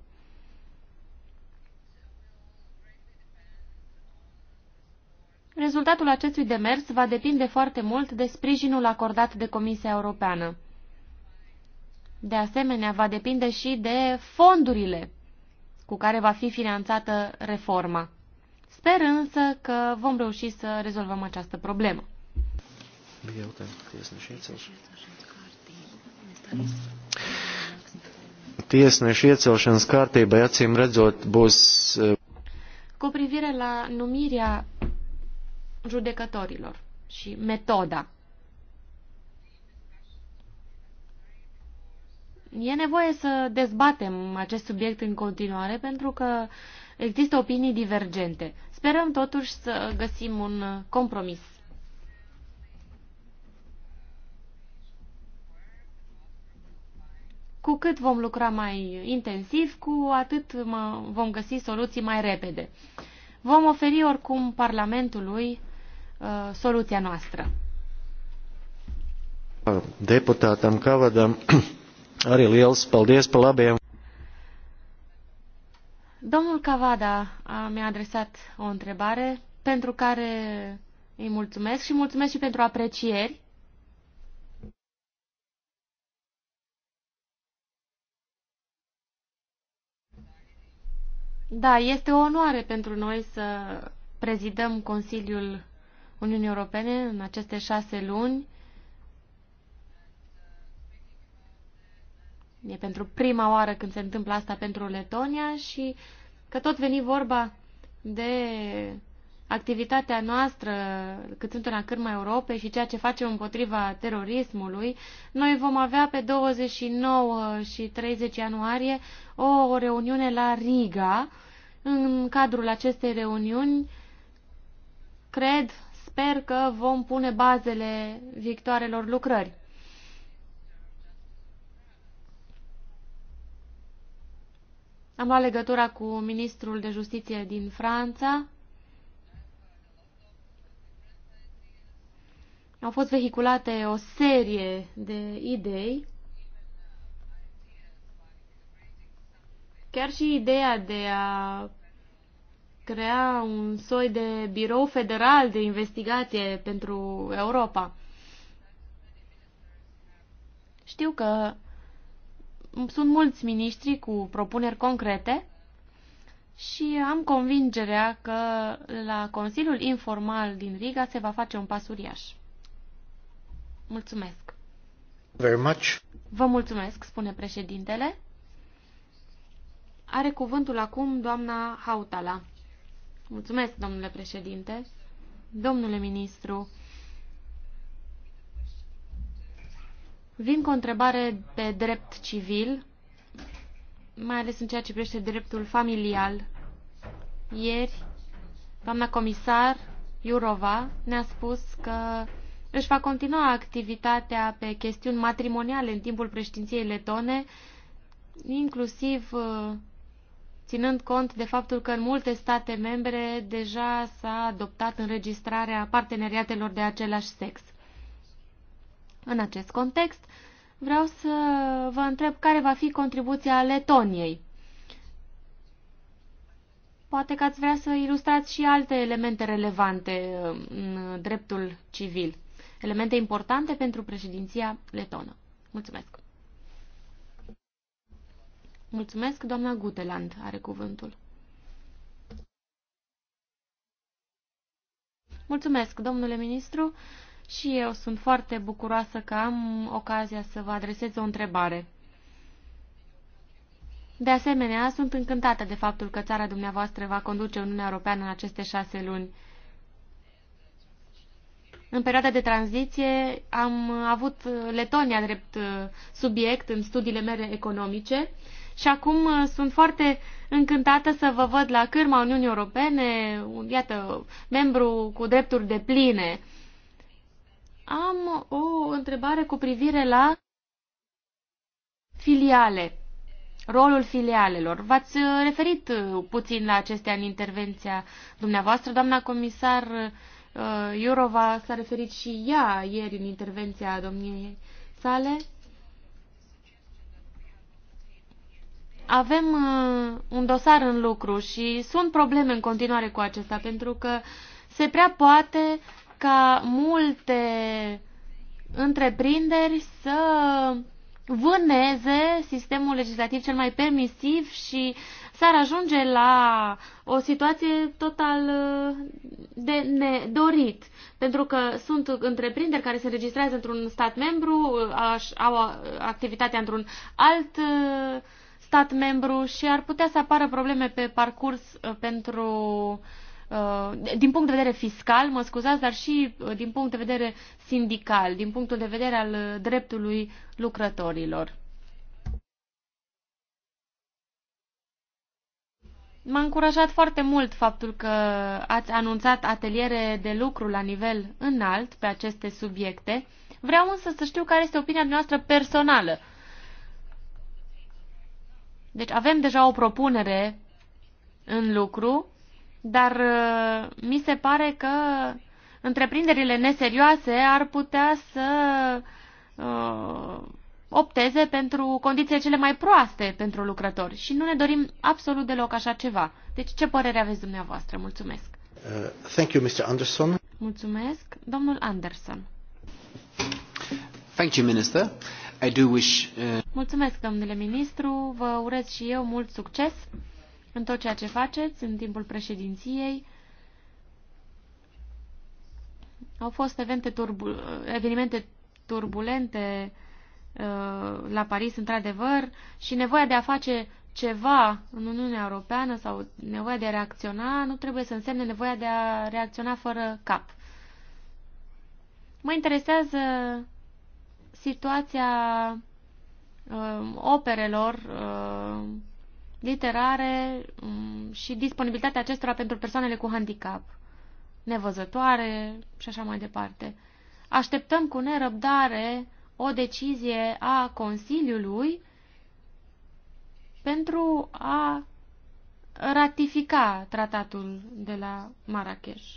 Rezultatul acestui demers va depinde foarte mult de sprijinul acordat de Comisia Europeană. De asemenea, va depinde și de fondurile cu care va fi finanțată reforma. Sper însă că vom reuși să rezolvăm această problemă. Eh, cu privire la numirea judecătorilor și metoda. E nevoie să dezbatem acest subiect în continuare pentru că există opinii divergente. Sperăm totuși să găsim un compromis. Cu cât vom lucra mai intensiv, cu atât vom găsi soluții mai repede. Vom oferi oricum Parlamentului Uh, soluția noastră. Deputatam Kavadam arī liels paldies par labiem. Domnul Cavada mi-a adresat o întrebare pentru care îi mulțumesc și mulțumesc și pentru aprecieri. Da, este o onoare pentru noi să prezidăm Consiliul Uniunii Europene în aceste șase luni. E pentru prima oară când se întâmplă asta pentru Letonia și că tot veni vorba de activitatea noastră cât sunt în cârma Europei și ceea ce facem împotriva terorismului, noi vom avea pe 29 și 30 ianuarie o reuniune la Riga. În cadrul acestei reuniuni, cred, sper că vom pune bazele viitoarelor lucrări. Am luat legătura cu ministrul de justiție din Franța. Au fost vehiculate o serie de idei. Chiar și ideea de a crea un soi de birou federal de investigație pentru Europa. Știu că sunt mulți miniștri cu propuneri concrete și am convingerea că la Consiliul Informal din Riga se va face un pas uriaș. Mulțumesc! Very much. Vă mulțumesc, spune președintele. Are cuvântul acum doamna Hautala. Mulțumesc, domnule președinte. Domnule ministru, vin cu o întrebare pe drept civil, mai ales în ceea ce privește dreptul familial. Ieri, doamna comisar Iurova ne-a spus că își va continua activitatea pe chestiuni matrimoniale în timpul președinției letone, inclusiv uh, ținând cont de faptul că în multe state membre deja s-a adoptat înregistrarea parteneriatelor de același sex. În acest context, vreau să vă întreb care va fi contribuția Letoniei. Poate că ați vrea să ilustrați și alte elemente relevante um, în dreptul civil, elemente importante pentru președinția letonă. Mulțumesc! Mulțumesc, doamna Guteland are cuvântul. Mulțumesc, domnule ministru, și eu sunt foarte bucuroasă că am ocazia să vă adresez o întrebare. De asemenea, sunt încântată de faptul că țara dumneavoastră va conduce Uniunea Europeană în aceste șase luni. În perioada de tranziție am avut Letonia drept subiect în studiile mele economice și acum uh, sunt foarte încântată să vă văd la cârma Uniunii Europene, iată, membru cu drepturi de pline. Am o întrebare cu privire la filiale, rolul filialelor. V-ați uh, referit uh, puțin la acestea în intervenția dumneavoastră. Doamna comisar Iurova s-a referit și ea ieri în intervenția domniei sale. Avem uh, un dosar în lucru și sunt probleme în continuare cu acesta, pentru că se prea poate ca multe întreprinderi să vâneze sistemul legislativ cel mai permisiv și s-ar ajunge la o situație total uh, de nedorit. Pentru că sunt întreprinderi care se registrează într-un stat membru, uh, au activitatea într-un alt uh, stat membru și ar putea să apară probleme pe parcurs uh, pentru uh, din punct de vedere fiscal, mă scuzați, dar și uh, din punct de vedere sindical, din punctul de vedere al dreptului lucrătorilor. M-a încurajat foarte mult faptul că ați anunțat ateliere de lucru la nivel înalt pe aceste subiecte. Vreau însă să știu care este opinia noastră personală deci avem deja o propunere în lucru, dar uh, mi se pare că întreprinderile neserioase ar putea să uh, opteze pentru condițiile cele mai proaste pentru lucrători și nu ne dorim absolut deloc așa ceva. Deci ce părere aveți dumneavoastră? Mulțumesc. Uh, thank you, Mr. Anderson. Mulțumesc, domnul Anderson. Thank you, Minister. I do wish, uh... Mulțumesc, domnule ministru. Vă urez și eu mult succes în tot ceea ce faceți în timpul președinției. Au fost evente turbul evenimente turbulente uh, la Paris, într-adevăr, și nevoia de a face ceva în Uniunea Europeană sau nevoia de a reacționa nu trebuie să însemne nevoia de a reacționa fără cap. Mă interesează situația uh, operelor uh, literare um, și disponibilitatea acestora pentru persoanele cu handicap, nevăzătoare și așa mai departe. Așteptăm cu nerăbdare o decizie a Consiliului pentru a ratifica tratatul de la Marrakesh.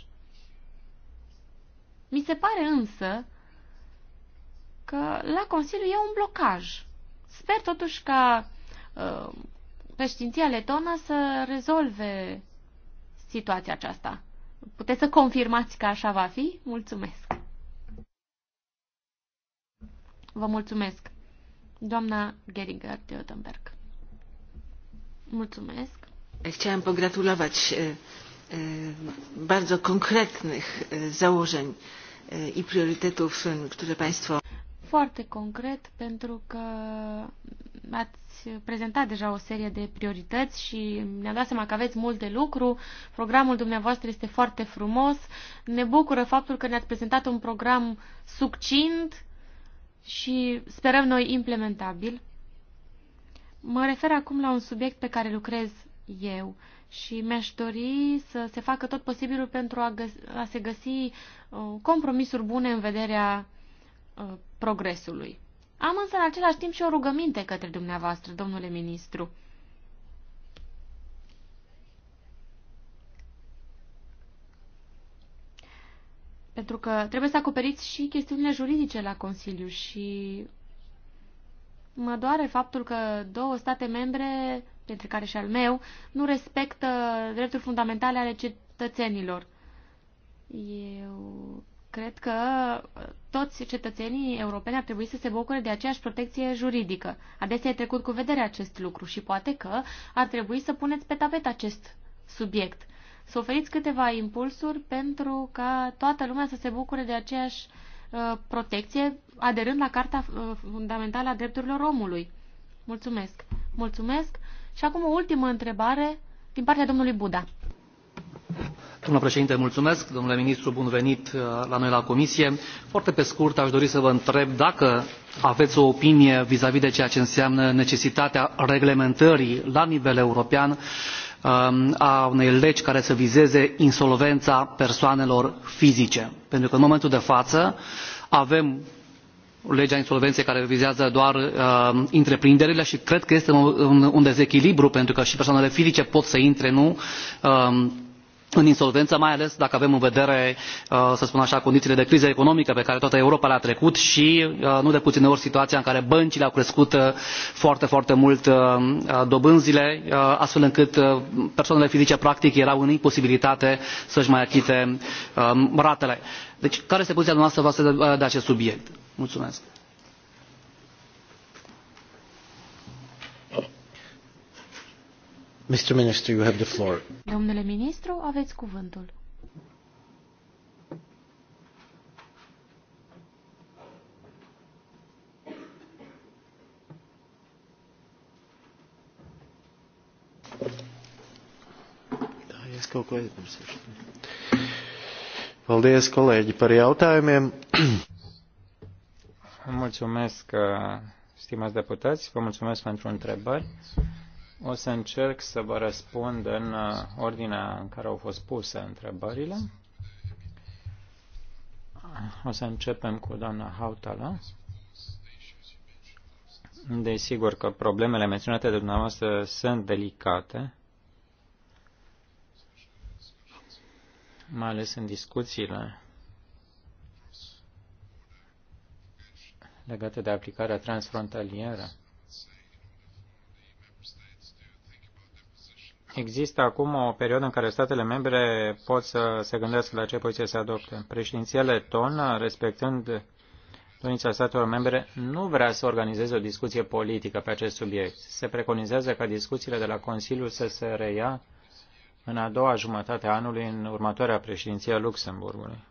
Mi se pare însă că la Consiliu e un blocaj. Sper totuși ca uh, președinția letonă să rezolve situația aceasta. Puteți să confirmați că așa va fi? Mulțumesc! Vă mulțumesc! Doamna Geringer Teotenberg. Mulțumesc! Chciałam pogratulować bardzo konkretnych założeń i priorytetów, które Państwo foarte concret pentru că ați prezentat deja o serie de priorități și ne-am dat seama că aveți multe lucru. Programul dumneavoastră este foarte frumos. Ne bucură faptul că ne-ați prezentat un program succint și sperăm noi implementabil. Mă refer acum la un subiect pe care lucrez eu și mi-aș dori să se facă tot posibilul pentru a, găs- a se găsi uh, compromisuri bune în vederea uh, progresului. Am însă în același timp și o rugăminte către dumneavoastră, domnule ministru. Pentru că trebuie să acoperiți și chestiunile juridice la Consiliu și mă doare faptul că două state membre, printre care și al meu, nu respectă drepturi fundamentale ale cetățenilor. Eu Cred că uh, toți cetățenii europeni ar trebui să se bucure de aceeași protecție juridică. Adesea e trecut cu vedere acest lucru și poate că ar trebui să puneți pe tapet acest subiect. Să oferiți câteva impulsuri pentru ca toată lumea să se bucure de aceeași uh, protecție, aderând la Carta uh, Fundamentală a Drepturilor Omului. Mulțumesc! Mulțumesc! Și acum o ultimă întrebare din partea domnului Buda. Domnule președinte, mulțumesc. Domnule ministru, bun venit uh, la noi la comisie. Foarte pe scurt, aș dori să vă întreb dacă aveți o opinie vizavi de ceea ce înseamnă necesitatea reglementării la nivel european um, a unei legi care să vizeze insolvența persoanelor fizice. Pentru că în momentul de față avem legea insolvenței care vizează doar uh, întreprinderile și cred că este un, un, un dezechilibru pentru că și persoanele fizice pot să intre nu uh, în insolvență mai ales dacă avem în vedere uh, să spun așa condițiile de criză economică pe care toată europa le a trecut și uh, nu de puține ori situația în care băncile au crescut uh, foarte foarte mult dobânzile astfel încât persoanele fizice practic erau în imposibilitate să își mai achite um, ratele. deci care este poziția dumneavoastră față de acest subiect? mulțumesc. Mr. Minister, you have the floor. Domnule ministru, aveți cuvântul. Paldies, kolēģi, par jautājumiem. Mulțumesc, stimați deputați, vă mulțumesc pentru întrebări. O să încerc să vă răspund în uh, ordinea în care au fost puse întrebările. O să începem cu doamna Hautala. Desigur că problemele menționate de dumneavoastră sunt delicate, mai ales în discuțiile legate de aplicarea transfrontalieră Există acum o perioadă în care statele membre pot să se gândească la ce poziție să adopte. Președinția Ton, respectând dorința statelor membre, nu vrea să organizeze o discuție politică pe acest subiect. Se preconizează ca discuțiile de la Consiliu să se reia în a doua jumătate a anului în următoarea președinție a Luxemburgului.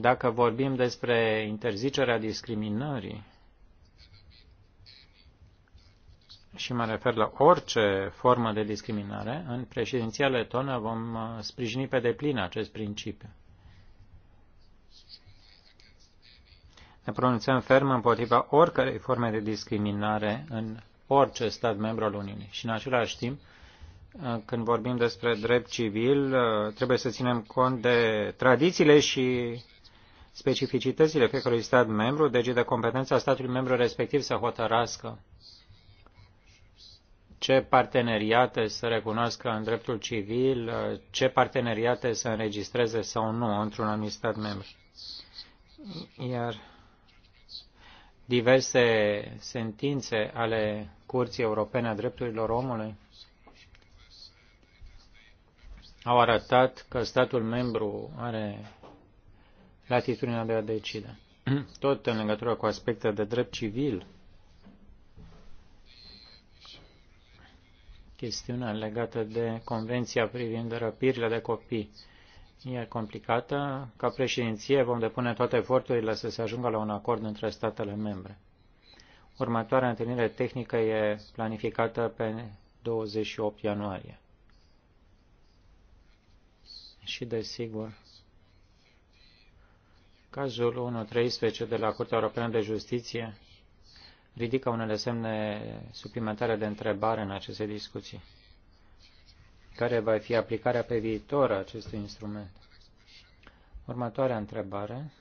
Dacă vorbim despre interzicerea discriminării, și mă refer la orice formă de discriminare, în președinția letonă vom uh, sprijini pe deplin acest principiu. Ne pronunțăm ferm împotriva oricărei forme de discriminare în orice stat membru al Uniunii. Și în același timp, uh, când vorbim despre drept civil, uh, trebuie să ținem cont de tradițiile și specificitățile fiecărui stat membru, deci de competența statului membru respectiv să hotărască ce parteneriate să recunoască în dreptul civil, uh, ce parteneriate să înregistreze sau nu într-un anumit stat membru. Iar diverse sentințe ale Curții Europene a Drepturilor Omului au arătat că statul membru are latitudinea de a decide. Tot în legătură cu aspecte de drept civil, chestiunea legată de convenția privind răpirile de copii. E complicată. Ca președinție vom depune toate eforturile să se ajungă la un acord între statele membre. Următoarea întâlnire tehnică e planificată pe 28 ianuarie. Și desigur, cazul 1.13 de la Curtea Europeană de Justiție ridică unele semne suplimentare de întrebare în aceste discuții. Care va fi aplicarea pe viitor a acestui instrument? Următoarea întrebare.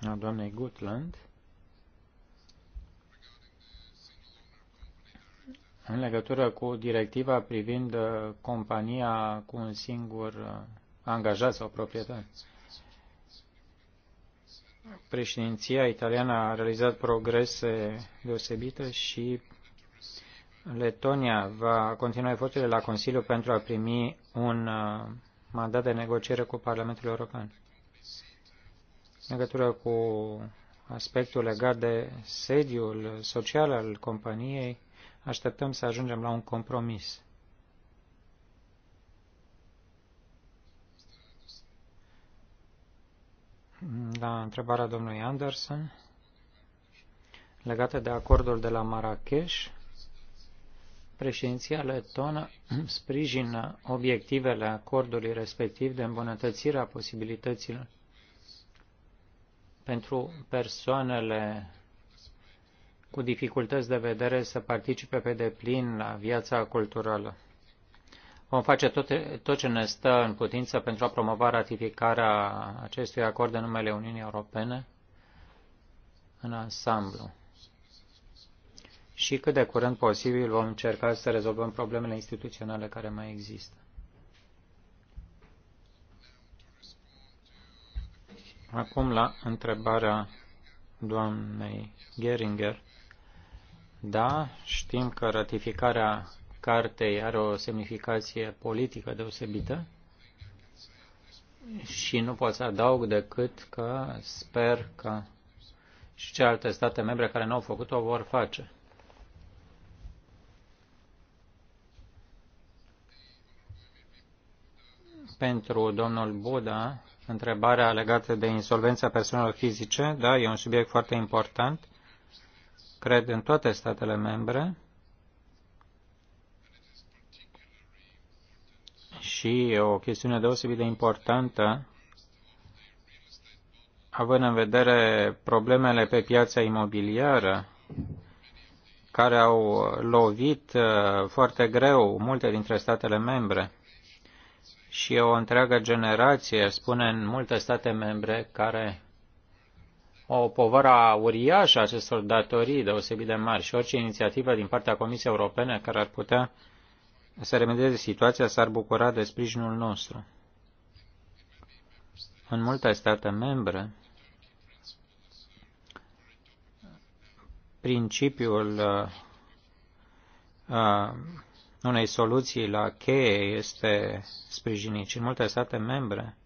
A doamnei Gutland. În legătură cu directiva privind uh, compania cu un singur uh, angajat sau proprietar. Președinția italiană a realizat progrese deosebite și Letonia va continua eforturile la Consiliu pentru a primi un uh, mandat de negociere cu Parlamentul European. În legătură cu aspectul legat de sediul social al companiei, așteptăm să ajungem la un compromis. la da, întrebarea domnului Anderson legată de acordul de la Marrakesh. Președinția letonă sprijină obiectivele acordului respectiv de îmbunătățire a posibilităților pentru persoanele cu dificultăți de vedere să participe pe deplin la viața culturală. Vom face tot, tot ce ne stă în putință pentru a promova ratificarea acestui acord de numele Uniunii Europene în ansamblu. Și cât de curând posibil vom încerca să rezolvăm problemele instituționale care mai există. Acum la întrebarea doamnei Geringer. Da, știm că ratificarea cartei are o semnificație politică deosebită și nu pot să adaug decât că sper că și celelalte state membre care nu au făcut-o vor face. Pentru domnul Buda, întrebarea legată de insolvența persoanelor fizice, da, e un subiect foarte important, cred, în toate statele membre. și o chestiune deosebit de importantă, având în vedere problemele pe piața imobiliară, care au lovit uh, foarte greu multe dintre statele membre și o întreagă generație, spune în multe state membre, care o povară uriașă acestor datorii deosebit de mari și orice inițiativă din partea Comisiei Europene care ar putea să remedieze situația s-ar bucura de sprijinul nostru. În multe state membre, principiul uh, uh, unei soluții la cheie este sprijinit. Și în multe state membre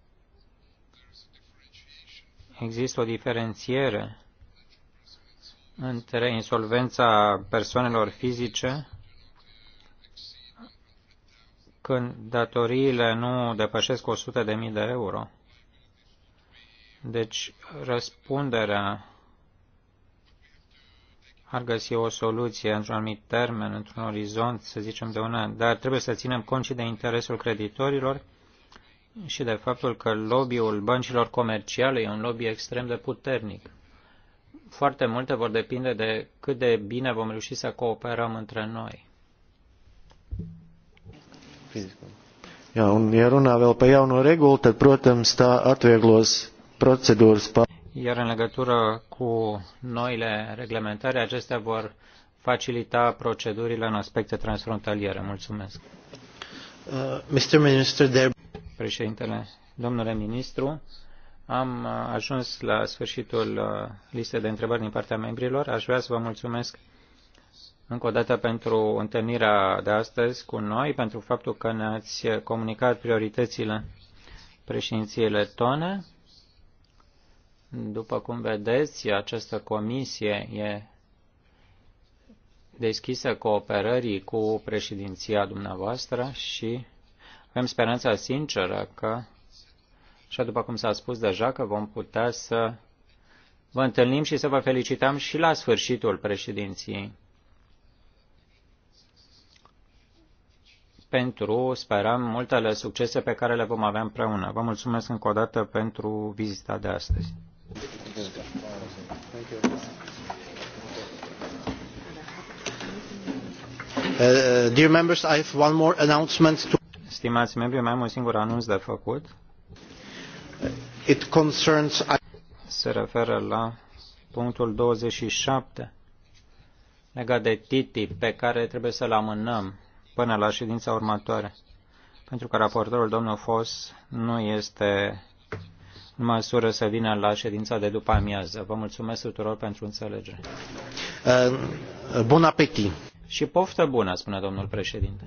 există o diferențiere între insolvența persoanelor fizice când datoriile nu depășesc 100.000 de euro. Deci răspunderea ar găsi o soluție într-un anumit termen, într-un orizont, să zicem, de un an. Dar trebuie să ținem cont și de interesul creditorilor și de faptul că lobby-ul băncilor comerciale e un lobby extrem de puternic. Foarte multe vor depinde de cât de bine vom reuși să cooperăm între noi. Jā, un ja runā vēl par jauno regulu, tad, protams, tā atvieglos procedūras pār. Iar în legătură cu noile reglementare, acestea vor facilita procedurile în aspecte transfrontaliere. Mulțumesc. Uh, Mr. Minister, there... Președintele, domnule ministru, am uh, ajuns la sfârșitul uh, listei de întrebări din partea membrilor. Aș vrea să vă mulțumesc încă o dată pentru întâlnirea de astăzi cu noi, pentru faptul că ne-ați comunicat prioritățile președinției letone. După cum vedeți, această comisie e deschisă cooperării cu președinția dumneavoastră și avem speranța sinceră că, și după cum s-a spus deja, că vom putea să vă întâlnim și să vă felicităm și la sfârșitul președinției. pentru, sperăm, multele succese pe care le vom avea împreună. Vă mulțumesc încă o dată pentru vizita de astăzi. Uh, uh dear members, I have one more announcement to... Stimați membri, mai am un singur anunț de făcut. Uh, it concerns... Se referă la punctul 27 legat de TTIP pe care trebuie să-l amânăm până la ședința următoare, pentru că raportorul domnul Fos nu este în măsură să vină la ședința de după amiază. Vă mulțumesc tuturor pentru înțelegere. Bun apetit! Și poftă bună, spune domnul președinte.